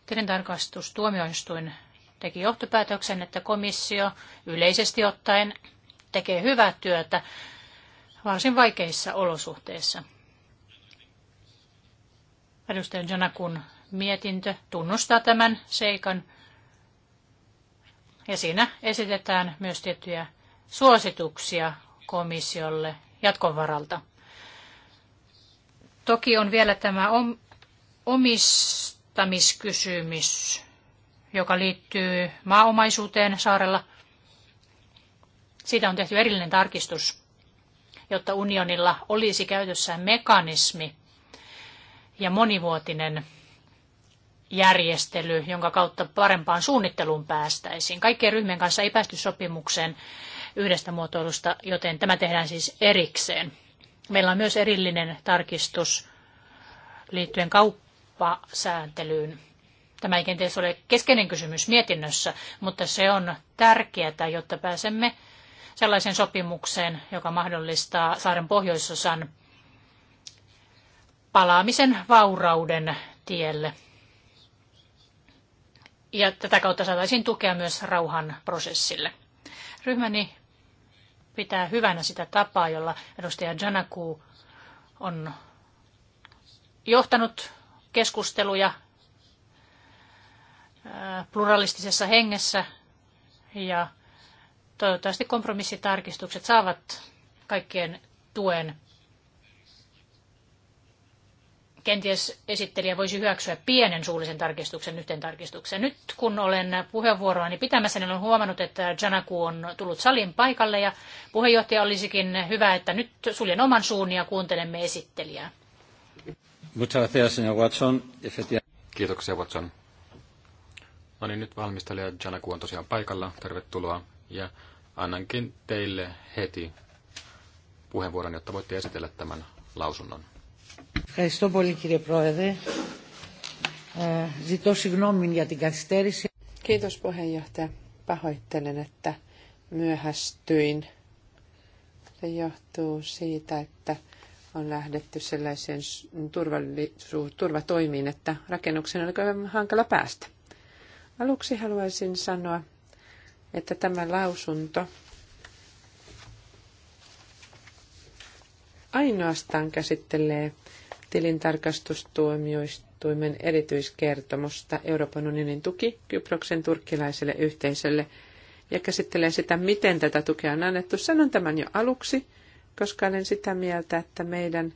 Tilintarkastustuomioistuin teki johtopäätöksen, että komissio yleisesti ottaen tekee hyvää työtä varsin vaikeissa olosuhteissa. Edustaja Janakun mietintö tunnustaa tämän seikan ja siinä esitetään myös tiettyjä suosituksia komissiolle jatkon varalta. Toki on vielä tämä omistamiskysymys, joka liittyy maaomaisuuteen saarella. Siitä on tehty erillinen tarkistus, jotta unionilla olisi käytössään mekanismi ja monivuotinen järjestely, jonka kautta parempaan suunnitteluun päästäisiin. Kaikkien ryhmien kanssa ei päästy sopimukseen yhdestä muotoilusta, joten tämä tehdään siis erikseen. Meillä on myös erillinen tarkistus liittyen kauppaan kauppasääntelyyn. Tämä ei kenties ole keskeinen kysymys mietinnössä, mutta se on tärkeää, jotta pääsemme sellaisen sopimukseen, joka mahdollistaa saaren pohjoisosan palaamisen vaurauden tielle. Ja tätä kautta saataisiin tukea myös rauhan prosessille. Ryhmäni pitää hyvänä sitä tapaa, jolla edustaja Janaku on johtanut keskusteluja pluralistisessa hengessä ja toivottavasti kompromissitarkistukset saavat kaikkien tuen. Kenties esittelijä voisi hyväksyä pienen suullisen tarkistuksen yhteen tarkistukseen. Nyt kun olen puheenvuoroani niin pitämässä, niin olen huomannut, että Janaku on tullut salin paikalle ja puheenjohtaja olisikin hyvä, että nyt suljen oman suun ja kuuntelemme esittelijää. Watson. Kiitoksia, Watson. No niin, nyt valmistelija Janaku on tosiaan paikalla. Tervetuloa. Ja annankin teille heti puheenvuoron, jotta voitte esitellä tämän lausunnon. Kiitos puheenjohtaja. Pahoittelen, että myöhästyin. Se johtuu siitä, että on lähdetty sellaiseen turvatoimiin, että rakennuksen on hankala päästä. Aluksi haluaisin sanoa, että tämä lausunto ainoastaan käsittelee tilintarkastustuomioistuimen erityiskertomusta Euroopan unionin tuki Kyproksen turkkilaiselle yhteisölle ja käsittelee sitä, miten tätä tukea on annettu. Sanon tämän jo aluksi, koska olen sitä mieltä, että meidän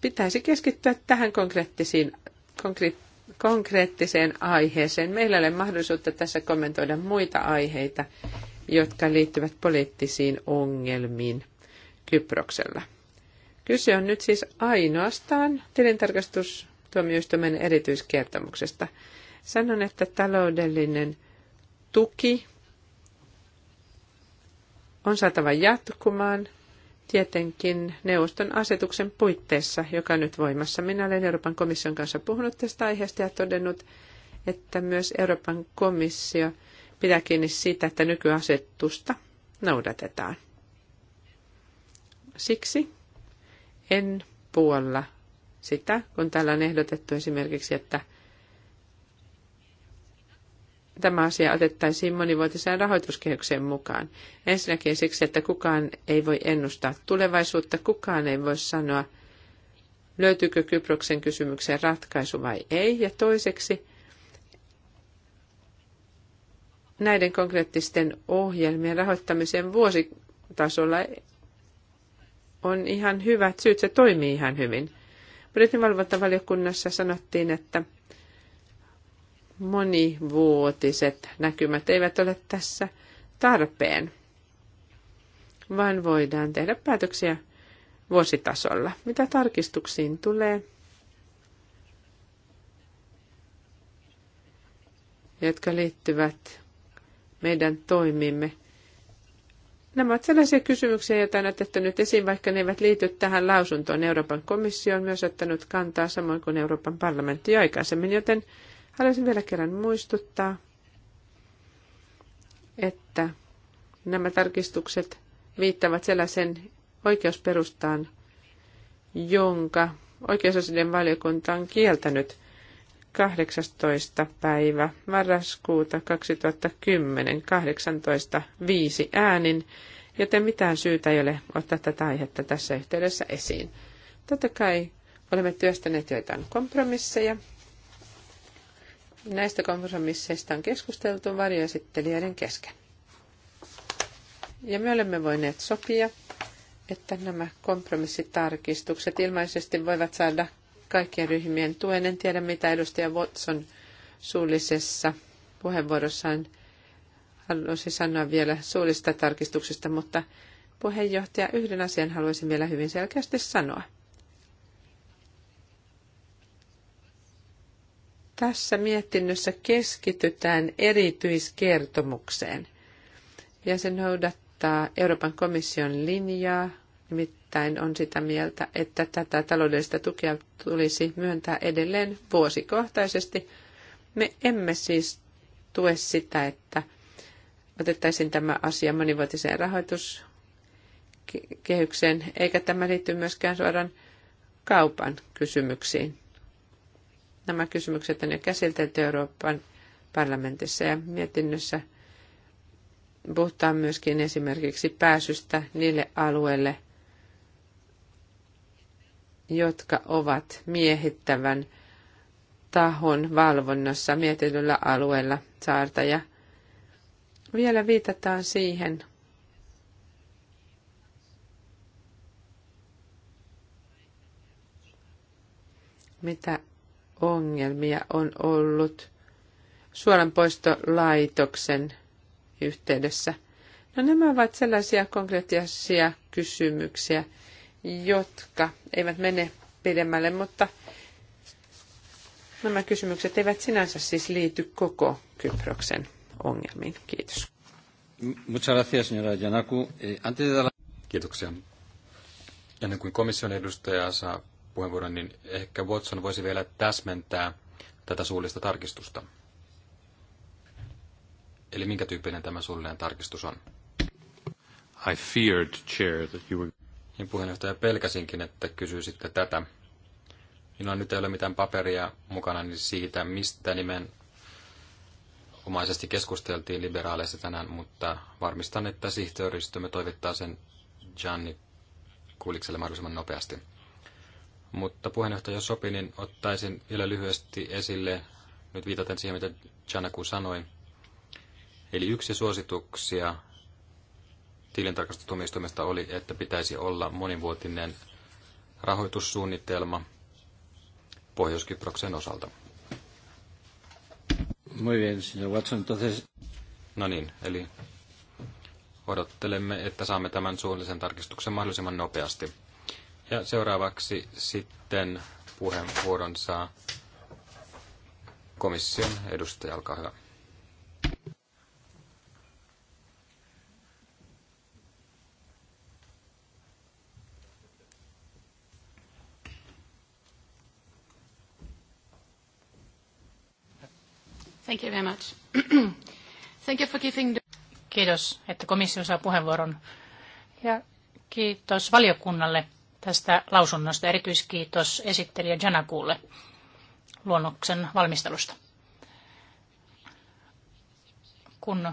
pitäisi keskittyä tähän konkreettisiin, konkre, konkreettiseen aiheeseen. Meillä ei ole mahdollisuutta tässä kommentoida muita aiheita, jotka liittyvät poliittisiin ongelmiin Kyproksella. Kyse on nyt siis ainoastaan tilintarkastustuomioistuimen erityiskertomuksesta. Sanon, että taloudellinen tuki on saatava jatkumaan tietenkin neuvoston asetuksen puitteissa, joka on nyt voimassa. Minä olen Euroopan komission kanssa puhunut tästä aiheesta ja todennut, että myös Euroopan komissio pitää kiinni siitä, että nykyasetusta noudatetaan. Siksi en puolla sitä, kun täällä on ehdotettu esimerkiksi, että tämä asia otettaisiin monivuotiseen rahoituskehykseen mukaan. Ensinnäkin siksi, että kukaan ei voi ennustaa tulevaisuutta, kukaan ei voi sanoa, löytyykö Kyproksen kysymykseen ratkaisu vai ei. Ja toiseksi näiden konkreettisten ohjelmien rahoittamisen vuositasolla on ihan hyvät syyt, se toimii ihan hyvin. Budjetinvalvontavaliokunnassa sanottiin, että monivuotiset näkymät eivät ole tässä tarpeen, vaan voidaan tehdä päätöksiä vuositasolla. Mitä tarkistuksiin tulee, jotka liittyvät meidän toimimme. Nämä ovat sellaisia kysymyksiä, joita on otettu nyt esiin, vaikka ne eivät liity tähän lausuntoon. Euroopan komissio on myös ottanut kantaa samoin kuin Euroopan parlamentti aikaisemmin, joten Haluaisin vielä kerran muistuttaa, että nämä tarkistukset viittavat sellaisen oikeusperustaan, jonka oikeusasioiden valiokunta on kieltänyt 18. päivä marraskuuta 2010 18.5 äänin, joten mitään syytä ei ole ottaa tätä aihetta tässä yhteydessä esiin. Totta kai olemme työstäneet joitain kompromisseja, Näistä kompromisseista on keskusteltu varjoesittelijöiden kesken. Ja me olemme voineet sopia, että nämä kompromissitarkistukset ilmeisesti voivat saada kaikkien ryhmien tuen. En tiedä, mitä edustaja Watson suullisessa puheenvuorossaan halusi sanoa vielä suullisesta tarkistuksesta, mutta puheenjohtaja, yhden asian haluaisin vielä hyvin selkeästi sanoa. Tässä mietinnössä keskitytään erityiskertomukseen ja se noudattaa Euroopan komission linjaa, nimittäin on sitä mieltä, että tätä taloudellista tukea tulisi myöntää edelleen vuosikohtaisesti. Me emme siis tue sitä, että otettaisiin tämä asia monivuotiseen rahoituskehykseen, eikä tämä liity myöskään suoraan kaupan kysymyksiin. Nämä kysymykset on jo käsitelty Euroopan parlamentissa ja mietinnössä puhutaan myöskin esimerkiksi pääsystä niille alueille, jotka ovat miehittävän tahon valvonnassa mietityllä alueella saarta. Ja vielä viitataan siihen, mitä ongelmia on ollut suolanpoistolaitoksen yhteydessä. No nämä ovat sellaisia konkreettisia kysymyksiä, jotka eivät mene pidemmälle, mutta nämä kysymykset eivät sinänsä siis liity koko Kyproksen ongelmiin. Kiitos. Muchas gracias, señora eh, Antes de dar... Kiitoksia. Ennen kuin komission edustaja saa puheenvuoron, niin ehkä Watson voisi vielä täsmentää tätä suullista tarkistusta. Eli minkä tyyppinen tämä suullinen tarkistus on? I feared, Chair, that you were... Niin puheenjohtaja pelkäsinkin, että kysyisitte tätä. Minulla nyt ei ole mitään paperia mukana niin siitä, mistä nimen omaisesti keskusteltiin liberaaleissa tänään, mutta varmistan, että sihteeristömme toivittaa sen Gianni Kuulikselle mahdollisimman nopeasti. Mutta puheenjohtaja, jos sopii, niin ottaisin vielä lyhyesti esille, nyt viitaten siihen, mitä Janaku sanoi. Eli yksi suosituksia tilintarkastustumistumista oli, että pitäisi olla monivuotinen rahoitussuunnitelma Pohjois-Kyproksen osalta. Muy bien, señor Watson, entonces... No niin, eli odottelemme, että saamme tämän suullisen tarkistuksen mahdollisimman nopeasti. Ja seuraavaksi sitten puheenvuoron saa komission edustaja, olkaa hyvä. Thank you very much. Thank you for giving the... Kiitos, että komissio saa puheenvuoron. Ja kiitos valiokunnalle tästä lausunnosta. Erityiskiitos esittelijä Janakuulle luonnoksen valmistelusta. Kun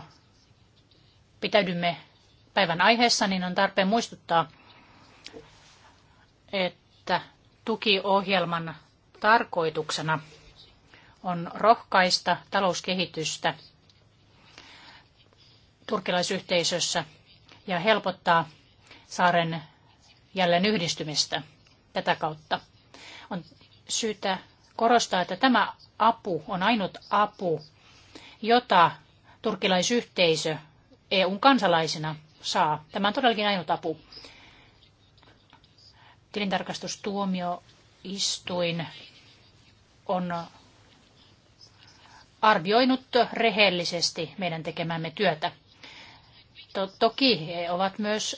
pitäydymme päivän aiheessa, niin on tarpeen muistuttaa, että tukiohjelman tarkoituksena on rohkaista talouskehitystä turkilaisyhteisössä ja helpottaa saaren jälleen yhdistymistä tätä kautta. On syytä korostaa, että tämä apu on ainut apu, jota turkilaisyhteisö EUn kansalaisina saa. Tämä on todellakin ainut apu. Tilintarkastustuomioistuin on arvioinut rehellisesti meidän tekemämme työtä. To- toki he ovat myös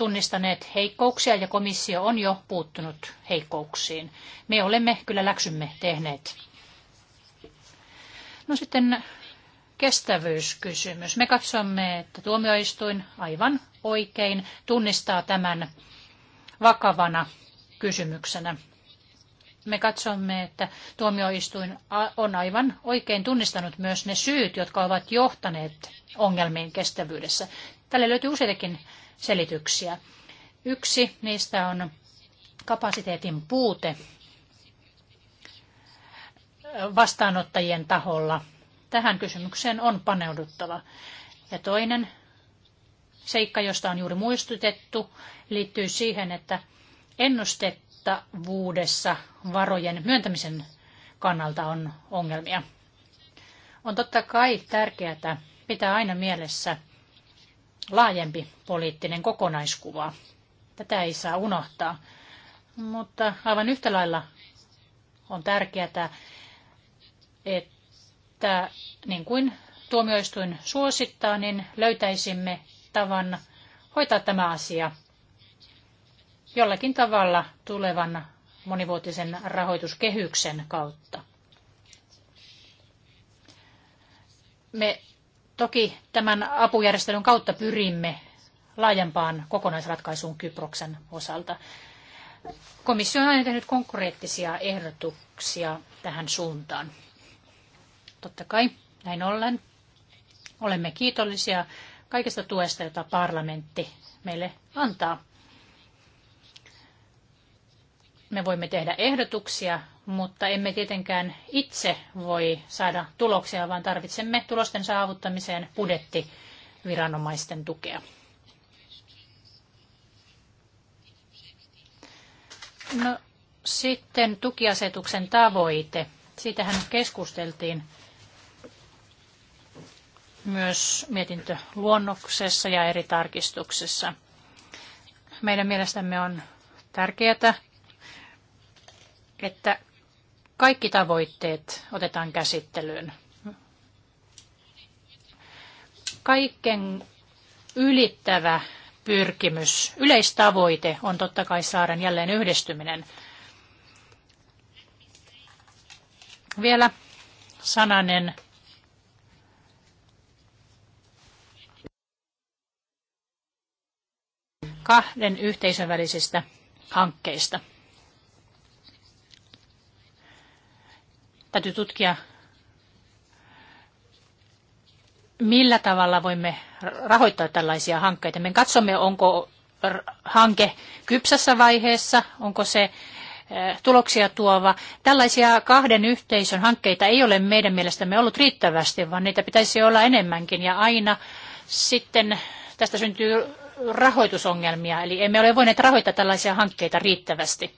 tunnistaneet heikkouksia ja komissio on jo puuttunut heikkouksiin. Me olemme kyllä läksymme tehneet. No sitten kestävyyskysymys. Me katsomme, että tuomioistuin aivan oikein tunnistaa tämän vakavana kysymyksenä. Me katsomme, että tuomioistuin on aivan oikein tunnistanut myös ne syyt, jotka ovat johtaneet ongelmiin kestävyydessä. Tälle löytyy useitakin selityksiä. Yksi niistä on kapasiteetin puute vastaanottajien taholla. Tähän kysymykseen on paneuduttava. Ja toinen seikka, josta on juuri muistutettu, liittyy siihen, että ennustettavuudessa varojen myöntämisen kannalta on ongelmia. On totta kai tärkeää pitää aina mielessä – laajempi poliittinen kokonaiskuva. Tätä ei saa unohtaa. Mutta aivan yhtä lailla on tärkeää, että niin kuin tuomioistuin suosittaa, niin löytäisimme tavan hoitaa tämä asia jollakin tavalla tulevan monivuotisen rahoituskehyksen kautta. Me Toki tämän apujärjestelyn kautta pyrimme laajempaan kokonaisratkaisuun Kyproksen osalta. Komissio on aina tehnyt konkreettisia ehdotuksia tähän suuntaan. Totta kai, näin ollen. Olemme kiitollisia kaikesta tuesta, jota parlamentti meille antaa. Me voimme tehdä ehdotuksia mutta emme tietenkään itse voi saada tuloksia, vaan tarvitsemme tulosten saavuttamiseen budjettiviranomaisten tukea. No sitten tukiasetuksen tavoite. Siitähän keskusteltiin myös mietintöluonnoksessa ja eri tarkistuksessa. Meidän mielestämme on tärkeää, että kaikki tavoitteet otetaan käsittelyyn. Kaiken ylittävä pyrkimys, yleistavoite on totta kai saaren jälleen yhdistyminen. Vielä sananen kahden yhteisön välisistä hankkeista. Täytyy tutkia, millä tavalla voimme rahoittaa tällaisia hankkeita. Me katsomme, onko hanke kypsässä vaiheessa, onko se eh, tuloksia tuova. Tällaisia kahden yhteisön hankkeita ei ole meidän mielestämme ollut riittävästi, vaan niitä pitäisi olla enemmänkin. Ja aina sitten tästä syntyy rahoitusongelmia, eli emme ole voineet rahoittaa tällaisia hankkeita riittävästi.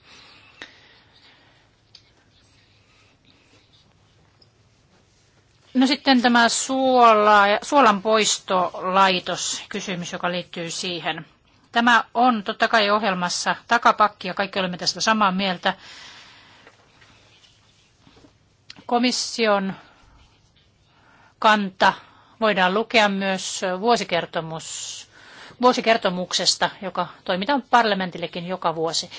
No sitten tämä suola, suolan poistolaitos, kysymys, joka liittyy siihen. Tämä on totta kai ohjelmassa takapakki ja kaikki olemme tästä samaa mieltä. Komission kanta voidaan lukea myös vuosikertomus, vuosikertomuksesta, joka toimitaan parlamentillekin joka vuosi.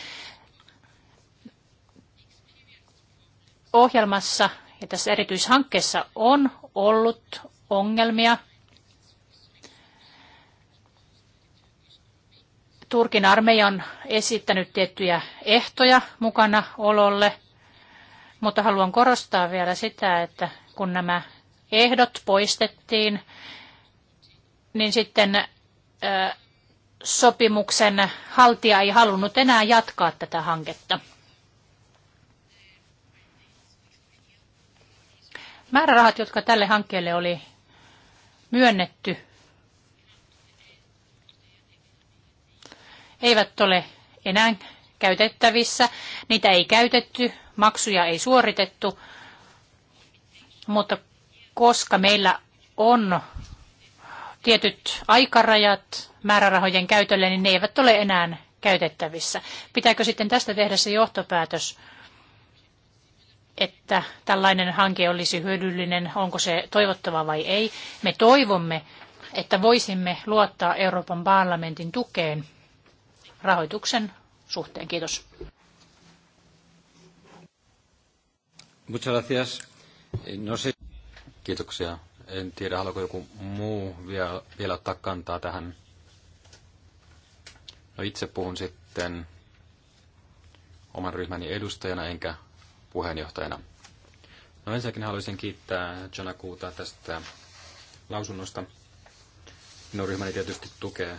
Ohjelmassa ja tässä erityishankkeessa on ollut ongelmia Turkin armeija on esittänyt tiettyjä ehtoja mukana ololle, mutta haluan korostaa vielä sitä, että kun nämä ehdot poistettiin, niin sitten sopimuksen haltija ei halunnut enää jatkaa tätä hanketta. Määrärahat, jotka tälle hankkeelle oli myönnetty, eivät ole enää käytettävissä. Niitä ei käytetty, maksuja ei suoritettu, mutta koska meillä on tietyt aikarajat määrärahojen käytölle, niin ne eivät ole enää käytettävissä. Pitääkö sitten tästä tehdä se johtopäätös, että tällainen hanke olisi hyödyllinen, onko se toivottava vai ei. Me toivomme, että voisimme luottaa Euroopan parlamentin tukeen rahoituksen suhteen. Kiitos. Eh, no Kiitoksia. En tiedä, haluaako joku muu vielä, vielä ottaa kantaa tähän. No itse puhun sitten oman ryhmäni edustajana, enkä puheenjohtajana. No ensinnäkin haluaisin kiittää Janakuuta tästä lausunnosta. Minun ryhmäni tietysti tukee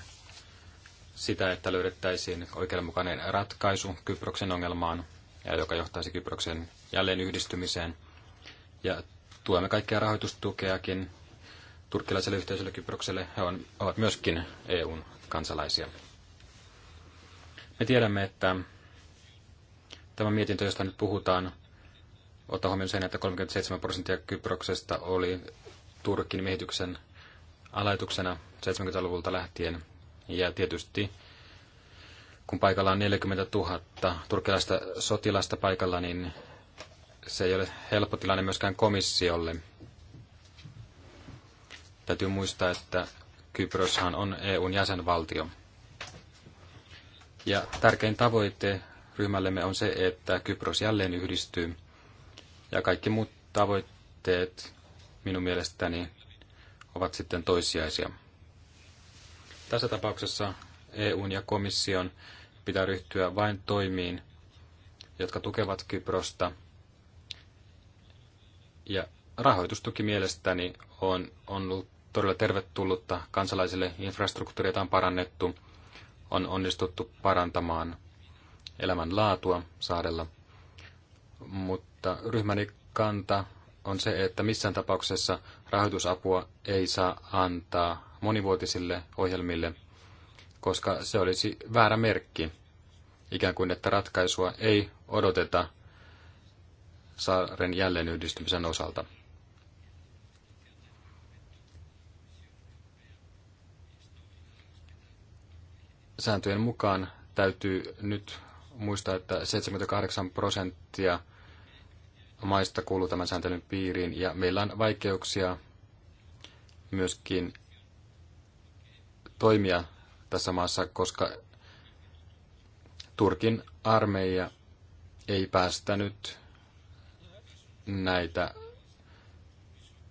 sitä, että löydettäisiin oikeudenmukainen ratkaisu Kyproksen ongelmaan, ja joka johtaisi Kyproksen jälleen yhdistymiseen. Ja tuemme kaikkea rahoitustukeakin turkkilaiselle yhteisölle Kyprokselle. He on, ovat myöskin EUn kansalaisia. Me tiedämme, että tämä mietintö, josta nyt puhutaan, ottaa huomioon sen, että 37 prosenttia Kyproksesta oli Turkin miehityksen alaituksena 70-luvulta lähtien. Ja tietysti kun paikalla on 40 000 turkilaista sotilasta paikalla, niin se ei ole helppo tilanne myöskään komissiolle. Täytyy muistaa, että Kyproshan on EUn jäsenvaltio. Ja tärkein tavoite ryhmällemme on se, että Kypros jälleen yhdistyy ja kaikki muut tavoitteet minun mielestäni ovat sitten toissijaisia. Tässä tapauksessa EUn ja komission pitää ryhtyä vain toimiin, jotka tukevat Kyprosta. Ja rahoitustuki mielestäni on, on ollut todella tervetullutta kansalaisille. Infrastruktuuria on parannettu, on onnistuttu parantamaan elämänlaatua saarella, mutta mutta ryhmäni kanta on se, että missään tapauksessa rahoitusapua ei saa antaa monivuotisille ohjelmille, koska se olisi väärä merkki, ikään kuin että ratkaisua ei odoteta saaren jälleenyhdistymisen osalta. Sääntöjen mukaan täytyy nyt muistaa, että 78 prosenttia – maista kuuluu tämän sääntelyn piiriin ja meillä on vaikeuksia myöskin toimia tässä maassa, koska Turkin armeija ei päästänyt näitä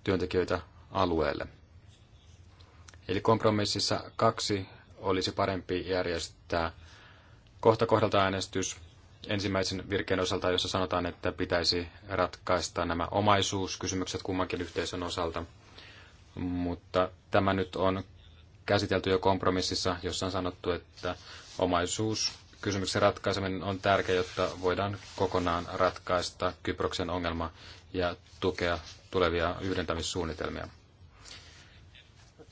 työntekijöitä alueelle. Eli kompromississa kaksi olisi parempi järjestää kohta kohdalta äänestys ensimmäisen virkeen osalta, jossa sanotaan, että pitäisi ratkaista nämä omaisuuskysymykset kummankin yhteisön osalta. Mutta tämä nyt on käsitelty jo kompromississa, jossa on sanottu, että omaisuuskysymyksen ratkaiseminen on tärkeää, jotta voidaan kokonaan ratkaista Kyproksen ongelma ja tukea tulevia yhdentämissuunnitelmia.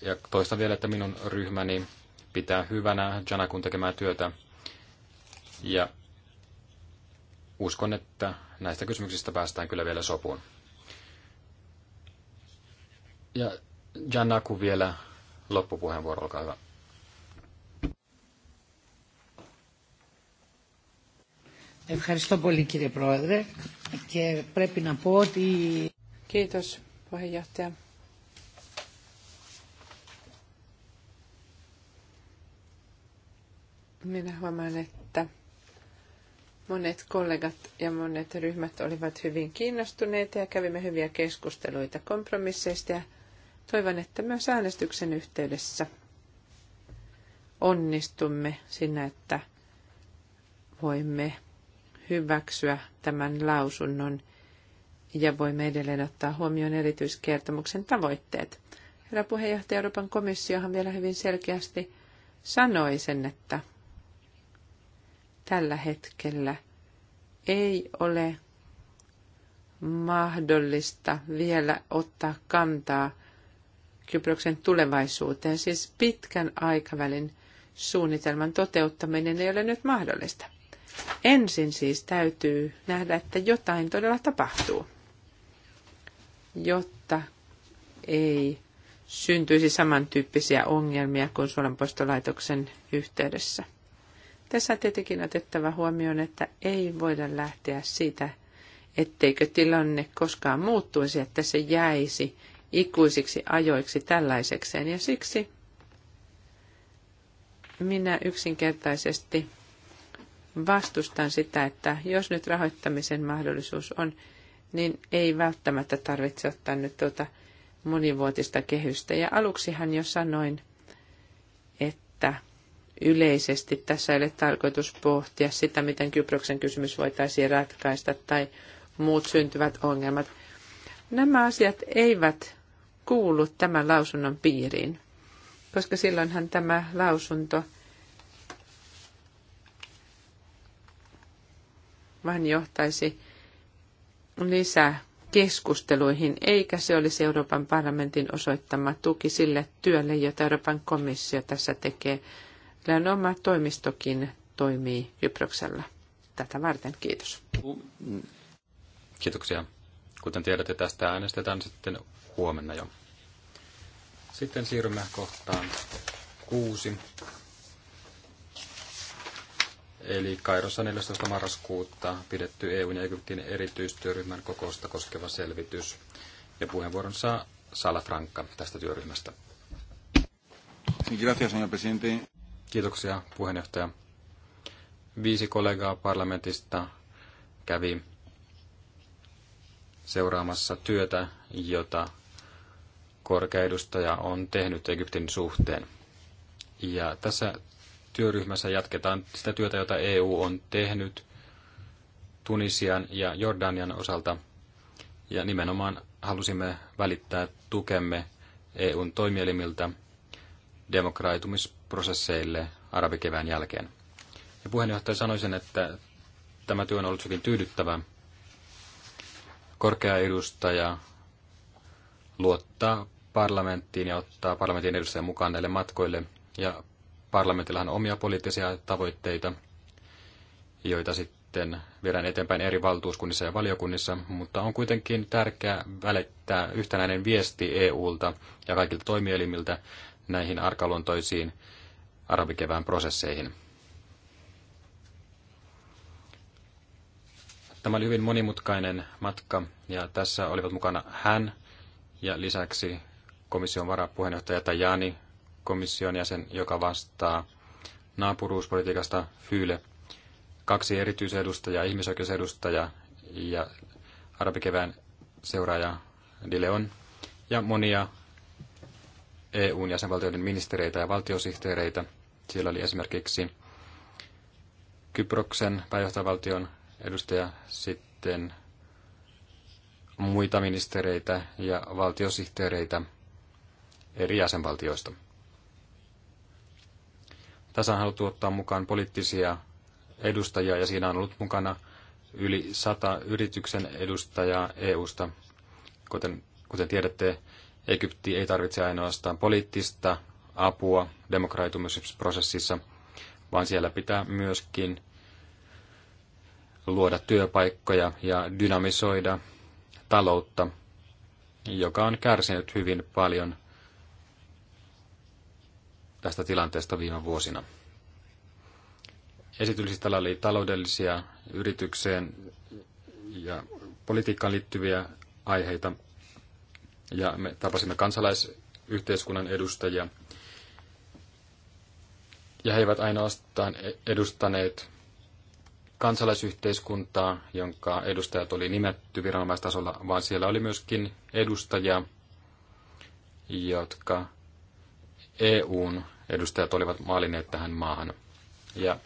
Ja toistan vielä, että minun ryhmäni pitää hyvänä Janakun tekemää työtä ja uskon, että näistä kysymyksistä päästään kyllä vielä sopuun. Ja Jannaku vielä loppupuheenvuoro, olkaa hyvä. Kiitos puheenjohtaja. Minä huomaan, että Monet kollegat ja monet ryhmät olivat hyvin kiinnostuneita ja kävimme hyviä keskusteluita kompromisseista ja toivon, että myös äänestyksen yhteydessä onnistumme siinä, että voimme hyväksyä tämän lausunnon ja voimme edelleen ottaa huomioon erityiskertomuksen tavoitteet. Herra puheenjohtaja Euroopan komissiohan vielä hyvin selkeästi sanoi sen, että tällä hetkellä ei ole mahdollista vielä ottaa kantaa Kyproksen tulevaisuuteen. Siis pitkän aikavälin suunnitelman toteuttaminen ei ole nyt mahdollista. Ensin siis täytyy nähdä, että jotain todella tapahtuu, jotta ei syntyisi samantyyppisiä ongelmia kuin suolanpoistolaitoksen yhteydessä. Tässä on tietenkin otettava huomioon, että ei voida lähteä siitä, etteikö tilanne koskaan muuttuisi, että se jäisi ikuisiksi ajoiksi tällaisekseen. Ja siksi minä yksinkertaisesti vastustan sitä, että jos nyt rahoittamisen mahdollisuus on, niin ei välttämättä tarvitse ottaa nyt tuota monivuotista kehystä. Ja aluksihan jo sanoin, että yleisesti. Tässä ei ole tarkoitus pohtia sitä, miten Kyproksen kysymys voitaisiin ratkaista tai muut syntyvät ongelmat. Nämä asiat eivät kuulu tämän lausunnon piiriin, koska silloinhan tämä lausunto vain johtaisi lisää keskusteluihin, eikä se olisi Euroopan parlamentin osoittama tuki sille työlle, jota Euroopan komissio tässä tekee meidän oma toimistokin toimii Kyproksella tätä varten. Kiitos. Kiitoksia. Kuten tiedätte, tästä äänestetään sitten huomenna jo. Sitten siirrymme kohtaan kuusi. Eli Kairossa 14. marraskuuta pidetty EUn ja Egyptin erityistyöryhmän kokousta koskeva selvitys. Ja puheenvuoron saa Sala Franka tästä työryhmästä. Gracias, señor presidente. Kiitoksia puheenjohtaja. Viisi kollegaa parlamentista kävi seuraamassa työtä, jota korkea edustaja on tehnyt Egyptin suhteen. Ja tässä työryhmässä jatketaan sitä työtä, jota EU on tehnyt Tunisian ja Jordanian osalta. Ja nimenomaan halusimme välittää tukemme EUn toimielimiltä – demokraitumisprosesseille arabikevään jälkeen. Ja puheenjohtaja sanoi sen, että tämä työ on ollut hyvin tyydyttävä. Korkea edustaja luottaa parlamenttiin ja ottaa parlamentin edustajan mukaan näille matkoille. Ja parlamentillahan on omia poliittisia tavoitteita, joita sitten viedään eteenpäin eri valtuuskunnissa ja valiokunnissa, mutta on kuitenkin tärkeää välittää yhtenäinen viesti EUlta ja kaikilta toimielimiltä näihin arkaluontoisiin arabikevään prosesseihin. Tämä oli hyvin monimutkainen matka ja tässä olivat mukana hän ja lisäksi komission varapuheenjohtaja Tajani, komission jäsen, joka vastaa naapuruuspolitiikasta Fyle, kaksi erityisedustajaa, ihmisoikeusedustajaa ja arabikevään seuraaja Dileon ja monia E.U. jäsenvaltioiden ministereitä ja valtiosihteereitä. Siellä oli esimerkiksi Kyproksen pääjohtajavaltion edustaja, sitten muita ministereitä ja valtiosihteereitä eri jäsenvaltioista. Tässä on haluttu ottaa mukaan poliittisia edustajia ja siinä on ollut mukana yli sata yrityksen edustajaa EUsta. Kuten, kuten tiedätte, Egypti ei tarvitse ainoastaan poliittista apua demokraitumisprosessissa, vaan siellä pitää myöskin luoda työpaikkoja ja dynamisoida taloutta, joka on kärsinyt hyvin paljon tästä tilanteesta viime vuosina. Esityksillällä oli taloudellisia yritykseen ja politiikkaan liittyviä aiheita, ja me tapasimme kansalaisyhteiskunnan edustajia. Ja he eivät ainoastaan e- edustaneet kansalaisyhteiskuntaa, jonka edustajat oli nimetty viranomaistasolla, vaan siellä oli myöskin edustajia, jotka EUn edustajat olivat maalineet tähän maahan. Ja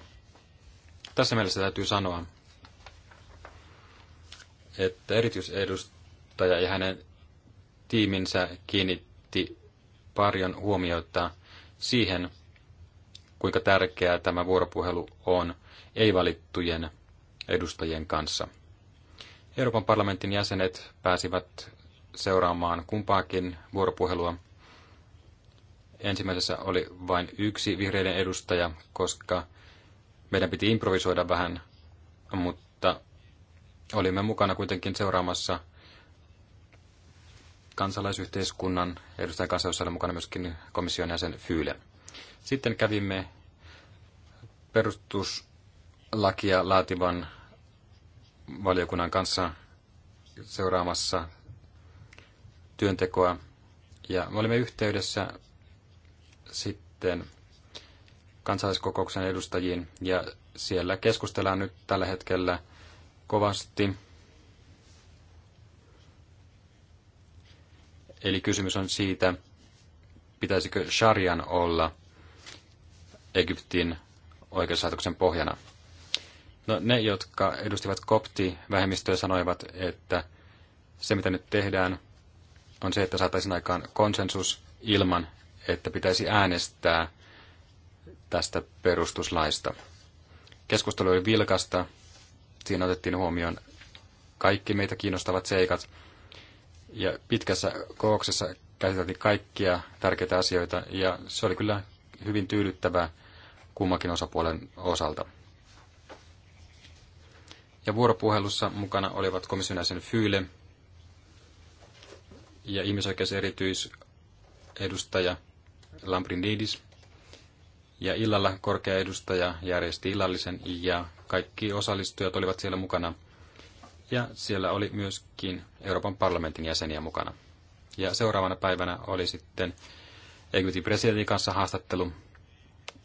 tässä mielessä täytyy sanoa, että erityisedustaja ja hänen tiiminsä kiinnitti paljon huomiota siihen, kuinka tärkeää tämä vuoropuhelu on ei-valittujen edustajien kanssa. Euroopan parlamentin jäsenet pääsivät seuraamaan kumpaakin vuoropuhelua. Ensimmäisessä oli vain yksi vihreiden edustaja, koska meidän piti improvisoida vähän, mutta olimme mukana kuitenkin seuraamassa kansalaisyhteiskunnan edustajan kanssa, jossa oli mukana myöskin komission jäsen Fyyle. Sitten kävimme perustuslakia laativan valiokunnan kanssa seuraamassa työntekoa. Ja me olimme yhteydessä sitten kansalaiskokouksen edustajiin ja siellä keskustellaan nyt tällä hetkellä kovasti Eli kysymys on siitä, pitäisikö Sharian olla Egyptin oikeuslaitoksen pohjana. No, ne, jotka edustivat kopti-vähemmistöä, sanoivat, että se, mitä nyt tehdään, on se, että saataisiin aikaan konsensus ilman, että pitäisi äänestää tästä perustuslaista. Keskustelu oli vilkasta. Siinä otettiin huomioon kaikki meitä kiinnostavat seikat, ja pitkässä kooksessa käsiteltiin kaikkia tärkeitä asioita ja se oli kyllä hyvin tyydyttävää kummakin osapuolen osalta. Ja vuoropuhelussa mukana olivat komission jäsen Fyyle ja ihmisoikeuserityisedustaja Lambrinidis. Ja illalla korkea edustaja järjesti illallisen ja kaikki osallistujat olivat siellä mukana – ja siellä oli myöskin Euroopan parlamentin jäseniä mukana. Ja seuraavana päivänä oli sitten Egyptin presidentin kanssa haastattelu.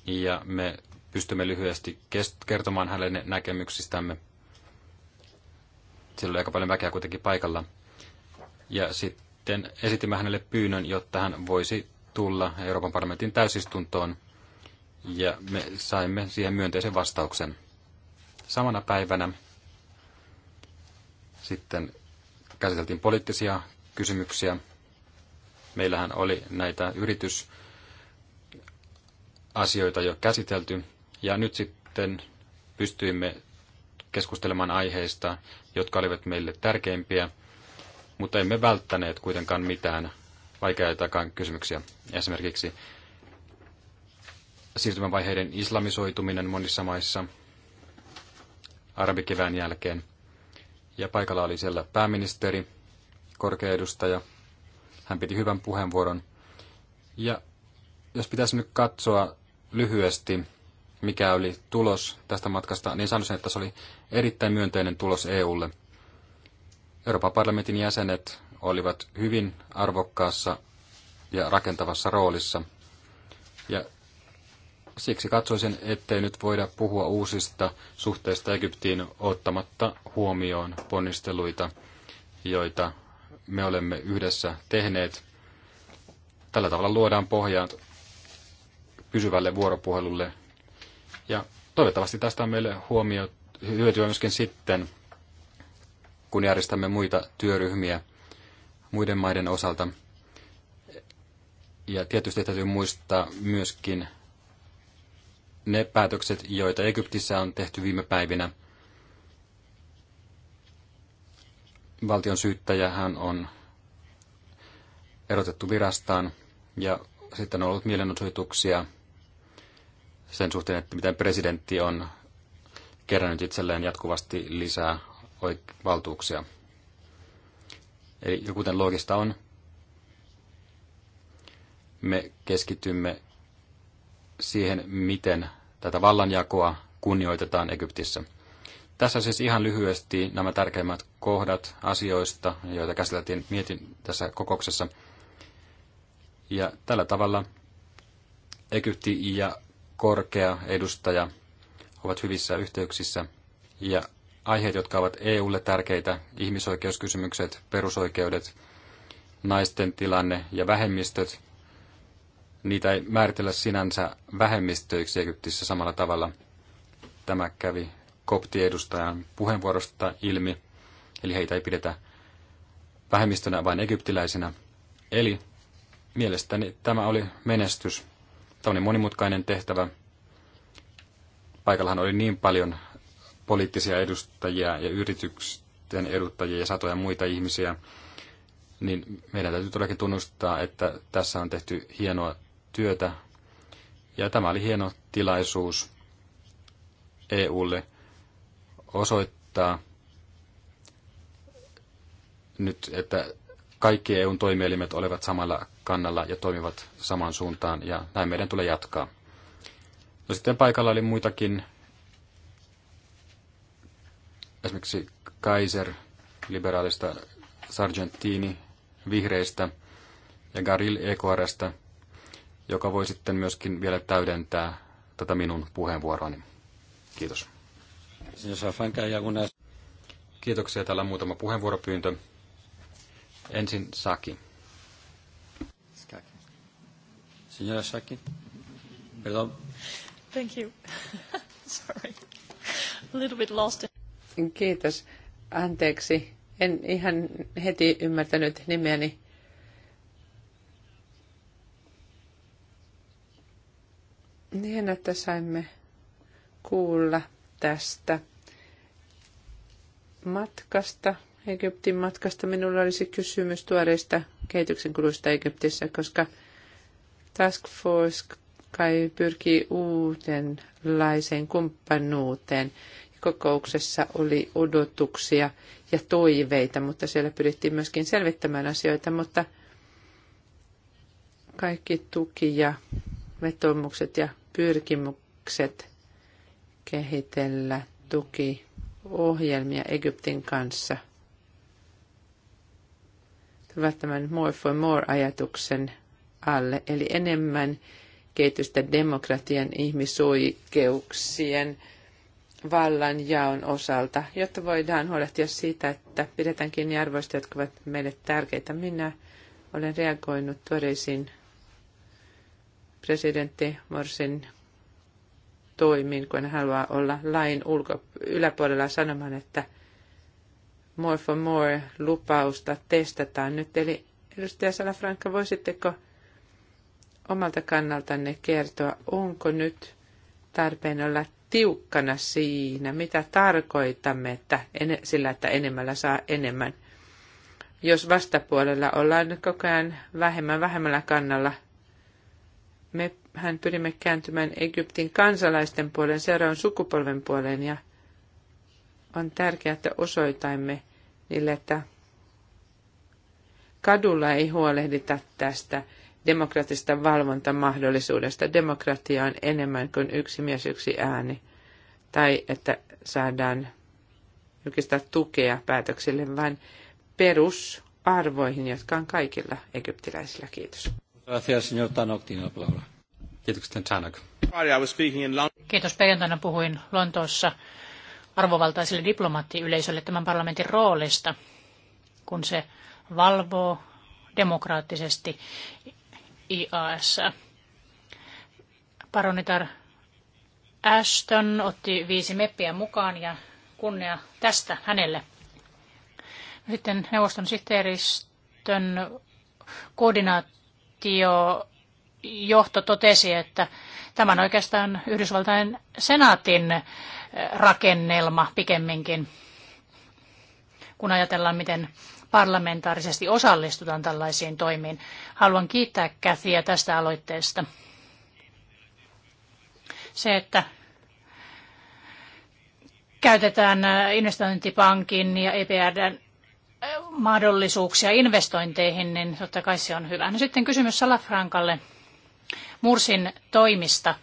Ja me pystymme lyhyesti kertomaan hänelle näkemyksistämme. Siellä oli aika paljon väkeä kuitenkin paikalla. Ja sitten esitimme hänelle pyynnön, jotta hän voisi tulla Euroopan parlamentin täysistuntoon. Ja me saimme siihen myönteisen vastauksen. Samana päivänä sitten käsiteltiin poliittisia kysymyksiä. Meillähän oli näitä yritysasioita jo käsitelty, ja nyt sitten pystyimme keskustelemaan aiheista, jotka olivat meille tärkeimpiä, mutta emme välttäneet kuitenkaan mitään vaikeitakaan kysymyksiä. Esimerkiksi siirtymävaiheiden islamisoituminen monissa maissa arabikevään jälkeen ja paikalla oli siellä pääministeri, korkea edustaja. Hän piti hyvän puheenvuoron. Ja jos pitäisi nyt katsoa lyhyesti, mikä oli tulos tästä matkasta, niin sanoisin, että se oli erittäin myönteinen tulos EUlle. Euroopan parlamentin jäsenet olivat hyvin arvokkaassa ja rakentavassa roolissa. Ja Siksi katsoisin, ettei nyt voida puhua uusista suhteista Egyptiin ottamatta huomioon ponnisteluita, joita me olemme yhdessä tehneet. Tällä tavalla luodaan pohjaa pysyvälle vuoropuhelulle. Ja toivottavasti tästä on meille huomio, hyötyä myöskin sitten, kun järjestämme muita työryhmiä muiden maiden osalta. Ja tietysti täytyy muistaa myöskin ne päätökset, joita Egyptissä on tehty viime päivinä. Valtion syyttäjähän on erotettu virastaan ja sitten on ollut mielenosoituksia sen suhteen, että miten presidentti on kerännyt itselleen jatkuvasti lisää valtuuksia. Eli kuten loogista on, me keskitymme siihen, miten tätä vallanjakoa kunnioitetaan Egyptissä. Tässä siis ihan lyhyesti nämä tärkeimmät kohdat asioista, joita käsiteltiin mietin tässä kokouksessa. Ja tällä tavalla Egypti ja korkea edustaja ovat hyvissä yhteyksissä ja aiheet, jotka ovat EUlle tärkeitä, ihmisoikeuskysymykset, perusoikeudet, naisten tilanne ja vähemmistöt – niitä ei määritellä sinänsä vähemmistöiksi Egyptissä samalla tavalla. Tämä kävi koptiedustajan puheenvuorosta ilmi, eli heitä ei pidetä vähemmistönä vaan egyptiläisinä. Eli mielestäni tämä oli menestys. Tämä oli monimutkainen tehtävä. Paikallahan oli niin paljon poliittisia edustajia ja yritysten edustajia ja satoja muita ihmisiä, niin meidän täytyy todellakin tunnustaa, että tässä on tehty hienoa työtä. Ja tämä oli hieno tilaisuus EUlle osoittaa nyt, että kaikki EUn toimielimet olivat samalla kannalla ja toimivat samaan suuntaan, ja näin meidän tulee jatkaa. No sitten paikalla oli muitakin, esimerkiksi Kaiser, liberaalista, Sargentini, vihreistä ja Garil EKRstä joka voi sitten myöskin vielä täydentää tätä minun puheenvuoroani. Kiitos. Kiitoksia. Täällä on muutama puheenvuoropyyntö. Ensin Saki. Signora Saki. Perdón. Thank you. Sorry. A little bit lost. Kiitos. Anteeksi. En ihan heti ymmärtänyt nimeäni. Niin, että saimme kuulla tästä matkasta, Egyptin matkasta. Minulla olisi kysymys tuoreista kehityksen kuluista Egyptissä, koska Task Force kai pyrkii uudenlaiseen kumppanuuteen. Kokouksessa oli odotuksia ja toiveita, mutta siellä pyrittiin myöskin selvittämään asioita, mutta kaikki tuki ja vetomukset ja pyrkimykset kehitellä tukiohjelmia Egyptin kanssa tulevat tämän More for More-ajatuksen alle, eli enemmän kehitystä demokratian, ihmisoikeuksien, vallanjaon osalta, jotta voidaan huolehtia siitä, että pidetään kiinni arvoista, jotka ovat meille tärkeitä. Minä olen reagoinut tuoreisiin presidentti Morsin toimiin, kun hän haluaa olla lain ulko, yläpuolella sanomaan, että more for more lupausta testataan nyt. Eli edustaja Salafranca, voisitteko omalta kannaltanne kertoa, onko nyt tarpeen olla tiukkana siinä, mitä tarkoitamme että en, sillä, että enemmällä saa enemmän. Jos vastapuolella ollaan koko ajan vähemmän vähemmällä kannalla – mehän pyrimme kääntymään Egyptin kansalaisten puoleen, seuraavan sukupolven puoleen ja on tärkeää, että osoitaimme niille, että kadulla ei huolehdita tästä demokratista valvontamahdollisuudesta. Demokratia on enemmän kuin yksi mies, yksi ääni. Tai että saadaan julkista tukea päätöksille, vaan perusarvoihin, jotka on kaikilla egyptiläisillä. Kiitos. Gracias, señor Tannock, tiene la palabra. Kiitokset, Kiitos. Perjantaina puhuin Lontoossa arvovaltaiselle diplomaattiyleisölle tämän parlamentin roolista, kun se valvoo demokraattisesti IAS. Paronitar Ashton otti viisi meppiä mukaan ja kunnia tästä hänelle. Sitten neuvoston sihteeristön koordinaattori valtio johto totesi, että tämä on oikeastaan Yhdysvaltain senaatin eh, rakennelma pikemminkin, kun ajatellaan, miten parlamentaarisesti osallistutaan tällaisiin toimiin. Haluan kiittää Käthiä tästä aloitteesta. Se, että käytetään eh, investointipankin ja EPR:n mahdollisuuksia investointeihin, niin totta kai se on hyvä. No sitten kysymys Salafrankalle Mursin toimista,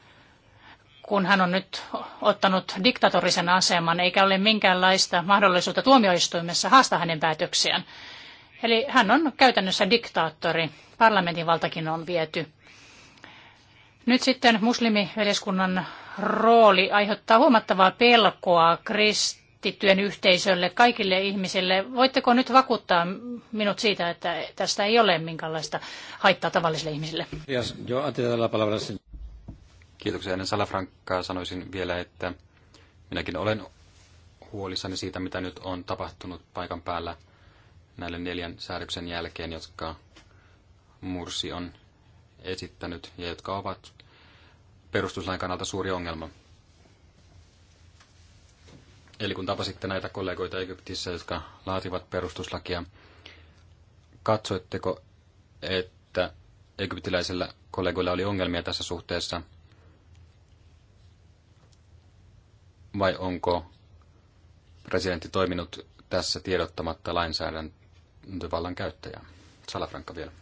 kun hän on nyt ottanut diktatorisen aseman, eikä ole minkäänlaista mahdollisuutta tuomioistuimessa haastaa hänen päätöksiään. Eli hän on käytännössä diktaattori. Parlamentin valtakin on viety. Nyt sitten muslimiveljeskunnan rooli aiheuttaa huomattavaa pelkoa krist kristittyjen yhteisölle, kaikille ihmisille. Voitteko nyt vakuuttaa minut siitä, että tästä ei ole minkäänlaista haittaa tavallisille ihmisille? Kiitoksia. Ennen Salafrankkaa sanoisin vielä, että minäkin olen huolissani siitä, mitä nyt on tapahtunut paikan päällä näille neljän säädöksen jälkeen, jotka Mursi on esittänyt ja jotka ovat perustuslain kannalta suuri ongelma. Eli kun tapasitte näitä kollegoita Egyptissä, jotka laativat perustuslakia, katsoitteko, että egyptiläisillä kollegoilla oli ongelmia tässä suhteessa? Vai onko presidentti toiminut tässä tiedottamatta lainsäädäntövallan käyttäjää? Salafranka vielä.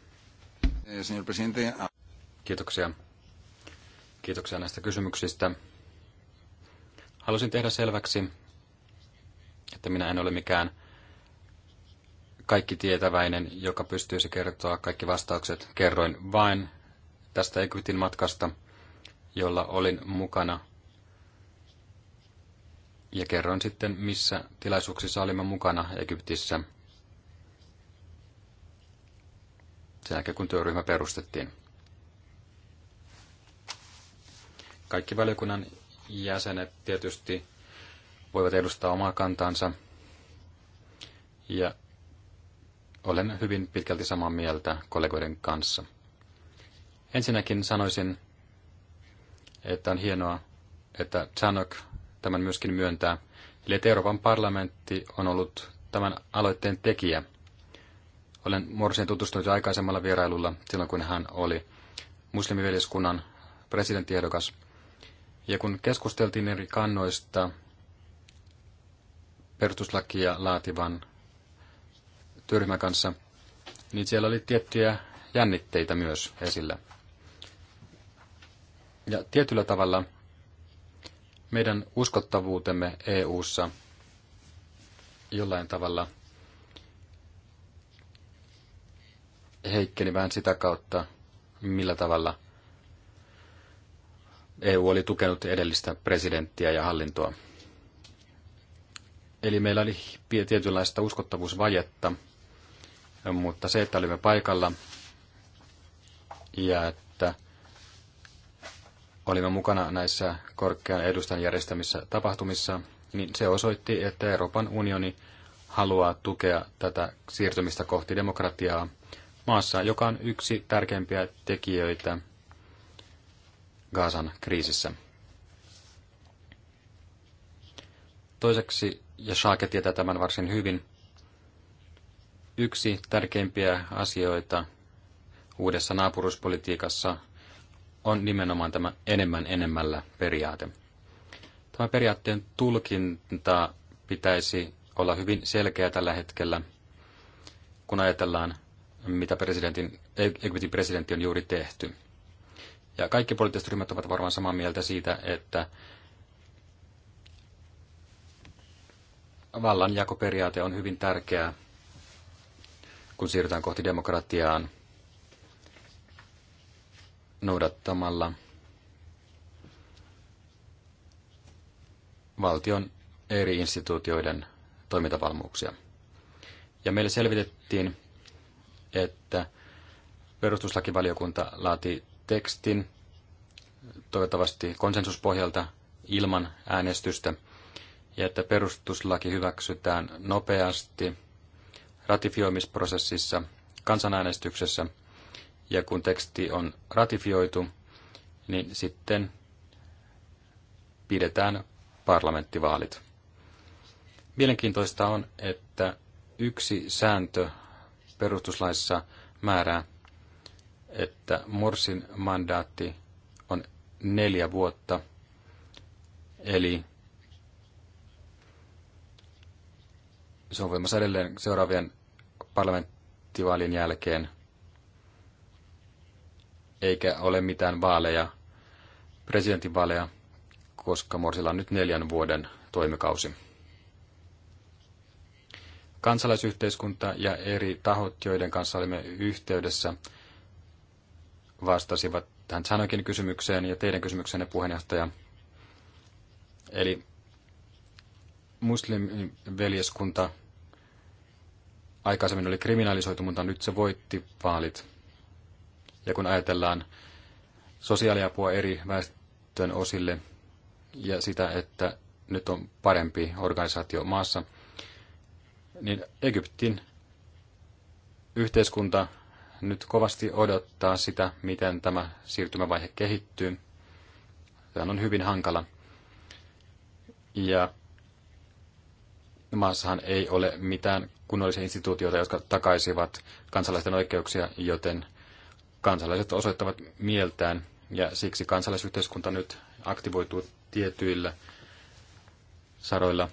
Eh, ah. Kiitoksia. Kiitoksia näistä kysymyksistä. Halusin tehdä selväksi, että minä en ole mikään kaikki tietäväinen, joka pystyisi kertoa kaikki vastaukset. Kerroin vain tästä Egyptin matkasta, jolla olin mukana. Ja kerroin sitten, missä tilaisuuksissa olimme mukana Egyptissä sen jälkeen, kun työryhmä perustettiin. Kaikki valiokunnan jäsenet tietysti voivat edustaa omaa kantaansa. Ja olen hyvin pitkälti samaa mieltä kollegoiden kanssa. Ensinnäkin sanoisin, että on hienoa, että Chanok tämän myöskin myöntää. Eli että Euroopan parlamentti on ollut tämän aloitteen tekijä. Olen Morsiin tutustunut jo aikaisemmalla vierailulla silloin, kun hän oli muslimiveljeskunnan presidenttiehdokas. Ja kun keskusteltiin eri kannoista perustuslakia laativan työryhmän kanssa, niin siellä oli tiettyjä jännitteitä myös esillä. Ja tietyllä tavalla meidän uskottavuutemme EU:ssa jollain tavalla heikkeni vähän sitä kautta, millä tavalla EU oli tukenut edellistä presidenttiä ja hallintoa. Eli meillä oli tietynlaista uskottavuusvajetta, mutta se, että olimme paikalla ja että olimme mukana näissä korkean edustajan järjestämissä tapahtumissa, niin se osoitti, että Euroopan unioni haluaa tukea tätä siirtymistä kohti demokratiaa maassa, joka on yksi tärkeimpiä tekijöitä Gaasan kriisissä. Toiseksi ja Shaake tietää tämän varsin hyvin. Yksi tärkeimpiä asioita uudessa naapuruspolitiikassa on nimenomaan tämä enemmän enemmällä periaate. Tämä periaatteen tulkinta pitäisi olla hyvin selkeä tällä hetkellä, kun ajatellaan, mitä presidentin, Egyptin presidentti on juuri tehty. Ja kaikki poliittiset ryhmät ovat varmaan samaa mieltä siitä, että vallanjakoperiaate on hyvin tärkeää, kun siirrytään kohti demokratiaan noudattamalla valtion eri instituutioiden toimintavalmuuksia. Ja meille selvitettiin, että perustuslakivaliokunta laati tekstin toivottavasti konsensuspohjalta ilman äänestystä – ja että perustuslaki hyväksytään nopeasti ratifioimisprosessissa kansanäänestyksessä. Ja kun teksti on ratifioitu, niin sitten pidetään parlamenttivaalit. Mielenkiintoista on, että yksi sääntö perustuslaissa määrää, että Morsin mandaatti on neljä vuotta, eli se on voimassa edelleen seuraavien parlamenttivaalien jälkeen, eikä ole mitään vaaleja, presidentinvaaleja, koska Morsilla on nyt neljän vuoden toimikausi. Kansalaisyhteiskunta ja eri tahot, joiden kanssa olimme yhteydessä, vastasivat tähän Sanokin kysymykseen ja teidän kysymykseenne puheenjohtaja. Eli muslimiveljeskunta aikaisemmin oli kriminalisoitu, mutta nyt se voitti vaalit. Ja kun ajatellaan sosiaaliapua eri väestön osille ja sitä, että nyt on parempi organisaatio maassa, niin Egyptin yhteiskunta nyt kovasti odottaa sitä, miten tämä siirtymävaihe kehittyy. Tämä on hyvin hankala. Ja maassahan ei ole mitään kunnollisia instituutioita, jotka takaisivat kansalaisten oikeuksia, joten kansalaiset osoittavat mieltään ja siksi kansalaisyhteiskunta nyt aktivoituu tietyillä saroilla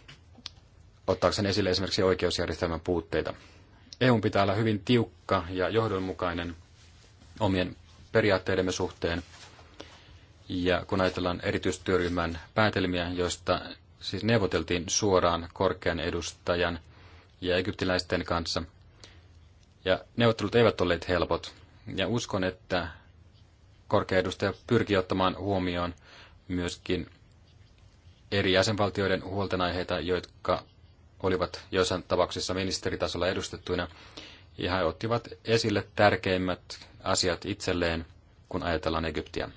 ottaakseen esille esimerkiksi oikeusjärjestelmän puutteita. EU pitää olla hyvin tiukka ja johdonmukainen omien periaatteidemme suhteen. Ja kun ajatellaan erityistyöryhmän päätelmiä, joista siis neuvoteltiin suoraan korkean edustajan ja egyptiläisten kanssa. Ja neuvottelut eivät olleet helpot. Ja uskon, että korkea edustaja pyrkii ottamaan huomioon myöskin eri jäsenvaltioiden huoltenaiheita, jotka olivat joissain tapauksissa ministeritasolla edustettuina, ja he ottivat esille tärkeimmät asiat itselleen, kun ajatellaan Egyptiä.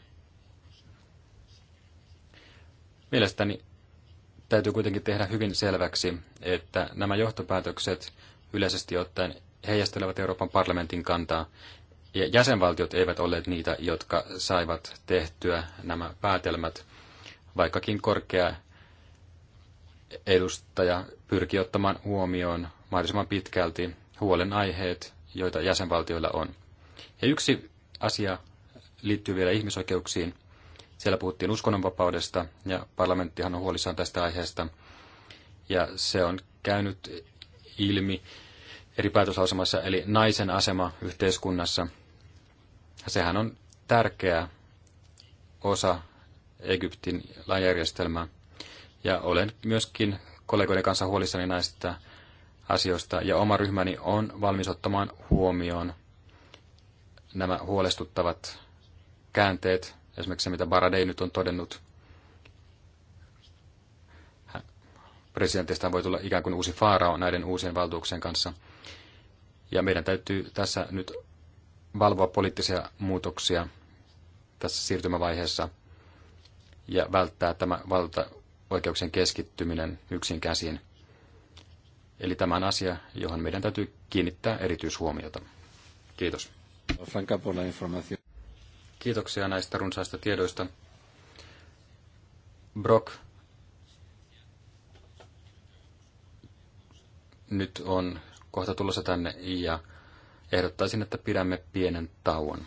Mielestäni Täytyy kuitenkin tehdä hyvin selväksi, että nämä johtopäätökset yleisesti ottaen heijastelevat Euroopan parlamentin kantaa, ja jäsenvaltiot eivät olleet niitä, jotka saivat tehtyä nämä päätelmät, vaikkakin korkea edustaja pyrki ottamaan huomioon mahdollisimman pitkälti huolenaiheet, joita jäsenvaltioilla on. Ja yksi asia liittyy vielä ihmisoikeuksiin – siellä puhuttiin uskonnonvapaudesta ja parlamenttihan on huolissaan tästä aiheesta. Ja se on käynyt ilmi eri päätösasemassa, eli naisen asema yhteiskunnassa. Sehän on tärkeä osa Egyptin lainjärjestelmää. Ja olen myöskin kollegoiden kanssa huolissani näistä asioista, ja oma ryhmäni on valmis ottamaan huomioon nämä huolestuttavat käänteet, Esimerkiksi se, mitä Baradei nyt on todennut. presidentistä voi tulla ikään kuin uusi faarao näiden uusien valtuuksien kanssa. Ja meidän täytyy tässä nyt valvoa poliittisia muutoksia tässä siirtymävaiheessa ja välttää tämä valtaoikeuksien keskittyminen yksin käsiin. Eli tämä on asia, johon meidän täytyy kiinnittää erityishuomiota. Kiitos. Kiitoksia näistä runsaista tiedoista. Brock nyt on kohta tulossa tänne ja ehdottaisin, että pidämme pienen tauon.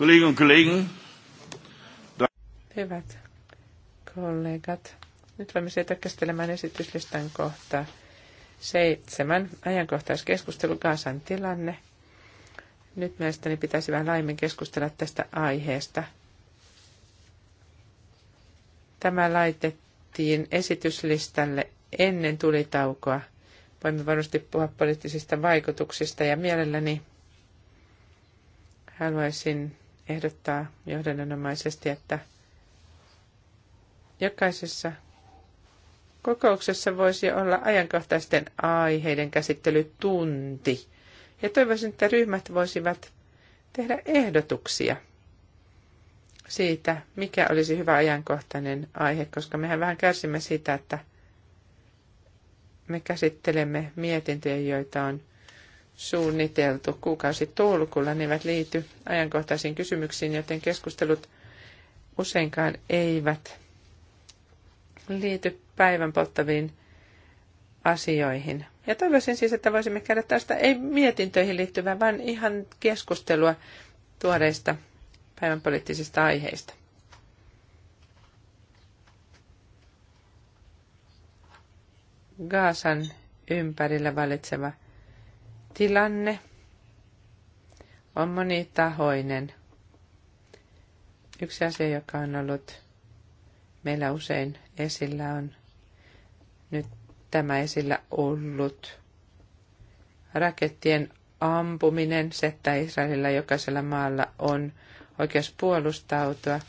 und kollegen. Hyvät kollegat, nyt voimme siirtyä käsittelemään esityslistan kohtaa seitsemän. Ajankohtaiskeskustelu Gaasan tilanne. Nyt mielestäni pitäisi vähän laimin keskustella tästä aiheesta. Tämä laitettiin esityslistalle ennen tulitaukoa. Voimme varmasti puhua poliittisista vaikutuksista ja mielelläni haluaisin ehdottaa johdannonomaisesti, että jokaisessa kokouksessa voisi olla ajankohtaisten aiheiden käsittelytunti. Ja toivoisin, että ryhmät voisivat tehdä ehdotuksia siitä, mikä olisi hyvä ajankohtainen aihe, koska mehän vähän kärsimme siitä, että me käsittelemme mietintöjä, joita on suunniteltu kuukausi ne eivät liity ajankohtaisiin kysymyksiin, joten keskustelut useinkaan eivät liity päivän polttaviin asioihin. Ja toivoisin siis, että voisimme käydä tästä ei mietintöihin liittyvää, vaan ihan keskustelua tuoreista päivän poliittisista aiheista. Gaasan ympärillä valitseva tilanne on monitahoinen. Yksi asia, joka on ollut meillä usein esillä, on nyt tämä esillä ollut rakettien ampuminen, se, että Israelilla jokaisella maalla on oikeus puolustautua.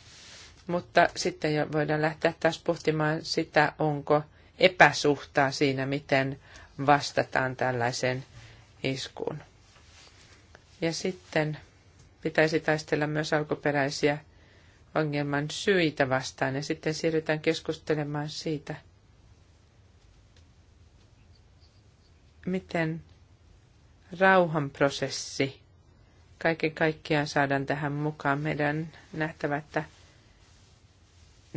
Mutta sitten jo voidaan lähteä taas pohtimaan sitä, onko epäsuhtaa siinä, miten vastataan tällaiseen iskuun. Ja sitten pitäisi taistella myös alkuperäisiä ongelman syitä vastaan ja sitten siirrytään keskustelemaan siitä, miten rauhanprosessi kaiken kaikkiaan saadaan tähän mukaan. Meidän nähtävä, että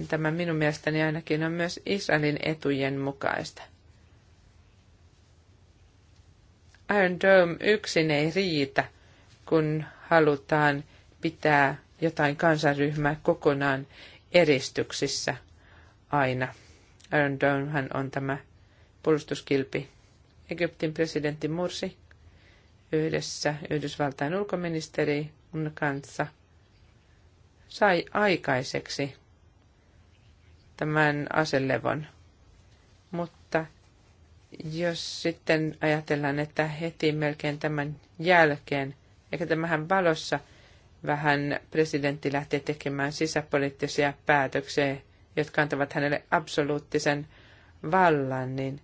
tämä minun mielestäni ainakin on myös Israelin etujen mukaista. Iron Dome yksin ei riitä, kun halutaan pitää jotain kansanryhmää kokonaan eristyksissä aina. Iron Domehan on tämä puolustuskilpi. Egyptin presidentti Mursi yhdessä Yhdysvaltain ulkoministeri kanssa sai aikaiseksi tämän aselevon jos sitten ajatellaan, että heti melkein tämän jälkeen, eikä tämähän valossa vähän presidentti lähtee tekemään sisäpoliittisia päätöksiä, jotka antavat hänelle absoluuttisen vallan, niin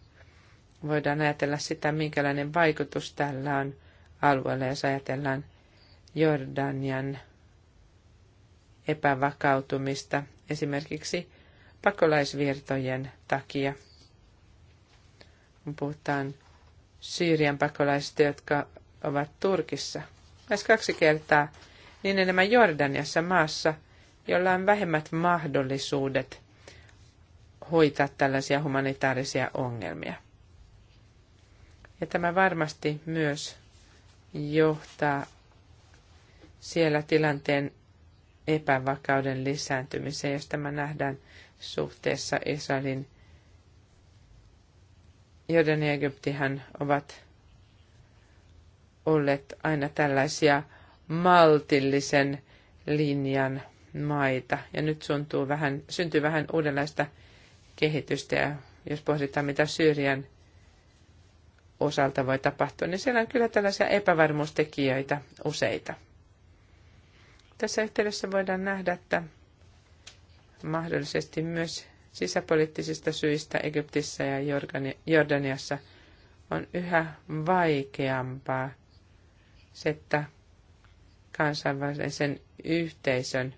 voidaan ajatella sitä, minkälainen vaikutus tällä on alueella, jos ajatellaan Jordanian epävakautumista esimerkiksi pakolaisvirtojen takia kun puhutaan Syyrian pakolaisista, jotka ovat Turkissa. Lähes kaksi kertaa niin enemmän Jordaniassa maassa, jolla on vähemmät mahdollisuudet hoitaa tällaisia humanitaarisia ongelmia. Ja tämä varmasti myös johtaa siellä tilanteen epävakauden lisääntymiseen, jos tämä nähdään suhteessa Israelin Jordan ja Egyptihän ovat olleet aina tällaisia maltillisen linjan maita. Ja nyt syntyy vähän, syntyy vähän uudenlaista kehitystä. Ja jos pohditaan, mitä Syyrian osalta voi tapahtua, niin siellä on kyllä tällaisia epävarmuustekijöitä useita. Tässä yhteydessä voidaan nähdä, että mahdollisesti myös sisäpoliittisista syistä Egyptissä ja Jordaniassa on yhä vaikeampaa se, että kansainvälisen yhteisön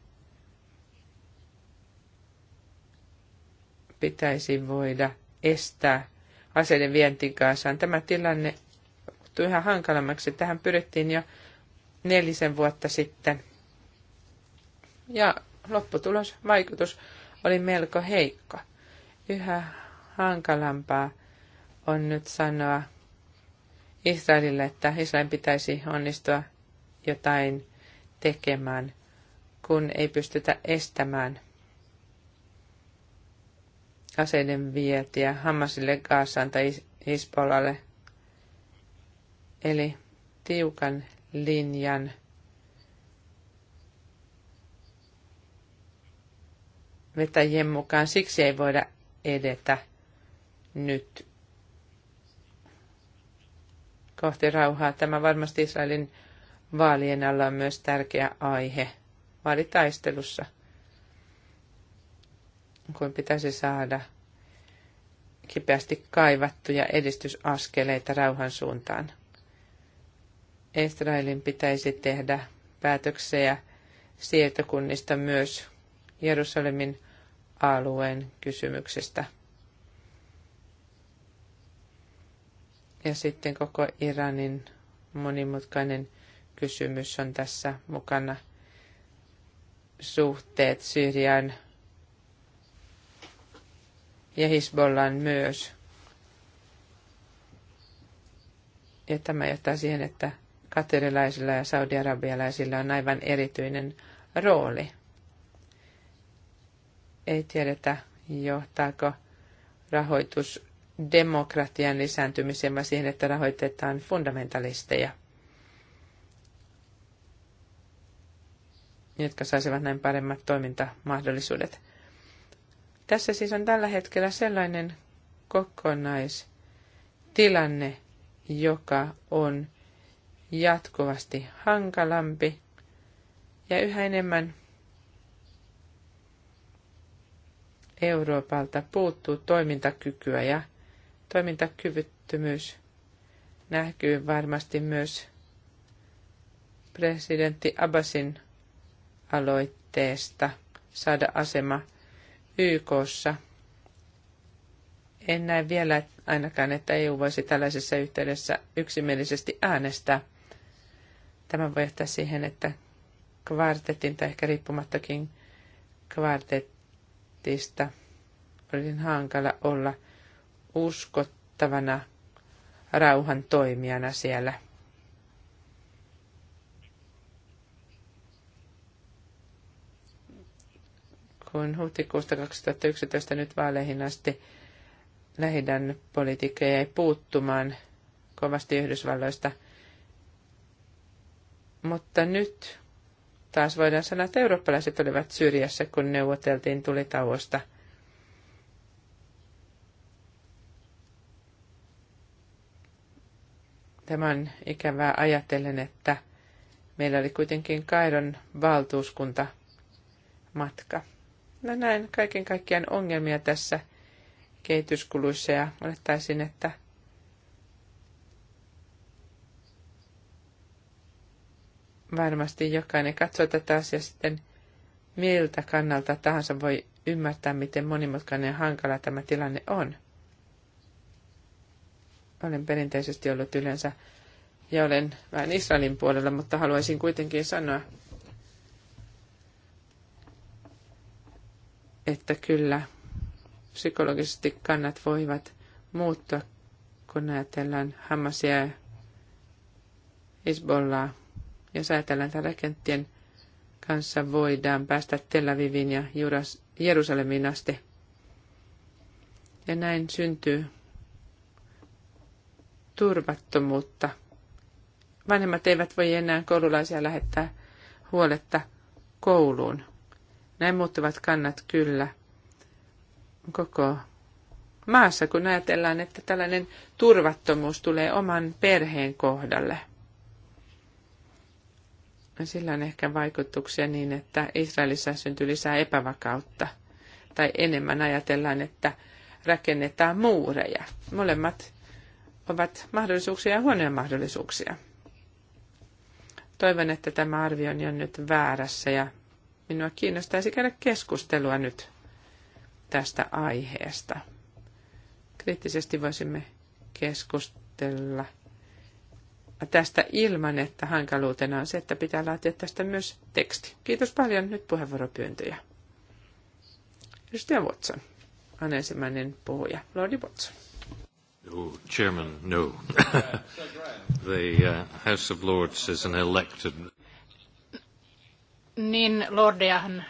pitäisi voida estää aseiden vientiin Gaasaan. Tämä tilanne tuli yhä hankalammaksi. Tähän pyrittiin jo nelisen vuotta sitten. Ja lopputulos, vaikutus oli melko heikko. Yhä hankalampaa on nyt sanoa Israelille, että Israelin pitäisi onnistua jotain tekemään, kun ei pystytä estämään aseiden vietiä Hamasille, Gaasaan tai Hisbollalle. Eli tiukan linjan vetäjien mukaan. Siksi ei voida edetä nyt kohti rauhaa. Tämä varmasti Israelin vaalien alla on myös tärkeä aihe vaalitaistelussa, kun pitäisi saada kipeästi kaivattuja edistysaskeleita rauhan suuntaan. Israelin pitäisi tehdä päätöksiä siirtokunnista myös Jerusalemin alueen kysymyksestä. Ja sitten koko Iranin monimutkainen kysymys on tässä mukana. Suhteet Syyrian ja Hisbollan myös. Ja tämä johtaa siihen, että katerilaisilla ja saudiarabialaisilla on aivan erityinen rooli – ei tiedetä, johtaako rahoitus demokratian lisääntymiseen vai siihen, että rahoitetaan fundamentalisteja, jotka saisivat näin paremmat toimintamahdollisuudet. Tässä siis on tällä hetkellä sellainen kokonaistilanne, joka on jatkuvasti hankalampi ja yhä enemmän Euroopalta puuttuu toimintakykyä ja toimintakyvyttömyys näkyy varmasti myös presidentti Abbasin aloitteesta saada asema YKssa. En näe vielä ainakaan, että EU voisi tällaisessa yhteydessä yksimielisesti äänestää. Tämä voi johtaa siihen, että kvartetin tai ehkä riippumattakin kvartet ammatista olisin hankala olla uskottavana rauhan toimijana siellä. Kun huhtikuusta 2011 nyt vaaleihin asti lähidän politiikka jäi puuttumaan kovasti Yhdysvalloista, mutta nyt taas voidaan sanoa, että eurooppalaiset olivat syrjässä, kun neuvoteltiin tulitauosta. Tämä on ikävää ajatellen, että meillä oli kuitenkin Kairon valtuuskunta matka. No näin kaiken kaikkiaan ongelmia tässä kehityskuluissa ja olettaisin, että varmasti jokainen katsoo tätä asiaa sitten miltä kannalta tahansa voi ymmärtää, miten monimutkainen ja hankala tämä tilanne on. Olen perinteisesti ollut yleensä ja olen vähän Israelin puolella, mutta haluaisin kuitenkin sanoa, että kyllä psykologisesti kannat voivat muuttua, kun ajatellaan Hamasia ja Isbollaa. Jos ajatellaan, että rakenttien kanssa voidaan päästä Tel Aviviin ja Jerusalemiin asti. Ja näin syntyy turvattomuutta. Vanhemmat eivät voi enää koululaisia lähettää huoletta kouluun. Näin muuttuvat kannat kyllä koko maassa, kun ajatellaan, että tällainen turvattomuus tulee oman perheen kohdalle sillä on ehkä vaikutuksia niin, että Israelissa syntyy lisää epävakautta. Tai enemmän ajatellaan, että rakennetaan muureja. Molemmat ovat mahdollisuuksia ja huonoja mahdollisuuksia. Toivon, että tämä arvio on nyt väärässä ja minua kiinnostaisi käydä keskustelua nyt tästä aiheesta. Kriittisesti voisimme keskustella – tästä ilman, että hankaluutena on se, että pitää laatia tästä myös teksti. Kiitos paljon. Nyt puheenvuoropyyntöjä. Edustaja Watson on ensimmäinen puhuja. Lordi Watson. Oh, chairman, no. The uh, House of Lords is an elected... Niin, lordeahan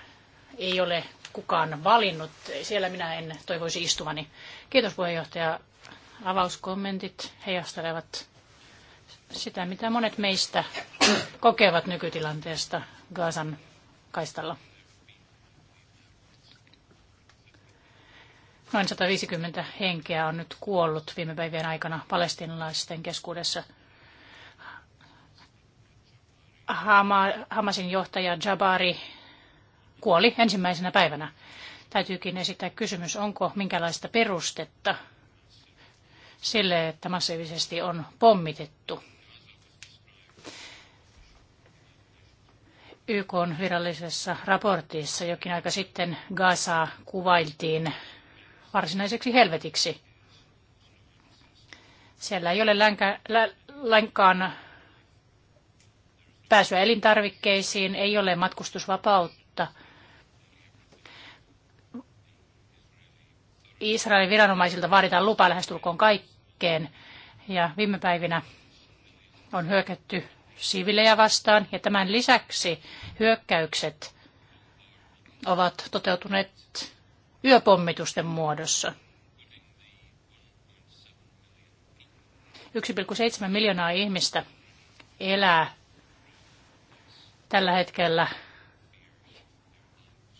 ei ole kukaan valinnut. Siellä minä en toivoisi istuvani. Kiitos puheenjohtaja. Avauskommentit heijastelevat sitä, mitä monet meistä kokevat nykytilanteesta Gaasan kaistalla. Noin 150 henkeä on nyt kuollut viime päivien aikana palestinalaisten keskuudessa. Hama, Hamasin johtaja Jabari kuoli ensimmäisenä päivänä. Täytyykin esittää kysymys, onko minkälaista perustetta sille, että massiivisesti on pommitettu YK virallisessa raportissa jokin aika sitten Gazaa kuvailtiin varsinaiseksi helvetiksi. Siellä ei ole länkä, lä, lainkaan pääsyä elintarvikkeisiin, ei ole matkustusvapautta. Israelin viranomaisilta vaaditaan lupa lähestulkoon kaikkeen. Ja viime päivinä on hyökätty sivilejä vastaan ja tämän lisäksi hyökkäykset ovat toteutuneet yöpommitusten muodossa. 1,7 miljoonaa ihmistä elää tällä hetkellä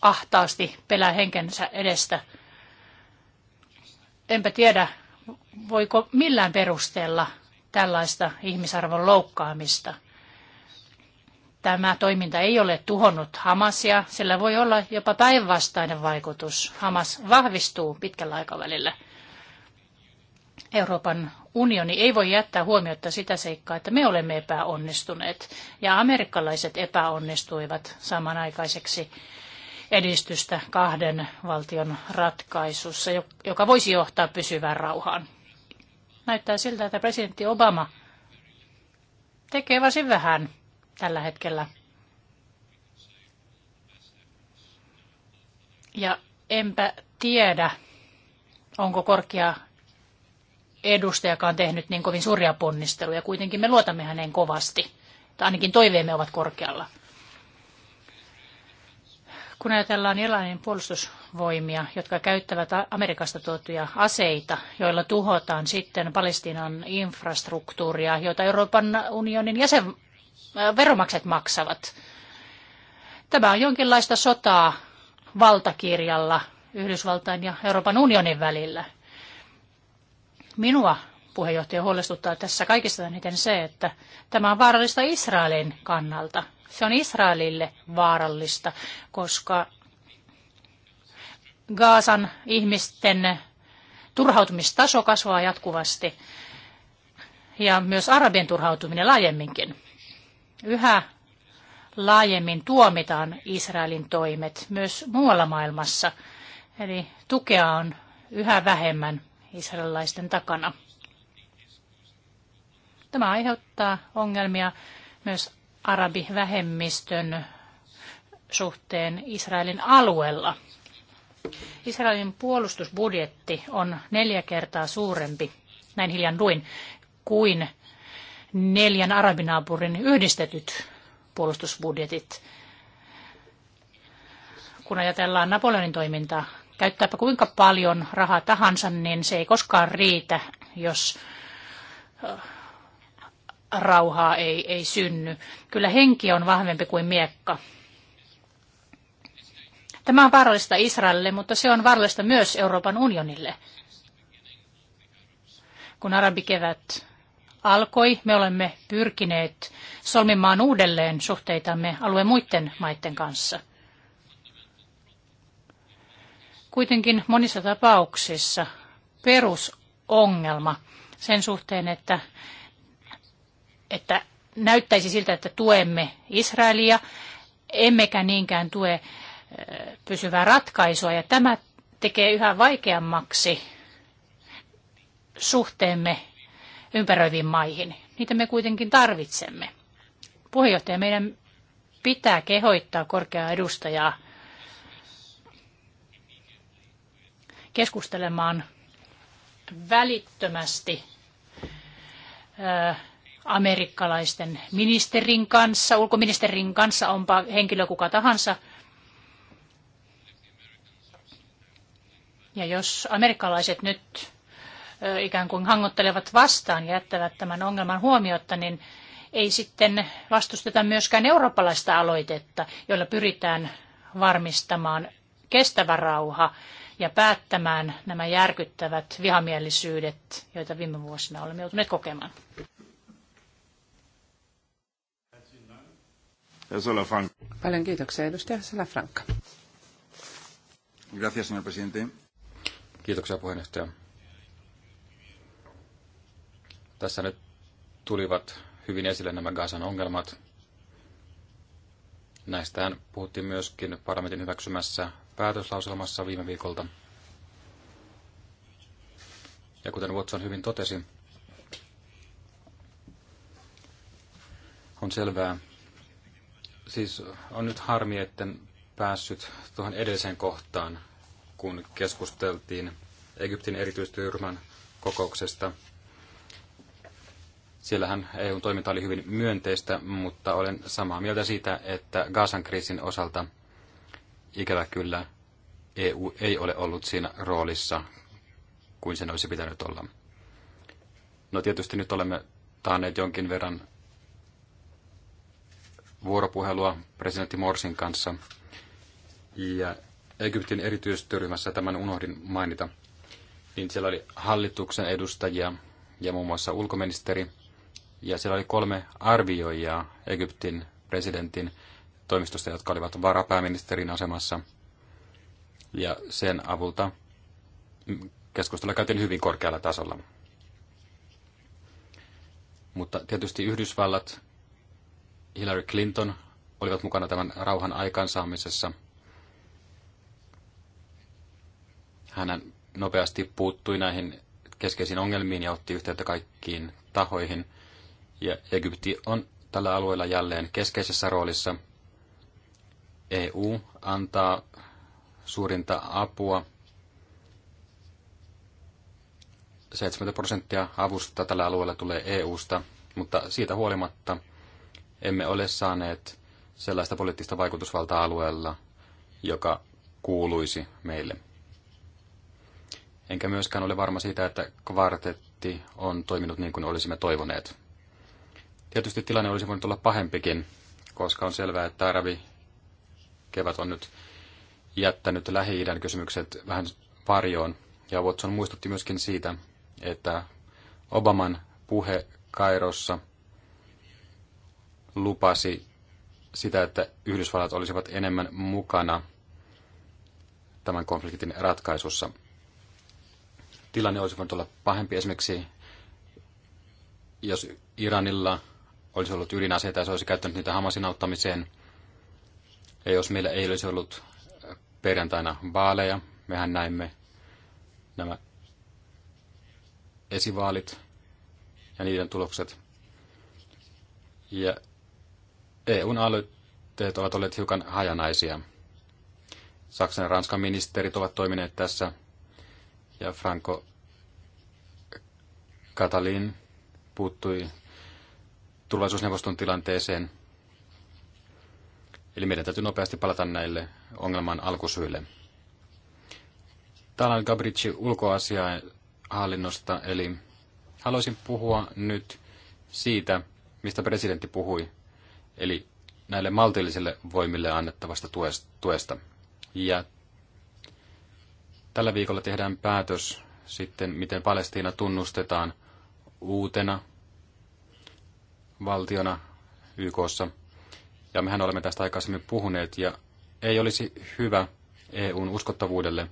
ahtaasti pelää henkensä edestä. Enpä tiedä, voiko millään perusteella tällaista ihmisarvon loukkaamista – tämä toiminta ei ole tuhonnut Hamasia, sillä voi olla jopa päinvastainen vaikutus. Hamas vahvistuu pitkällä aikavälillä. Euroopan unioni ei voi jättää huomiota sitä seikkaa, että me olemme epäonnistuneet ja amerikkalaiset epäonnistuivat samanaikaiseksi edistystä kahden valtion ratkaisussa, joka voisi johtaa pysyvään rauhaan. Näyttää siltä, että presidentti Obama tekee varsin vähän – tällä hetkellä. Ja enpä tiedä, onko korkea edustajakaan tehnyt niin kovin suuria ponnisteluja. Kuitenkin me luotamme häneen kovasti, tai ainakin toiveemme ovat korkealla. Kun ajatellaan Irlannin puolustusvoimia, jotka käyttävät Amerikasta tuotuja aseita, joilla tuhotaan sitten Palestiinan infrastruktuuria, joita Euroopan unionin jäsen veromakset maksavat. Tämä on jonkinlaista sotaa valtakirjalla Yhdysvaltain ja Euroopan unionin välillä. Minua puheenjohtaja huolestuttaa tässä kaikista eniten se, että tämä on vaarallista Israelin kannalta. Se on Israelille vaarallista, koska Gaasan ihmisten turhautumistaso kasvaa jatkuvasti ja myös arabien turhautuminen laajemminkin. Yhä laajemmin tuomitaan Israelin toimet myös muualla maailmassa. Eli tukea on yhä vähemmän israelilaisten takana. Tämä aiheuttaa ongelmia myös arabivähemmistön suhteen Israelin alueella. Israelin puolustusbudjetti on neljä kertaa suurempi, näin hiljan luin, kuin neljän arabinaapurin yhdistetyt puolustusbudjetit. Kun ajatellaan Napoleonin toimintaa, käyttääpä kuinka paljon rahaa tahansa, niin se ei koskaan riitä, jos äh, rauhaa ei, ei synny. Kyllä henki on vahvempi kuin miekka. Tämä on vaarallista Israelille, mutta se on vaarallista myös Euroopan unionille. Kun arabikevät alkoi, me olemme pyrkineet solmimaan uudelleen suhteitamme alueen muiden maiden kanssa. Kuitenkin monissa tapauksissa perusongelma sen suhteen, että, että näyttäisi siltä, että tuemme Israelia, emmekä niinkään tue pysyvää ratkaisua. Ja tämä tekee yhä vaikeammaksi suhteemme ympäröiviin maihin. Niitä me kuitenkin tarvitsemme. Puheenjohtaja, meidän pitää kehoittaa korkeaa edustajaa keskustelemaan välittömästi äh, amerikkalaisten ministerin kanssa, ulkoministerin kanssa, onpa henkilö kuka tahansa. Ja jos amerikkalaiset nyt ikään kuin hangottelevat vastaan ja jättävät tämän ongelman huomiota, niin ei sitten vastusteta myöskään eurooppalaista aloitetta, jolla pyritään varmistamaan kestävä rauha ja päättämään nämä järkyttävät vihamielisyydet, joita viime vuosina olemme joutuneet kokemaan. Paljon kiitoksia, edustaja Salafranca. Gracias, señor presidente. Kiitoksia puheenjohtaja. Tässä nyt tulivat hyvin esille nämä Gazan ongelmat. Näistähän puhuttiin myöskin parlamentin hyväksymässä päätöslauselmassa viime viikolta. Ja kuten Watson hyvin totesi, on selvää. Siis on nyt harmi, en päässyt tuohon edelliseen kohtaan, kun keskusteltiin Egyptin erityistyöryhmän kokouksesta – Siellähän EUn toiminta oli hyvin myönteistä, mutta olen samaa mieltä siitä, että Gaasan kriisin osalta ikävä kyllä EU ei ole ollut siinä roolissa kuin sen olisi pitänyt olla. No tietysti nyt olemme taanneet jonkin verran vuoropuhelua presidentti Morsin kanssa. Ja Egyptin erityistyöryhmässä tämän unohdin mainita. Niin siellä oli hallituksen edustajia ja muun muassa ulkoministeri. Ja siellä oli kolme arvioijaa Egyptin presidentin toimistosta, jotka olivat varapääministerin asemassa. Ja sen avulta keskustelua käytiin hyvin korkealla tasolla. Mutta tietysti Yhdysvallat, Hillary Clinton olivat mukana tämän rauhan aikansaamisessa. Hän nopeasti puuttui näihin keskeisiin ongelmiin ja otti yhteyttä kaikkiin tahoihin – ja Egypti on tällä alueella jälleen keskeisessä roolissa. EU antaa suurinta apua. 70 prosenttia avusta tällä alueella tulee EUsta, mutta siitä huolimatta emme ole saaneet sellaista poliittista vaikutusvaltaa alueella, joka kuuluisi meille. Enkä myöskään ole varma siitä, että kvartetti on toiminut niin kuin olisimme toivoneet. Tietysti tilanne olisi voinut olla pahempikin, koska on selvää, että arabi kevät on nyt jättänyt Lähi-idän kysymykset vähän varjoon. Ja Watson muistutti myöskin siitä, että Obaman puhe Kairossa lupasi sitä, että Yhdysvallat olisivat enemmän mukana tämän konfliktin ratkaisussa. Tilanne olisi voinut olla pahempi esimerkiksi, jos Iranilla olisi ollut ydinaseita ja se olisi käyttänyt niitä Hamasin auttamiseen. Ja jos meillä ei olisi ollut äh, perjantaina vaaleja, mehän näimme nämä esivaalit ja niiden tulokset. Ja EUn aloitteet ovat olleet hiukan hajanaisia. Saksan ja Ranskan ministerit ovat toimineet tässä ja Franco Katalin puuttui turvallisuusneuvoston tilanteeseen. Eli meidän täytyy nopeasti palata näille ongelman alkusyille. Täällä on Gabrici hallinnosta, eli haluaisin puhua nyt siitä, mistä presidentti puhui, eli näille maltillisille voimille annettavasta tuesta. Ja tällä viikolla tehdään päätös sitten, miten Palestiina tunnustetaan uutena valtiona YKssa. Ja mehän olemme tästä aikaisemmin puhuneet ja ei olisi hyvä EUn uskottavuudelle,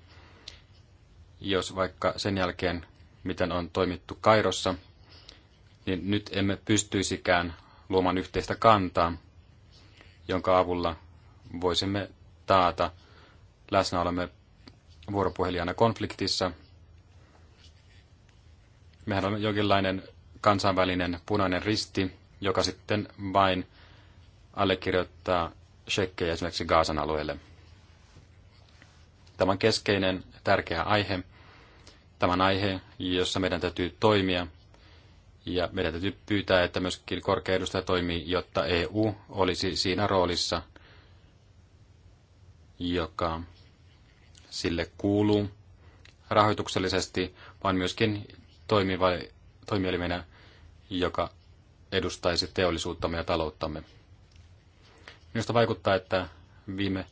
jos vaikka sen jälkeen, miten on toimittu Kairossa, niin nyt emme pystyisikään luomaan yhteistä kantaa, jonka avulla voisimme taata läsnäolemme vuoropuhelijana konfliktissa. Mehän on jonkinlainen kansainvälinen punainen risti, joka sitten vain allekirjoittaa shekkejä esimerkiksi Gaasan alueelle. Tämä on keskeinen, tärkeä aihe. Tämä on aihe, jossa meidän täytyy toimia ja meidän täytyy pyytää, että myöskin korkea edustaja toimii, jotta EU olisi siinä roolissa, joka sille kuuluu rahoituksellisesti, vaan myöskin toimiva, toimielimenä, joka edustaisi teollisuuttamme ja talouttamme. Minusta vaikuttaa, että viime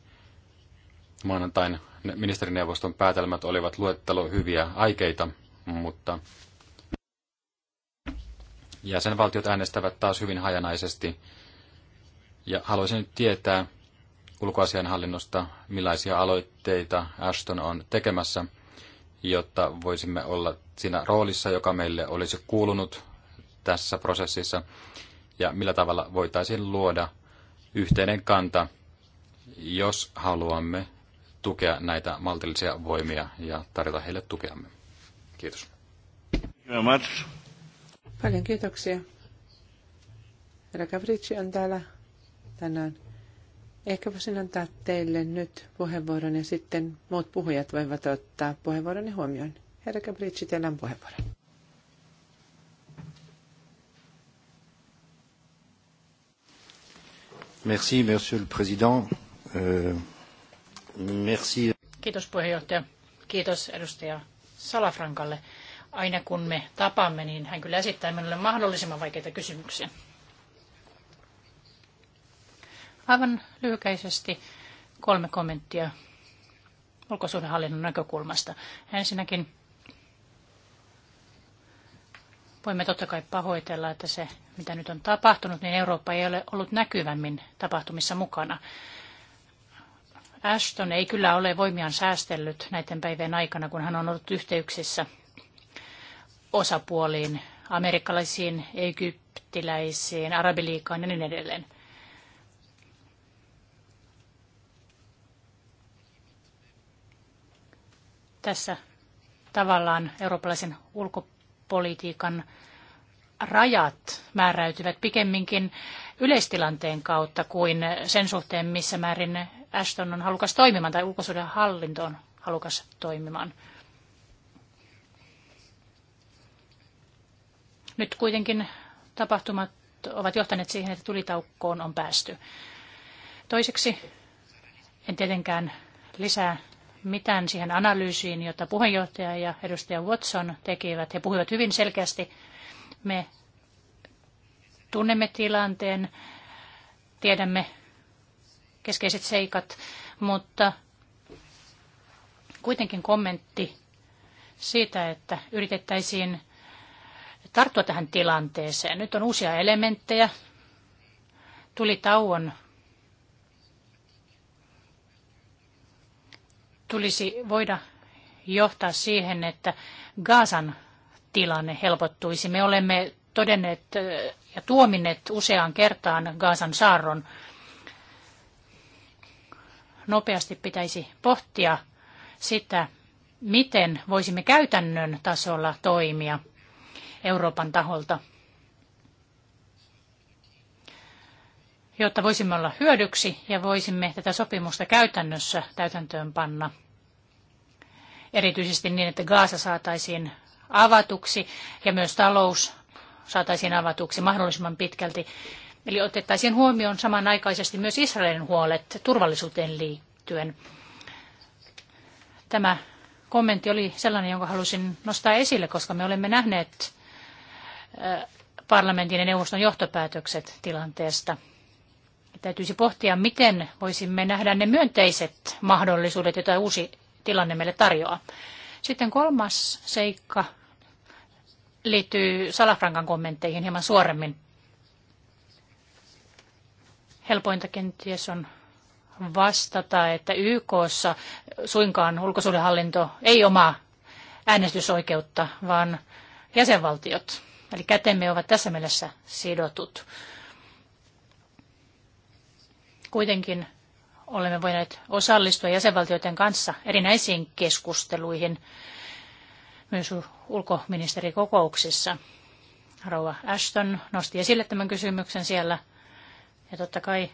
maanantain ministerineuvoston päätelmät olivat luettelo hyviä aikeita, mutta jäsenvaltiot äänestävät taas hyvin hajanaisesti. Ja haluaisin nyt tietää ulkoasianhallinnosta, millaisia aloitteita Ashton on tekemässä, jotta voisimme olla siinä roolissa, joka meille olisi kuulunut tässä prosessissa ja millä tavalla voitaisiin luoda yhteinen kanta, jos haluamme tukea näitä maltillisia voimia ja tarjota heille tukeamme. Kiitos. Paljon kiitoksia. Rakavritsi on täällä tänään. Ehkä voisin antaa teille nyt puheenvuoron ja sitten muut puhujat voivat ottaa puheenvuoron huomioon. Herra Gabrici, teillä on puheenvuoro. Merci, monsieur le président. Euh, merci. Kiitos puheenjohtaja. Kiitos edustaja Salafrankalle. Aina kun me tapaamme, niin hän kyllä esittää minulle mahdollisimman vaikeita kysymyksiä. Aivan lyhykäisesti kolme kommenttia ulkosuhdehallinnon näkökulmasta. Ensinnäkin Voimme totta kai pahoitella, että se, mitä nyt on tapahtunut, niin Eurooppa ei ole ollut näkyvämmin tapahtumissa mukana. Ashton ei kyllä ole voimiaan säästellyt näiden päivien aikana, kun hän on ollut yhteyksissä osapuoliin, amerikkalaisiin, egyptiläisiin, arabiliikaan ja niin edelleen. Tässä tavallaan eurooppalaisen ulkopuolella politiikan rajat määräytyvät pikemminkin yleistilanteen kautta kuin sen suhteen, missä määrin Ashton on halukas toimimaan tai ulkosuuden hallinto on halukas toimimaan. Nyt kuitenkin tapahtumat ovat johtaneet siihen, että tulitaukkoon on päästy. Toiseksi en tietenkään lisää mitään siihen analyysiin, jota puheenjohtaja ja edustaja Watson tekivät. He puhuivat hyvin selkeästi. Me tunnemme tilanteen, tiedämme keskeiset seikat, mutta kuitenkin kommentti siitä, että yritettäisiin tarttua tähän tilanteeseen. Nyt on uusia elementtejä. Tuli tauon tulisi voida johtaa siihen, että Gaasan tilanne helpottuisi. Me olemme todenneet ja tuominneet useaan kertaan Gaasan saarron. Nopeasti pitäisi pohtia sitä, miten voisimme käytännön tasolla toimia Euroopan taholta – jotta voisimme olla hyödyksi ja voisimme tätä sopimusta käytännössä täytäntöön panna. Erityisesti niin, että Gaasa saataisiin avatuksi ja myös talous saataisiin avatuksi mahdollisimman pitkälti. Eli otettaisiin huomioon samanaikaisesti myös Israelin huolet turvallisuuteen liittyen. Tämä kommentti oli sellainen, jonka halusin nostaa esille, koska me olemme nähneet äh, parlamentin ja neuvoston johtopäätökset tilanteesta – Täytyisi pohtia, miten voisimme nähdä ne myönteiset mahdollisuudet, joita uusi tilanne meille tarjoaa. Sitten kolmas seikka liittyy Salafrankan kommentteihin hieman suoremmin. Helpointa kenties on vastata, että YKssa suinkaan ulkosuudenhallinto ei omaa äänestysoikeutta, vaan jäsenvaltiot. Eli kätemme ovat tässä mielessä sidotut. Kuitenkin olemme voineet osallistua jäsenvaltioiden kanssa erinäisiin keskusteluihin myös ulkoministerikokouksissa. Rouva Ashton nosti esille tämän kysymyksen siellä. Ja totta kai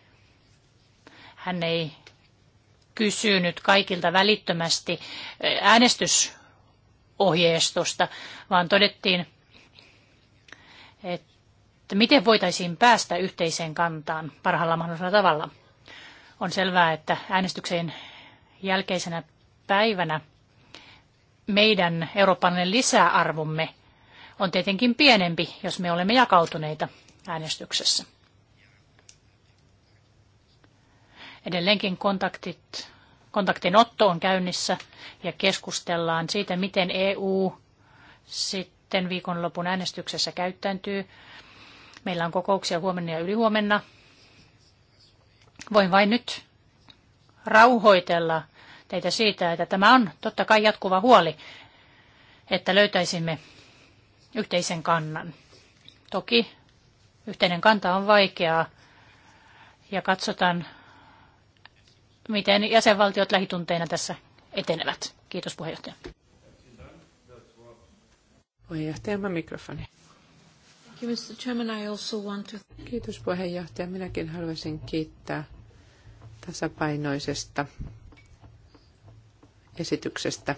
hän ei kysynyt kaikilta välittömästi eh, äänestysohjeistusta, vaan todettiin, että miten voitaisiin päästä yhteiseen kantaan parhaalla mahdollisella tavalla – on selvää, että äänestyksen jälkeisenä päivänä meidän eurooppalainen lisäarvomme on tietenkin pienempi, jos me olemme jakautuneita äänestyksessä. Edelleenkin kontaktit, kontaktinotto on käynnissä ja keskustellaan siitä, miten EU sitten viikonlopun äänestyksessä käyttäytyy. Meillä on kokouksia huomenna ja ylihuomenna Voin vain nyt rauhoitella teitä siitä, että tämä on totta kai jatkuva huoli, että löytäisimme yhteisen kannan. Toki yhteinen kanta on vaikeaa ja katsotaan, miten jäsenvaltiot lähitunteina tässä etenevät. Kiitos puheenjohtaja. Puheenjohtajamme mikrofoni. Kiitos puheenjohtaja. Minäkin haluaisin kiittää tasapainoisesta esityksestä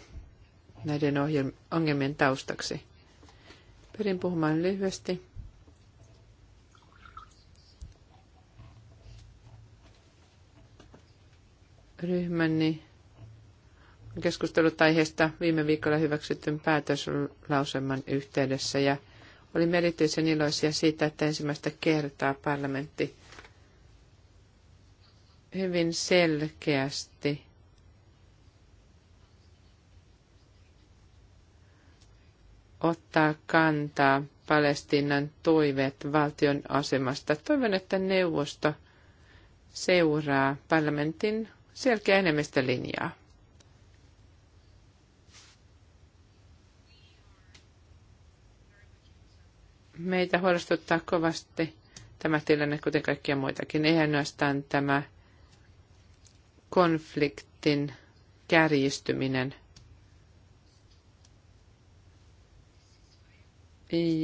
näiden ongelmien taustaksi. Pyrin puhumaan lyhyesti. Ryhmäni keskustelut aiheesta viime viikolla hyväksytyn päätöslauselman yhteydessä ja olimme erityisen iloisia siitä, että ensimmäistä kertaa parlamentti hyvin selkeästi ottaa kantaa Palestiinan toiveet valtion asemasta. Toivon, että neuvosto seuraa parlamentin selkeä enemmistö linjaa. Meitä huolestuttaa kovasti tämä tilanne, kuten kaikkia muitakin. Ei ainoastaan tämä konfliktin kärjistyminen,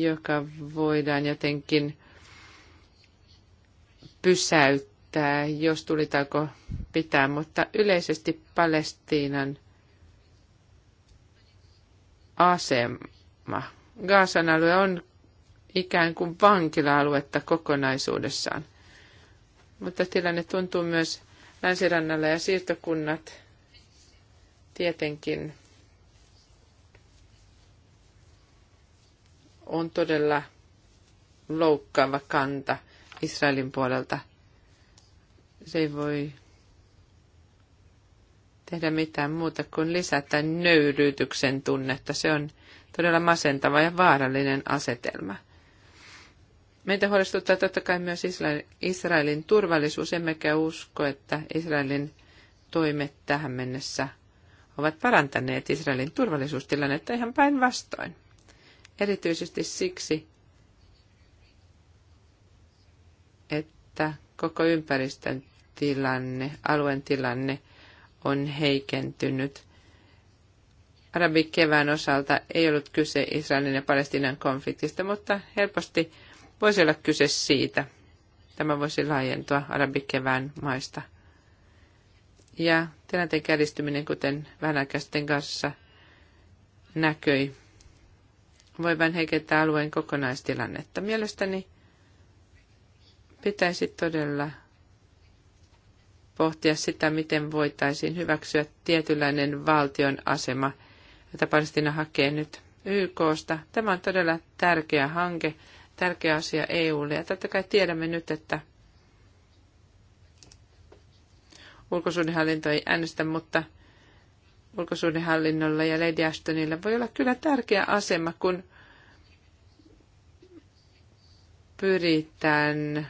joka voidaan jotenkin pysäyttää, jos tulitaanko pitää, mutta yleisesti Palestiinan asema. Gaasan alue on ikään kuin vankila-aluetta kokonaisuudessaan. Mutta tilanne tuntuu myös länsirannalla ja siirtokunnat tietenkin on todella loukkaava kanta Israelin puolelta. Se ei voi tehdä mitään muuta kuin lisätä nöyryytyksen tunnetta. Se on todella masentava ja vaarallinen asetelma. Meitä huolestuttaa totta kai myös Israelin turvallisuus, emmekä usko, että Israelin toimet tähän mennessä ovat parantaneet Israelin turvallisuustilannetta ihan päinvastoin. Erityisesti siksi, että koko ympäristön tilanne, alueen tilanne on heikentynyt. Arabikevään osalta ei ollut kyse Israelin ja Palestiinan konfliktista, mutta helposti voisi olla kyse siitä. Tämä voisi laajentua arabikevään maista. Ja tilanteen kärjistyminen, kuten vähän kanssa näköi, voi vain heikentää alueen kokonaistilannetta. Mielestäni pitäisi todella pohtia sitä, miten voitaisiin hyväksyä tietynlainen valtion asema, jota Palestina hakee nyt YKsta. Tämä on todella tärkeä hanke, tärkeä asia EUlle. Ja totta kai tiedämme nyt, että ulkosuudenhallinto ei äänestä, mutta ulkosuudenhallinnolla ja Lady Ashtonilla voi olla kyllä tärkeä asema, kun pyritään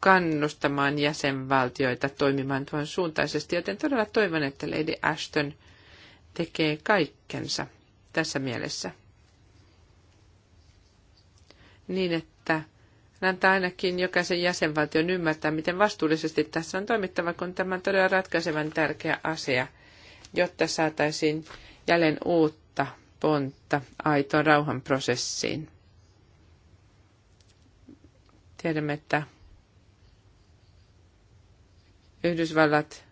kannustamaan jäsenvaltioita toimimaan tuon suuntaisesti, joten todella toivon, että Lady Ashton tekee kaikkensa tässä mielessä niin, että antaa ainakin jokaisen jäsenvaltion ymmärtää, miten vastuullisesti tässä on toimittava, kun tämä on todella ratkaisevan tärkeä asia, jotta saataisiin jälleen uutta pontta aitoon rauhanprosessiin. Tiedämme, että Yhdysvallat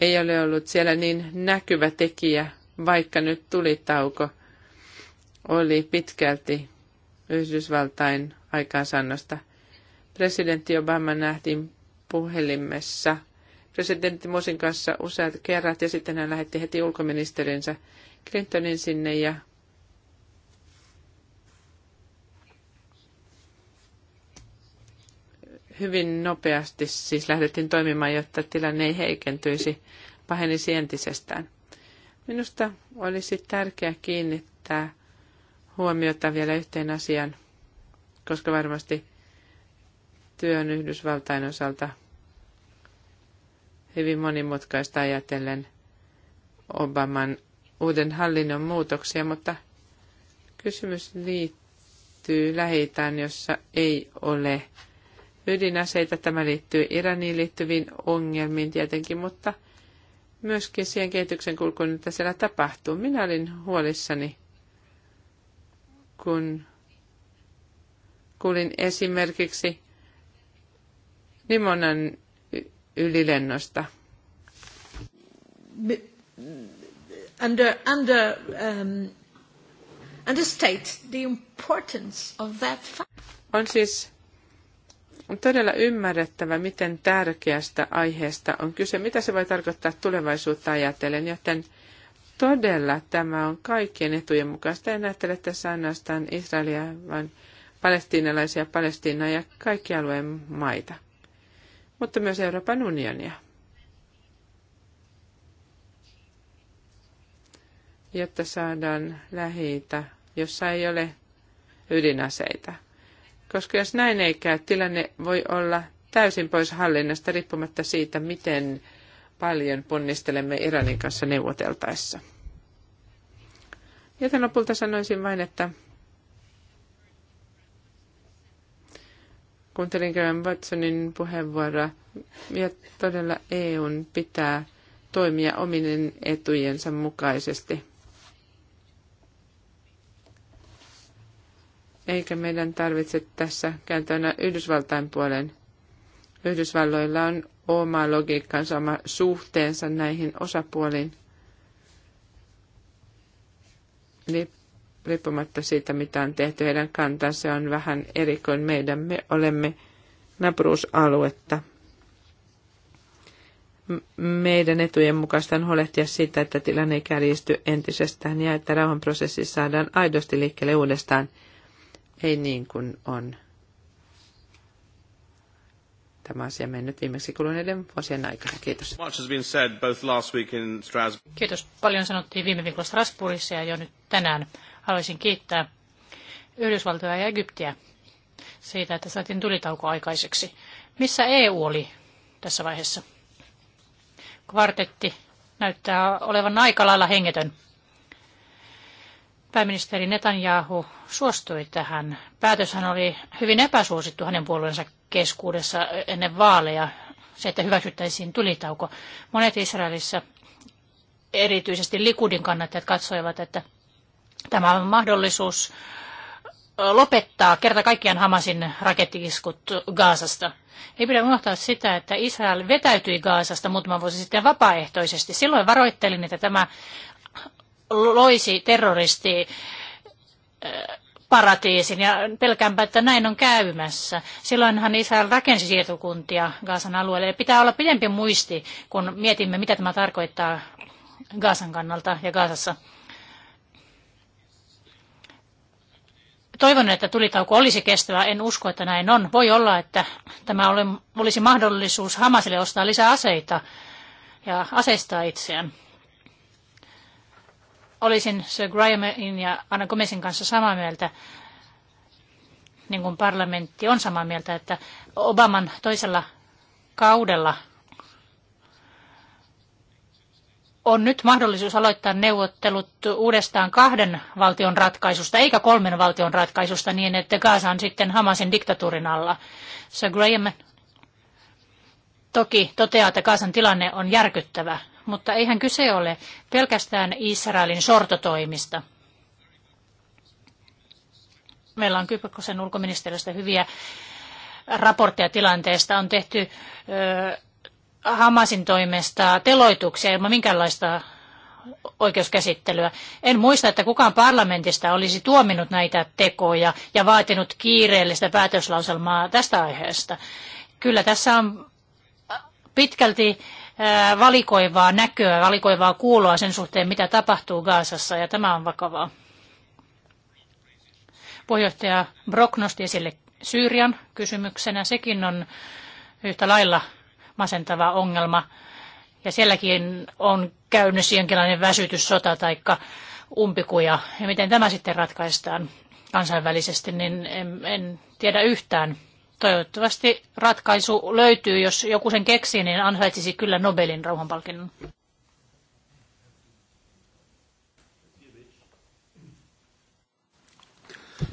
ei ole ollut siellä niin näkyvä tekijä, vaikka nyt tuli tauko – oli pitkälti Yhdysvaltain aikaansannosta. Presidentti Obama nähtiin puhelimessa presidentti Mosin kanssa useat kerrat ja sitten hän lähetti heti ulkoministerinsä Clintonin sinne ja hyvin nopeasti siis lähdettiin toimimaan, jotta tilanne ei heikentyisi, pahenisi entisestään. Minusta olisi tärkeää kiinnittää huomiota vielä yhteen asiaan, koska varmasti työn Yhdysvaltain osalta hyvin monimutkaista ajatellen Obaman uuden hallinnon muutoksia, mutta kysymys liittyy lähi jossa ei ole ydinaseita. Tämä liittyy Iraniin liittyviin ongelmiin tietenkin, mutta myöskin siihen kehityksen kulkuun, mitä siellä tapahtuu. Minä olin huolissani kun kuulin esimerkiksi Limonan ylilennosta. Under, under, um, understate the importance of that fact. On siis on todella ymmärrettävä, miten tärkeästä aiheesta on kyse, mitä se voi tarkoittaa tulevaisuutta ajatellen, joten – todella tämä on kaikkien etujen mukaista. En ajattele tässä ainoastaan Israelia, vaan palestiinalaisia, Palestiinaa ja kaikki alueen maita, mutta myös Euroopan unionia. jotta saadaan lähiitä, jossa ei ole ydinaseita. Koska jos näin ei käy, tilanne voi olla täysin pois hallinnasta riippumatta siitä, miten paljon ponnistelemme Iranin kanssa neuvoteltaessa. Joten lopulta sanoisin vain, että kuuntelin Graham Watsonin puheenvuoroa, ja todella EUn pitää toimia ominen etujensa mukaisesti. Eikä meidän tarvitse tässä kääntyä Yhdysvaltain puoleen. Yhdysvalloilla on oma logiikkansa, oma suhteensa näihin osapuoliin. riippumatta siitä, mitä on tehty, heidän kantansa on vähän eri kuin meidän. Me olemme naapuruusaluetta. Meidän etujen mukaista on huolehtia siitä, että tilanne ei kärjisty entisestään ja että rauhanprosessi saadaan aidosti liikkeelle uudestaan, ei niin kuin on tämä asia mennyt viimeksi kuluneiden vuosien aikana. Kiitos. Kiitos. Paljon sanottiin viime viikolla Strasbourgissa ja jo nyt tänään. Haluaisin kiittää Yhdysvaltoja ja Egyptiä siitä, että saatiin tulitauko aikaiseksi. Missä EU oli tässä vaiheessa? Kvartetti näyttää olevan aika lailla hengetön. Pääministeri Netanjahu suostui tähän. Päätöshän oli hyvin epäsuosittu hänen puolueensa keskuudessa ennen vaaleja, se, että hyväksyttäisiin tulitauko. Monet Israelissa, erityisesti Likudin kannattajat, katsoivat, että tämä on mahdollisuus lopettaa kerta kaikkiaan Hamasin rakettiiskut Gaasasta. Ei pidä unohtaa sitä, että Israel vetäytyi Gaasasta muutama vuosi sitten vapaaehtoisesti. Silloin varoittelin, että tämä loisi terroristi paratiisin ja pelkäänpä, että näin on käymässä. Silloinhan Israel rakensi siirtokuntia Gaasan alueelle. Eli pitää olla pidempi muisti, kun mietimme, mitä tämä tarkoittaa Gaasan kannalta ja Gaasassa. Toivon, että tulitauko olisi kestävä. En usko, että näin on. Voi olla, että tämä olisi mahdollisuus Hamasille ostaa lisää aseita ja aseistaa itseään olisin Sir Grahamin ja Anna Gomesin kanssa samaa mieltä, niin kuin parlamentti on samaa mieltä, että Obaman toisella kaudella on nyt mahdollisuus aloittaa neuvottelut uudestaan kahden valtion ratkaisusta, eikä kolmen valtion ratkaisusta niin, että Gaza on sitten Hamasin diktatuurin alla. Sir Graham toki toteaa, että Gazan tilanne on järkyttävä mutta eihän kyse ole pelkästään Israelin sortotoimista. Meillä on Kyprosen ulkoministeriöstä hyviä raportteja tilanteesta. On tehty ö, Hamasin toimesta teloituksia ilman minkäänlaista oikeuskäsittelyä. En muista, että kukaan parlamentista olisi tuominut näitä tekoja ja vaatinut kiireellistä päätöslauselmaa tästä aiheesta. Kyllä tässä on pitkälti valikoivaa näköä, valikoivaa kuuloa sen suhteen, mitä tapahtuu Gaasassa, ja tämä on vakavaa. Puheenjohtaja Brock nosti esille Syyrian kysymyksenä. Sekin on yhtä lailla masentava ongelma. Ja sielläkin on käynnissä jonkinlainen väsytyssota tai umpikuja. Ja miten tämä sitten ratkaistaan kansainvälisesti, niin en, en tiedä yhtään. Toivottavasti ratkaisu löytyy. Jos joku sen keksii, niin ansaitsisi kyllä Nobelin rauhanpalkinnon.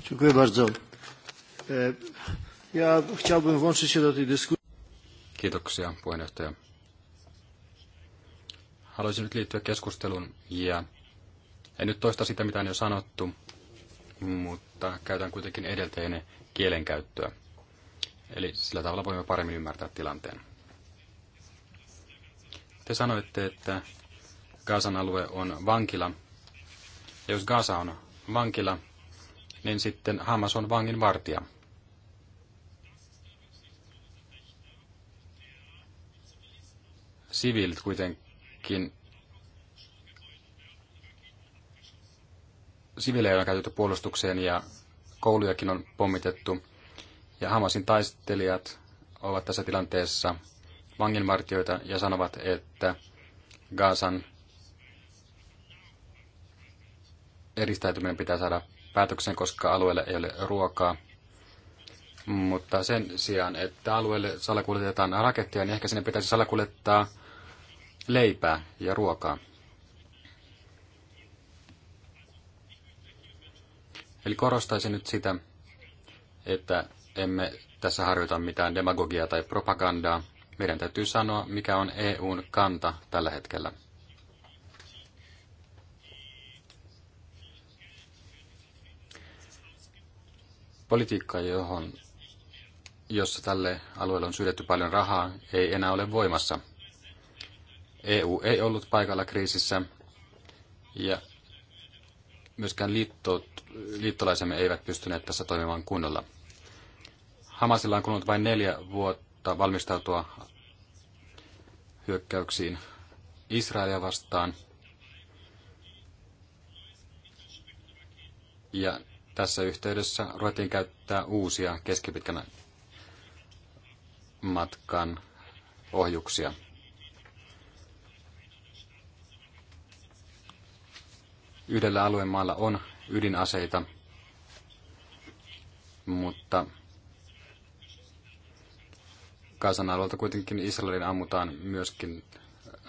Dziękuję bardzo. E, ja chciałbym włączyć się do tej dyskusji. Kiitoksia puheenjohtaja. Haluaisin nyt liittyä keskusteluun ja en nyt toista sitä, mitä on jo sanottu, mutta käytän kuitenkin edeltäjänne kielenkäyttöä. Eli sillä tavalla voimme paremmin ymmärtää tilanteen. Te sanoitte, että Gaasan alue on vankila. Ja jos Gaasa on vankila, niin sitten Hamas on vangin vartija. Siviilit kuitenkin siviilejä on käytetty puolustukseen ja koulujakin on pommitettu. Ja Hamasin taistelijat ovat tässä tilanteessa vanginvartijoita ja sanovat, että Gaasan eristäytyminen pitää saada päätöksen, koska alueelle ei ole ruokaa. Mutta sen sijaan, että alueelle salakuljetetaan raketteja, niin ehkä sinne pitäisi salakuljettaa leipää ja ruokaa. Eli korostaisin nyt sitä, että emme tässä harjoita mitään demagogiaa tai propagandaa. Meidän täytyy sanoa, mikä on EUn kanta tällä hetkellä. Politiikka, johon, jossa tälle alueelle on syydetty paljon rahaa, ei enää ole voimassa. EU ei ollut paikalla kriisissä ja myöskään liitto, liittolaisemme eivät pystyneet tässä toimimaan kunnolla. Hamasilla on kulunut vain neljä vuotta valmistautua hyökkäyksiin Israelia vastaan. Ja tässä yhteydessä ruvettiin käyttää uusia keskipitkän matkan ohjuksia. Yhdellä alueen maalla on ydinaseita, mutta Kaasan alueelta kuitenkin Israelin ammutaan myöskin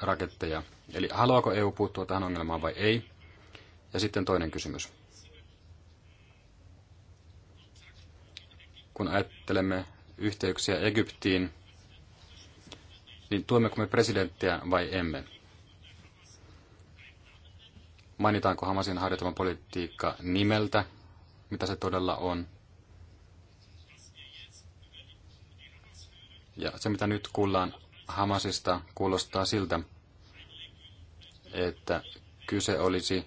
raketteja. Eli haluaako EU puuttua tähän ongelmaan vai ei? Ja sitten toinen kysymys. Kun ajattelemme yhteyksiä Egyptiin, niin tuemmeko me presidenttiä vai emme? Mainitaanko Hamasin harjoittama politiikka nimeltä, mitä se todella on? Ja se, mitä nyt kuullaan Hamasista, kuulostaa siltä, että kyse olisi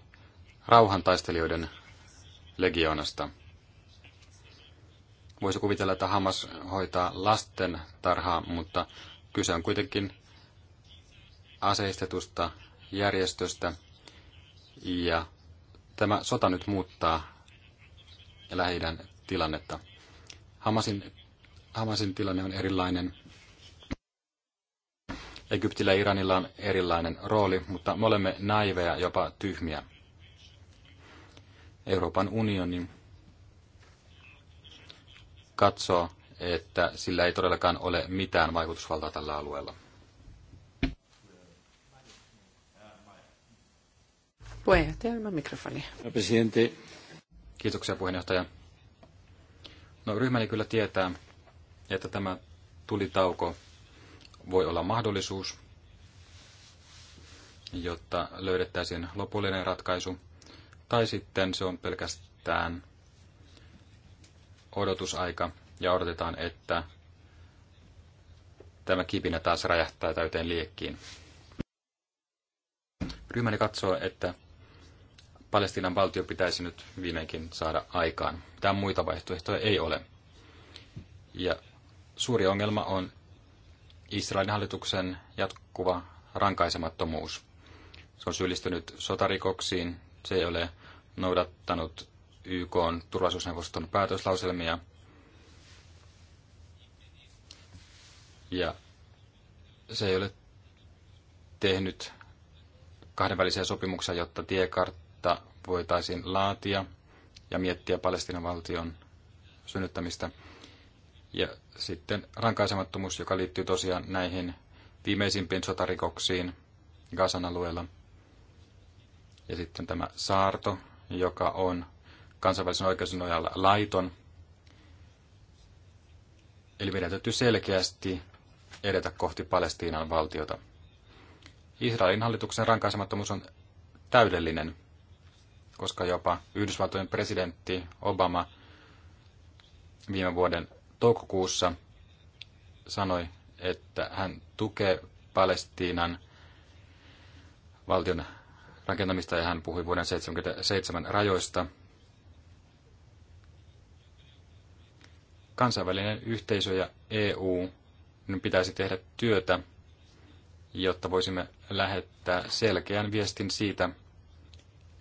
rauhantaistelijoiden legioonasta. Voisi kuvitella, että Hamas hoitaa lasten tarhaa, mutta kyse on kuitenkin aseistetusta järjestöstä. Ja tämä sota nyt muuttaa lähi tilannetta. Hamasin, Hamasin tilanne on erilainen. Egyptillä ja Iranilla on erilainen rooli, mutta me olemme naiveja, jopa tyhmiä. Euroopan unioni katsoo, että sillä ei todellakaan ole mitään vaikutusvaltaa tällä alueella. Puheenjohtaja, ilman mikrofonia. Presidente. Kiitoksia puheenjohtaja. No ryhmäni kyllä tietää, että tämä tulitauko voi olla mahdollisuus, jotta löydettäisiin lopullinen ratkaisu, tai sitten se on pelkästään odotusaika ja odotetaan, että tämä kipinä taas räjähtää täyteen liekkiin. Ryhmäni katsoo, että Palestiinan valtio pitäisi nyt viimeinkin saada aikaan. Mitään muita vaihtoehtoja ei ole. Ja suuri ongelma on Israelin hallituksen jatkuva rankaisemattomuus. Se on syyllistynyt sotarikoksiin, se ei ole noudattanut YK turvallisuusneuvoston päätöslauselmia ja se ei ole tehnyt kahdenvälisiä sopimuksia, jotta tiekartta voitaisiin laatia ja miettiä Palestinan valtion synnyttämistä. Ja sitten rankaisemattomuus, joka liittyy tosiaan näihin viimeisimpiin sotarikoksiin Gazan alueella. Ja sitten tämä saarto, joka on kansainvälisen oikeuden nojalla laiton. Eli meidän täytyy selkeästi edetä kohti Palestiinan valtiota. Israelin hallituksen rankaisemattomuus on täydellinen, koska jopa Yhdysvaltojen presidentti Obama viime vuoden toukokuussa sanoi, että hän tukee Palestiinan valtion rakentamista ja hän puhui vuoden 1977 rajoista. Kansainvälinen yhteisö ja EU niin pitäisi tehdä työtä, jotta voisimme lähettää selkeän viestin siitä,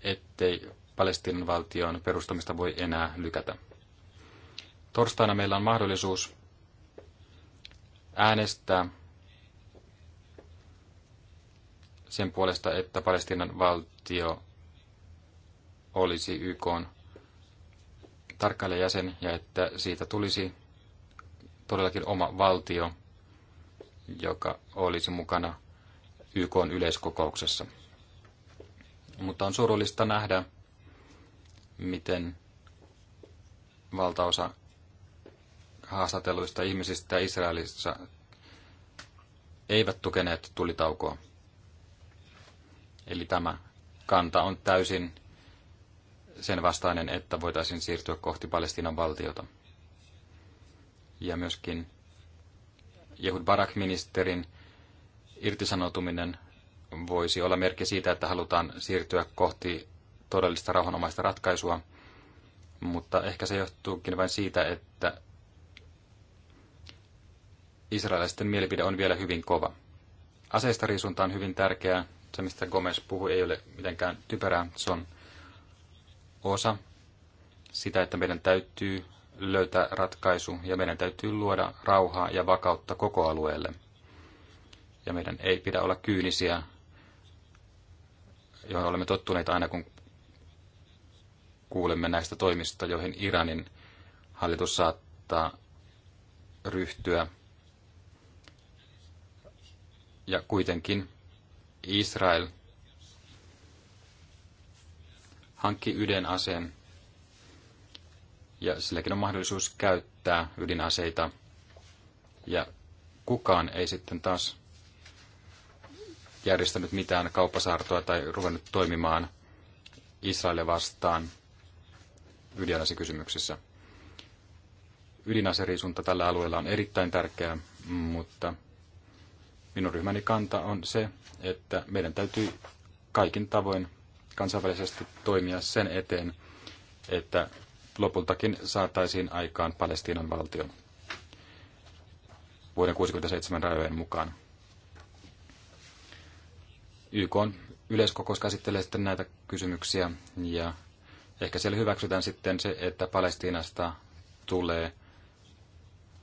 ettei Palestiinan valtion perustamista voi enää lykätä torstaina meillä on mahdollisuus äänestää sen puolesta, että Palestiinan valtio olisi YK jäsen ja että siitä tulisi todellakin oma valtio, joka olisi mukana YK yleiskokouksessa. Mutta on surullista nähdä, miten valtaosa haastatelluista ihmisistä Israelissa eivät tukeneet tulitaukoa. Eli tämä kanta on täysin sen vastainen, että voitaisiin siirtyä kohti Palestiinan valtiota. Ja myöskin Jehud Barak-ministerin irtisanoutuminen voisi olla merkki siitä, että halutaan siirtyä kohti todellista rauhanomaista ratkaisua, mutta ehkä se johtuukin vain siitä, että israelisten mielipide on vielä hyvin kova. Aseistariisunta on hyvin tärkeää. Se, mistä Gomez puhui, ei ole mitenkään typerää. Se on osa sitä, että meidän täytyy löytää ratkaisu ja meidän täytyy luoda rauhaa ja vakautta koko alueelle. Ja meidän ei pidä olla kyynisiä, johon olemme tottuneita aina kun kuulemme näistä toimista, joihin Iranin hallitus saattaa ryhtyä ja kuitenkin Israel hankki ydinaseen ja silläkin on mahdollisuus käyttää ydinaseita. Ja kukaan ei sitten taas järjestänyt mitään kauppasaartoa tai ruvennut toimimaan Israelia vastaan ydinasekysymyksessä. Ydinaseriisunta tällä alueella on erittäin tärkeää, mutta Minun ryhmäni kanta on se, että meidän täytyy kaikin tavoin kansainvälisesti toimia sen eteen, että lopultakin saataisiin aikaan Palestiinan valtio vuoden 1967 rajojen mukaan. YK on yleiskokous käsittelee sitten näitä kysymyksiä ja ehkä siellä hyväksytään sitten se, että Palestiinasta tulee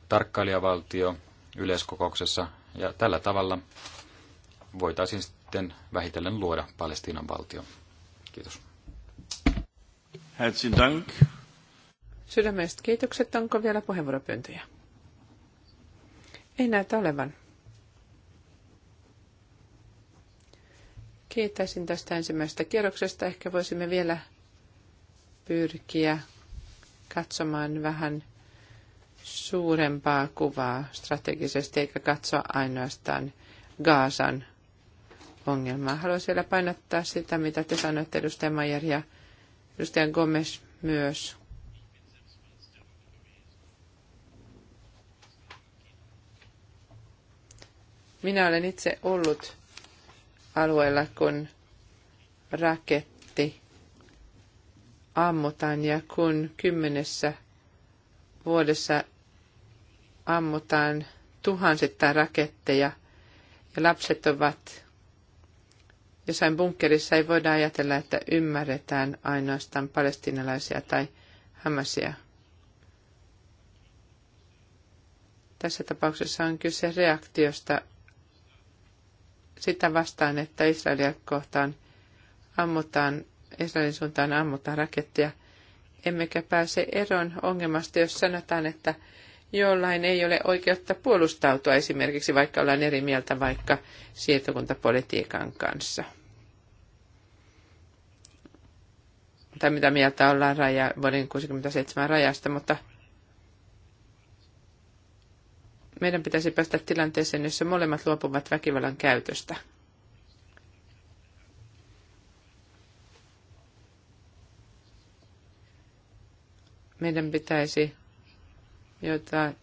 tarkkailijavaltio yleiskokouksessa ja tällä tavalla voitaisiin sitten vähitellen luoda Palestiinan valtio. Kiitos. Herzlichen Dank. Sydämestä kiitokset. Onko vielä puheenvuoropyyntöjä? Ei näytä olevan. Kiitäisin tästä ensimmäisestä kierroksesta. Ehkä voisimme vielä pyrkiä katsomaan vähän suurempaa kuvaa strategisesti, eikä katsoa ainoastaan Gaasan ongelmaa. Haluan siellä painottaa sitä, mitä te sanoitte, edustaja Mayer ja edustaja Gomes myös. Minä olen itse ollut alueella, kun raketti ammutaan ja kun kymmenessä vuodessa ammutaan tuhansittain raketteja ja lapset ovat jossain bunkkerissa, ei voida ajatella, että ymmärretään ainoastaan palestinalaisia tai hämäsiä. Tässä tapauksessa on kyse reaktiosta sitä vastaan, että Israelia kohtaan ammutaan, Israelin suuntaan ammutaan raketteja, emmekä pääse eroon ongelmasta, jos sanotaan, että jollain ei ole oikeutta puolustautua esimerkiksi, vaikka ollaan eri mieltä vaikka siirtokuntapolitiikan kanssa. Tai mitä mieltä ollaan raja, vuoden 67 rajasta, mutta meidän pitäisi päästä tilanteeseen, jossa molemmat luopuvat väkivallan käytöstä. Meidän pitäisi joita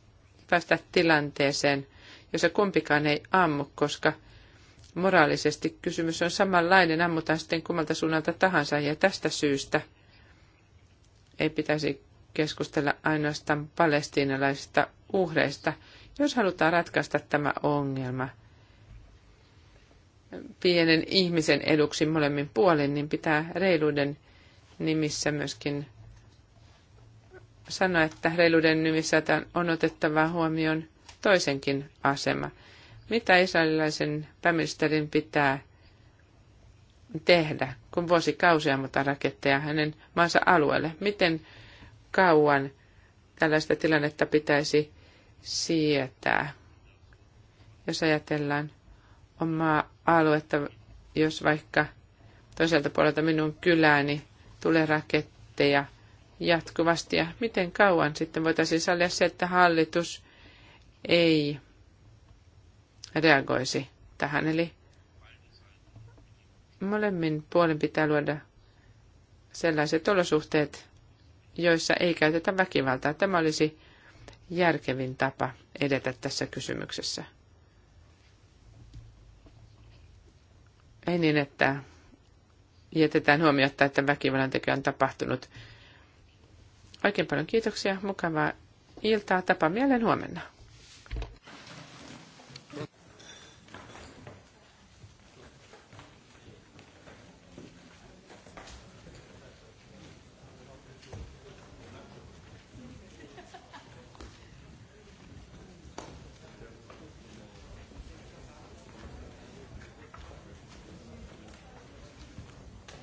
päästä tilanteeseen, jossa kumpikaan ei ammu, koska moraalisesti kysymys on samanlainen, ammutaan sitten kummalta suunnalta tahansa, ja tästä syystä ei pitäisi keskustella ainoastaan palestiinalaisista uhreista, jos halutaan ratkaista tämä ongelma pienen ihmisen eduksi molemmin puolin, niin pitää reiluuden nimissä myöskin sanoa, että reiluuden nimissä on otettava huomioon toisenkin asema. Mitä israelilaisen pääministerin pitää tehdä, kun vuosikausia ammutaan raketteja hänen maansa alueelle? Miten kauan tällaista tilannetta pitäisi sietää? Jos ajatellaan omaa aluetta, jos vaikka toiselta puolelta minun kylääni tulee raketteja – jatkuvasti ja miten kauan sitten voitaisiin sallia se, että hallitus ei reagoisi tähän. Eli molemmin puolin pitää luoda sellaiset olosuhteet, joissa ei käytetä väkivaltaa. Tämä olisi järkevin tapa edetä tässä kysymyksessä. Ei niin, että jätetään huomiota, että väkivallan teko on tapahtunut Oikein paljon kiitoksia. Mukavaa iltaa. Tapaamme jälleen huomenna.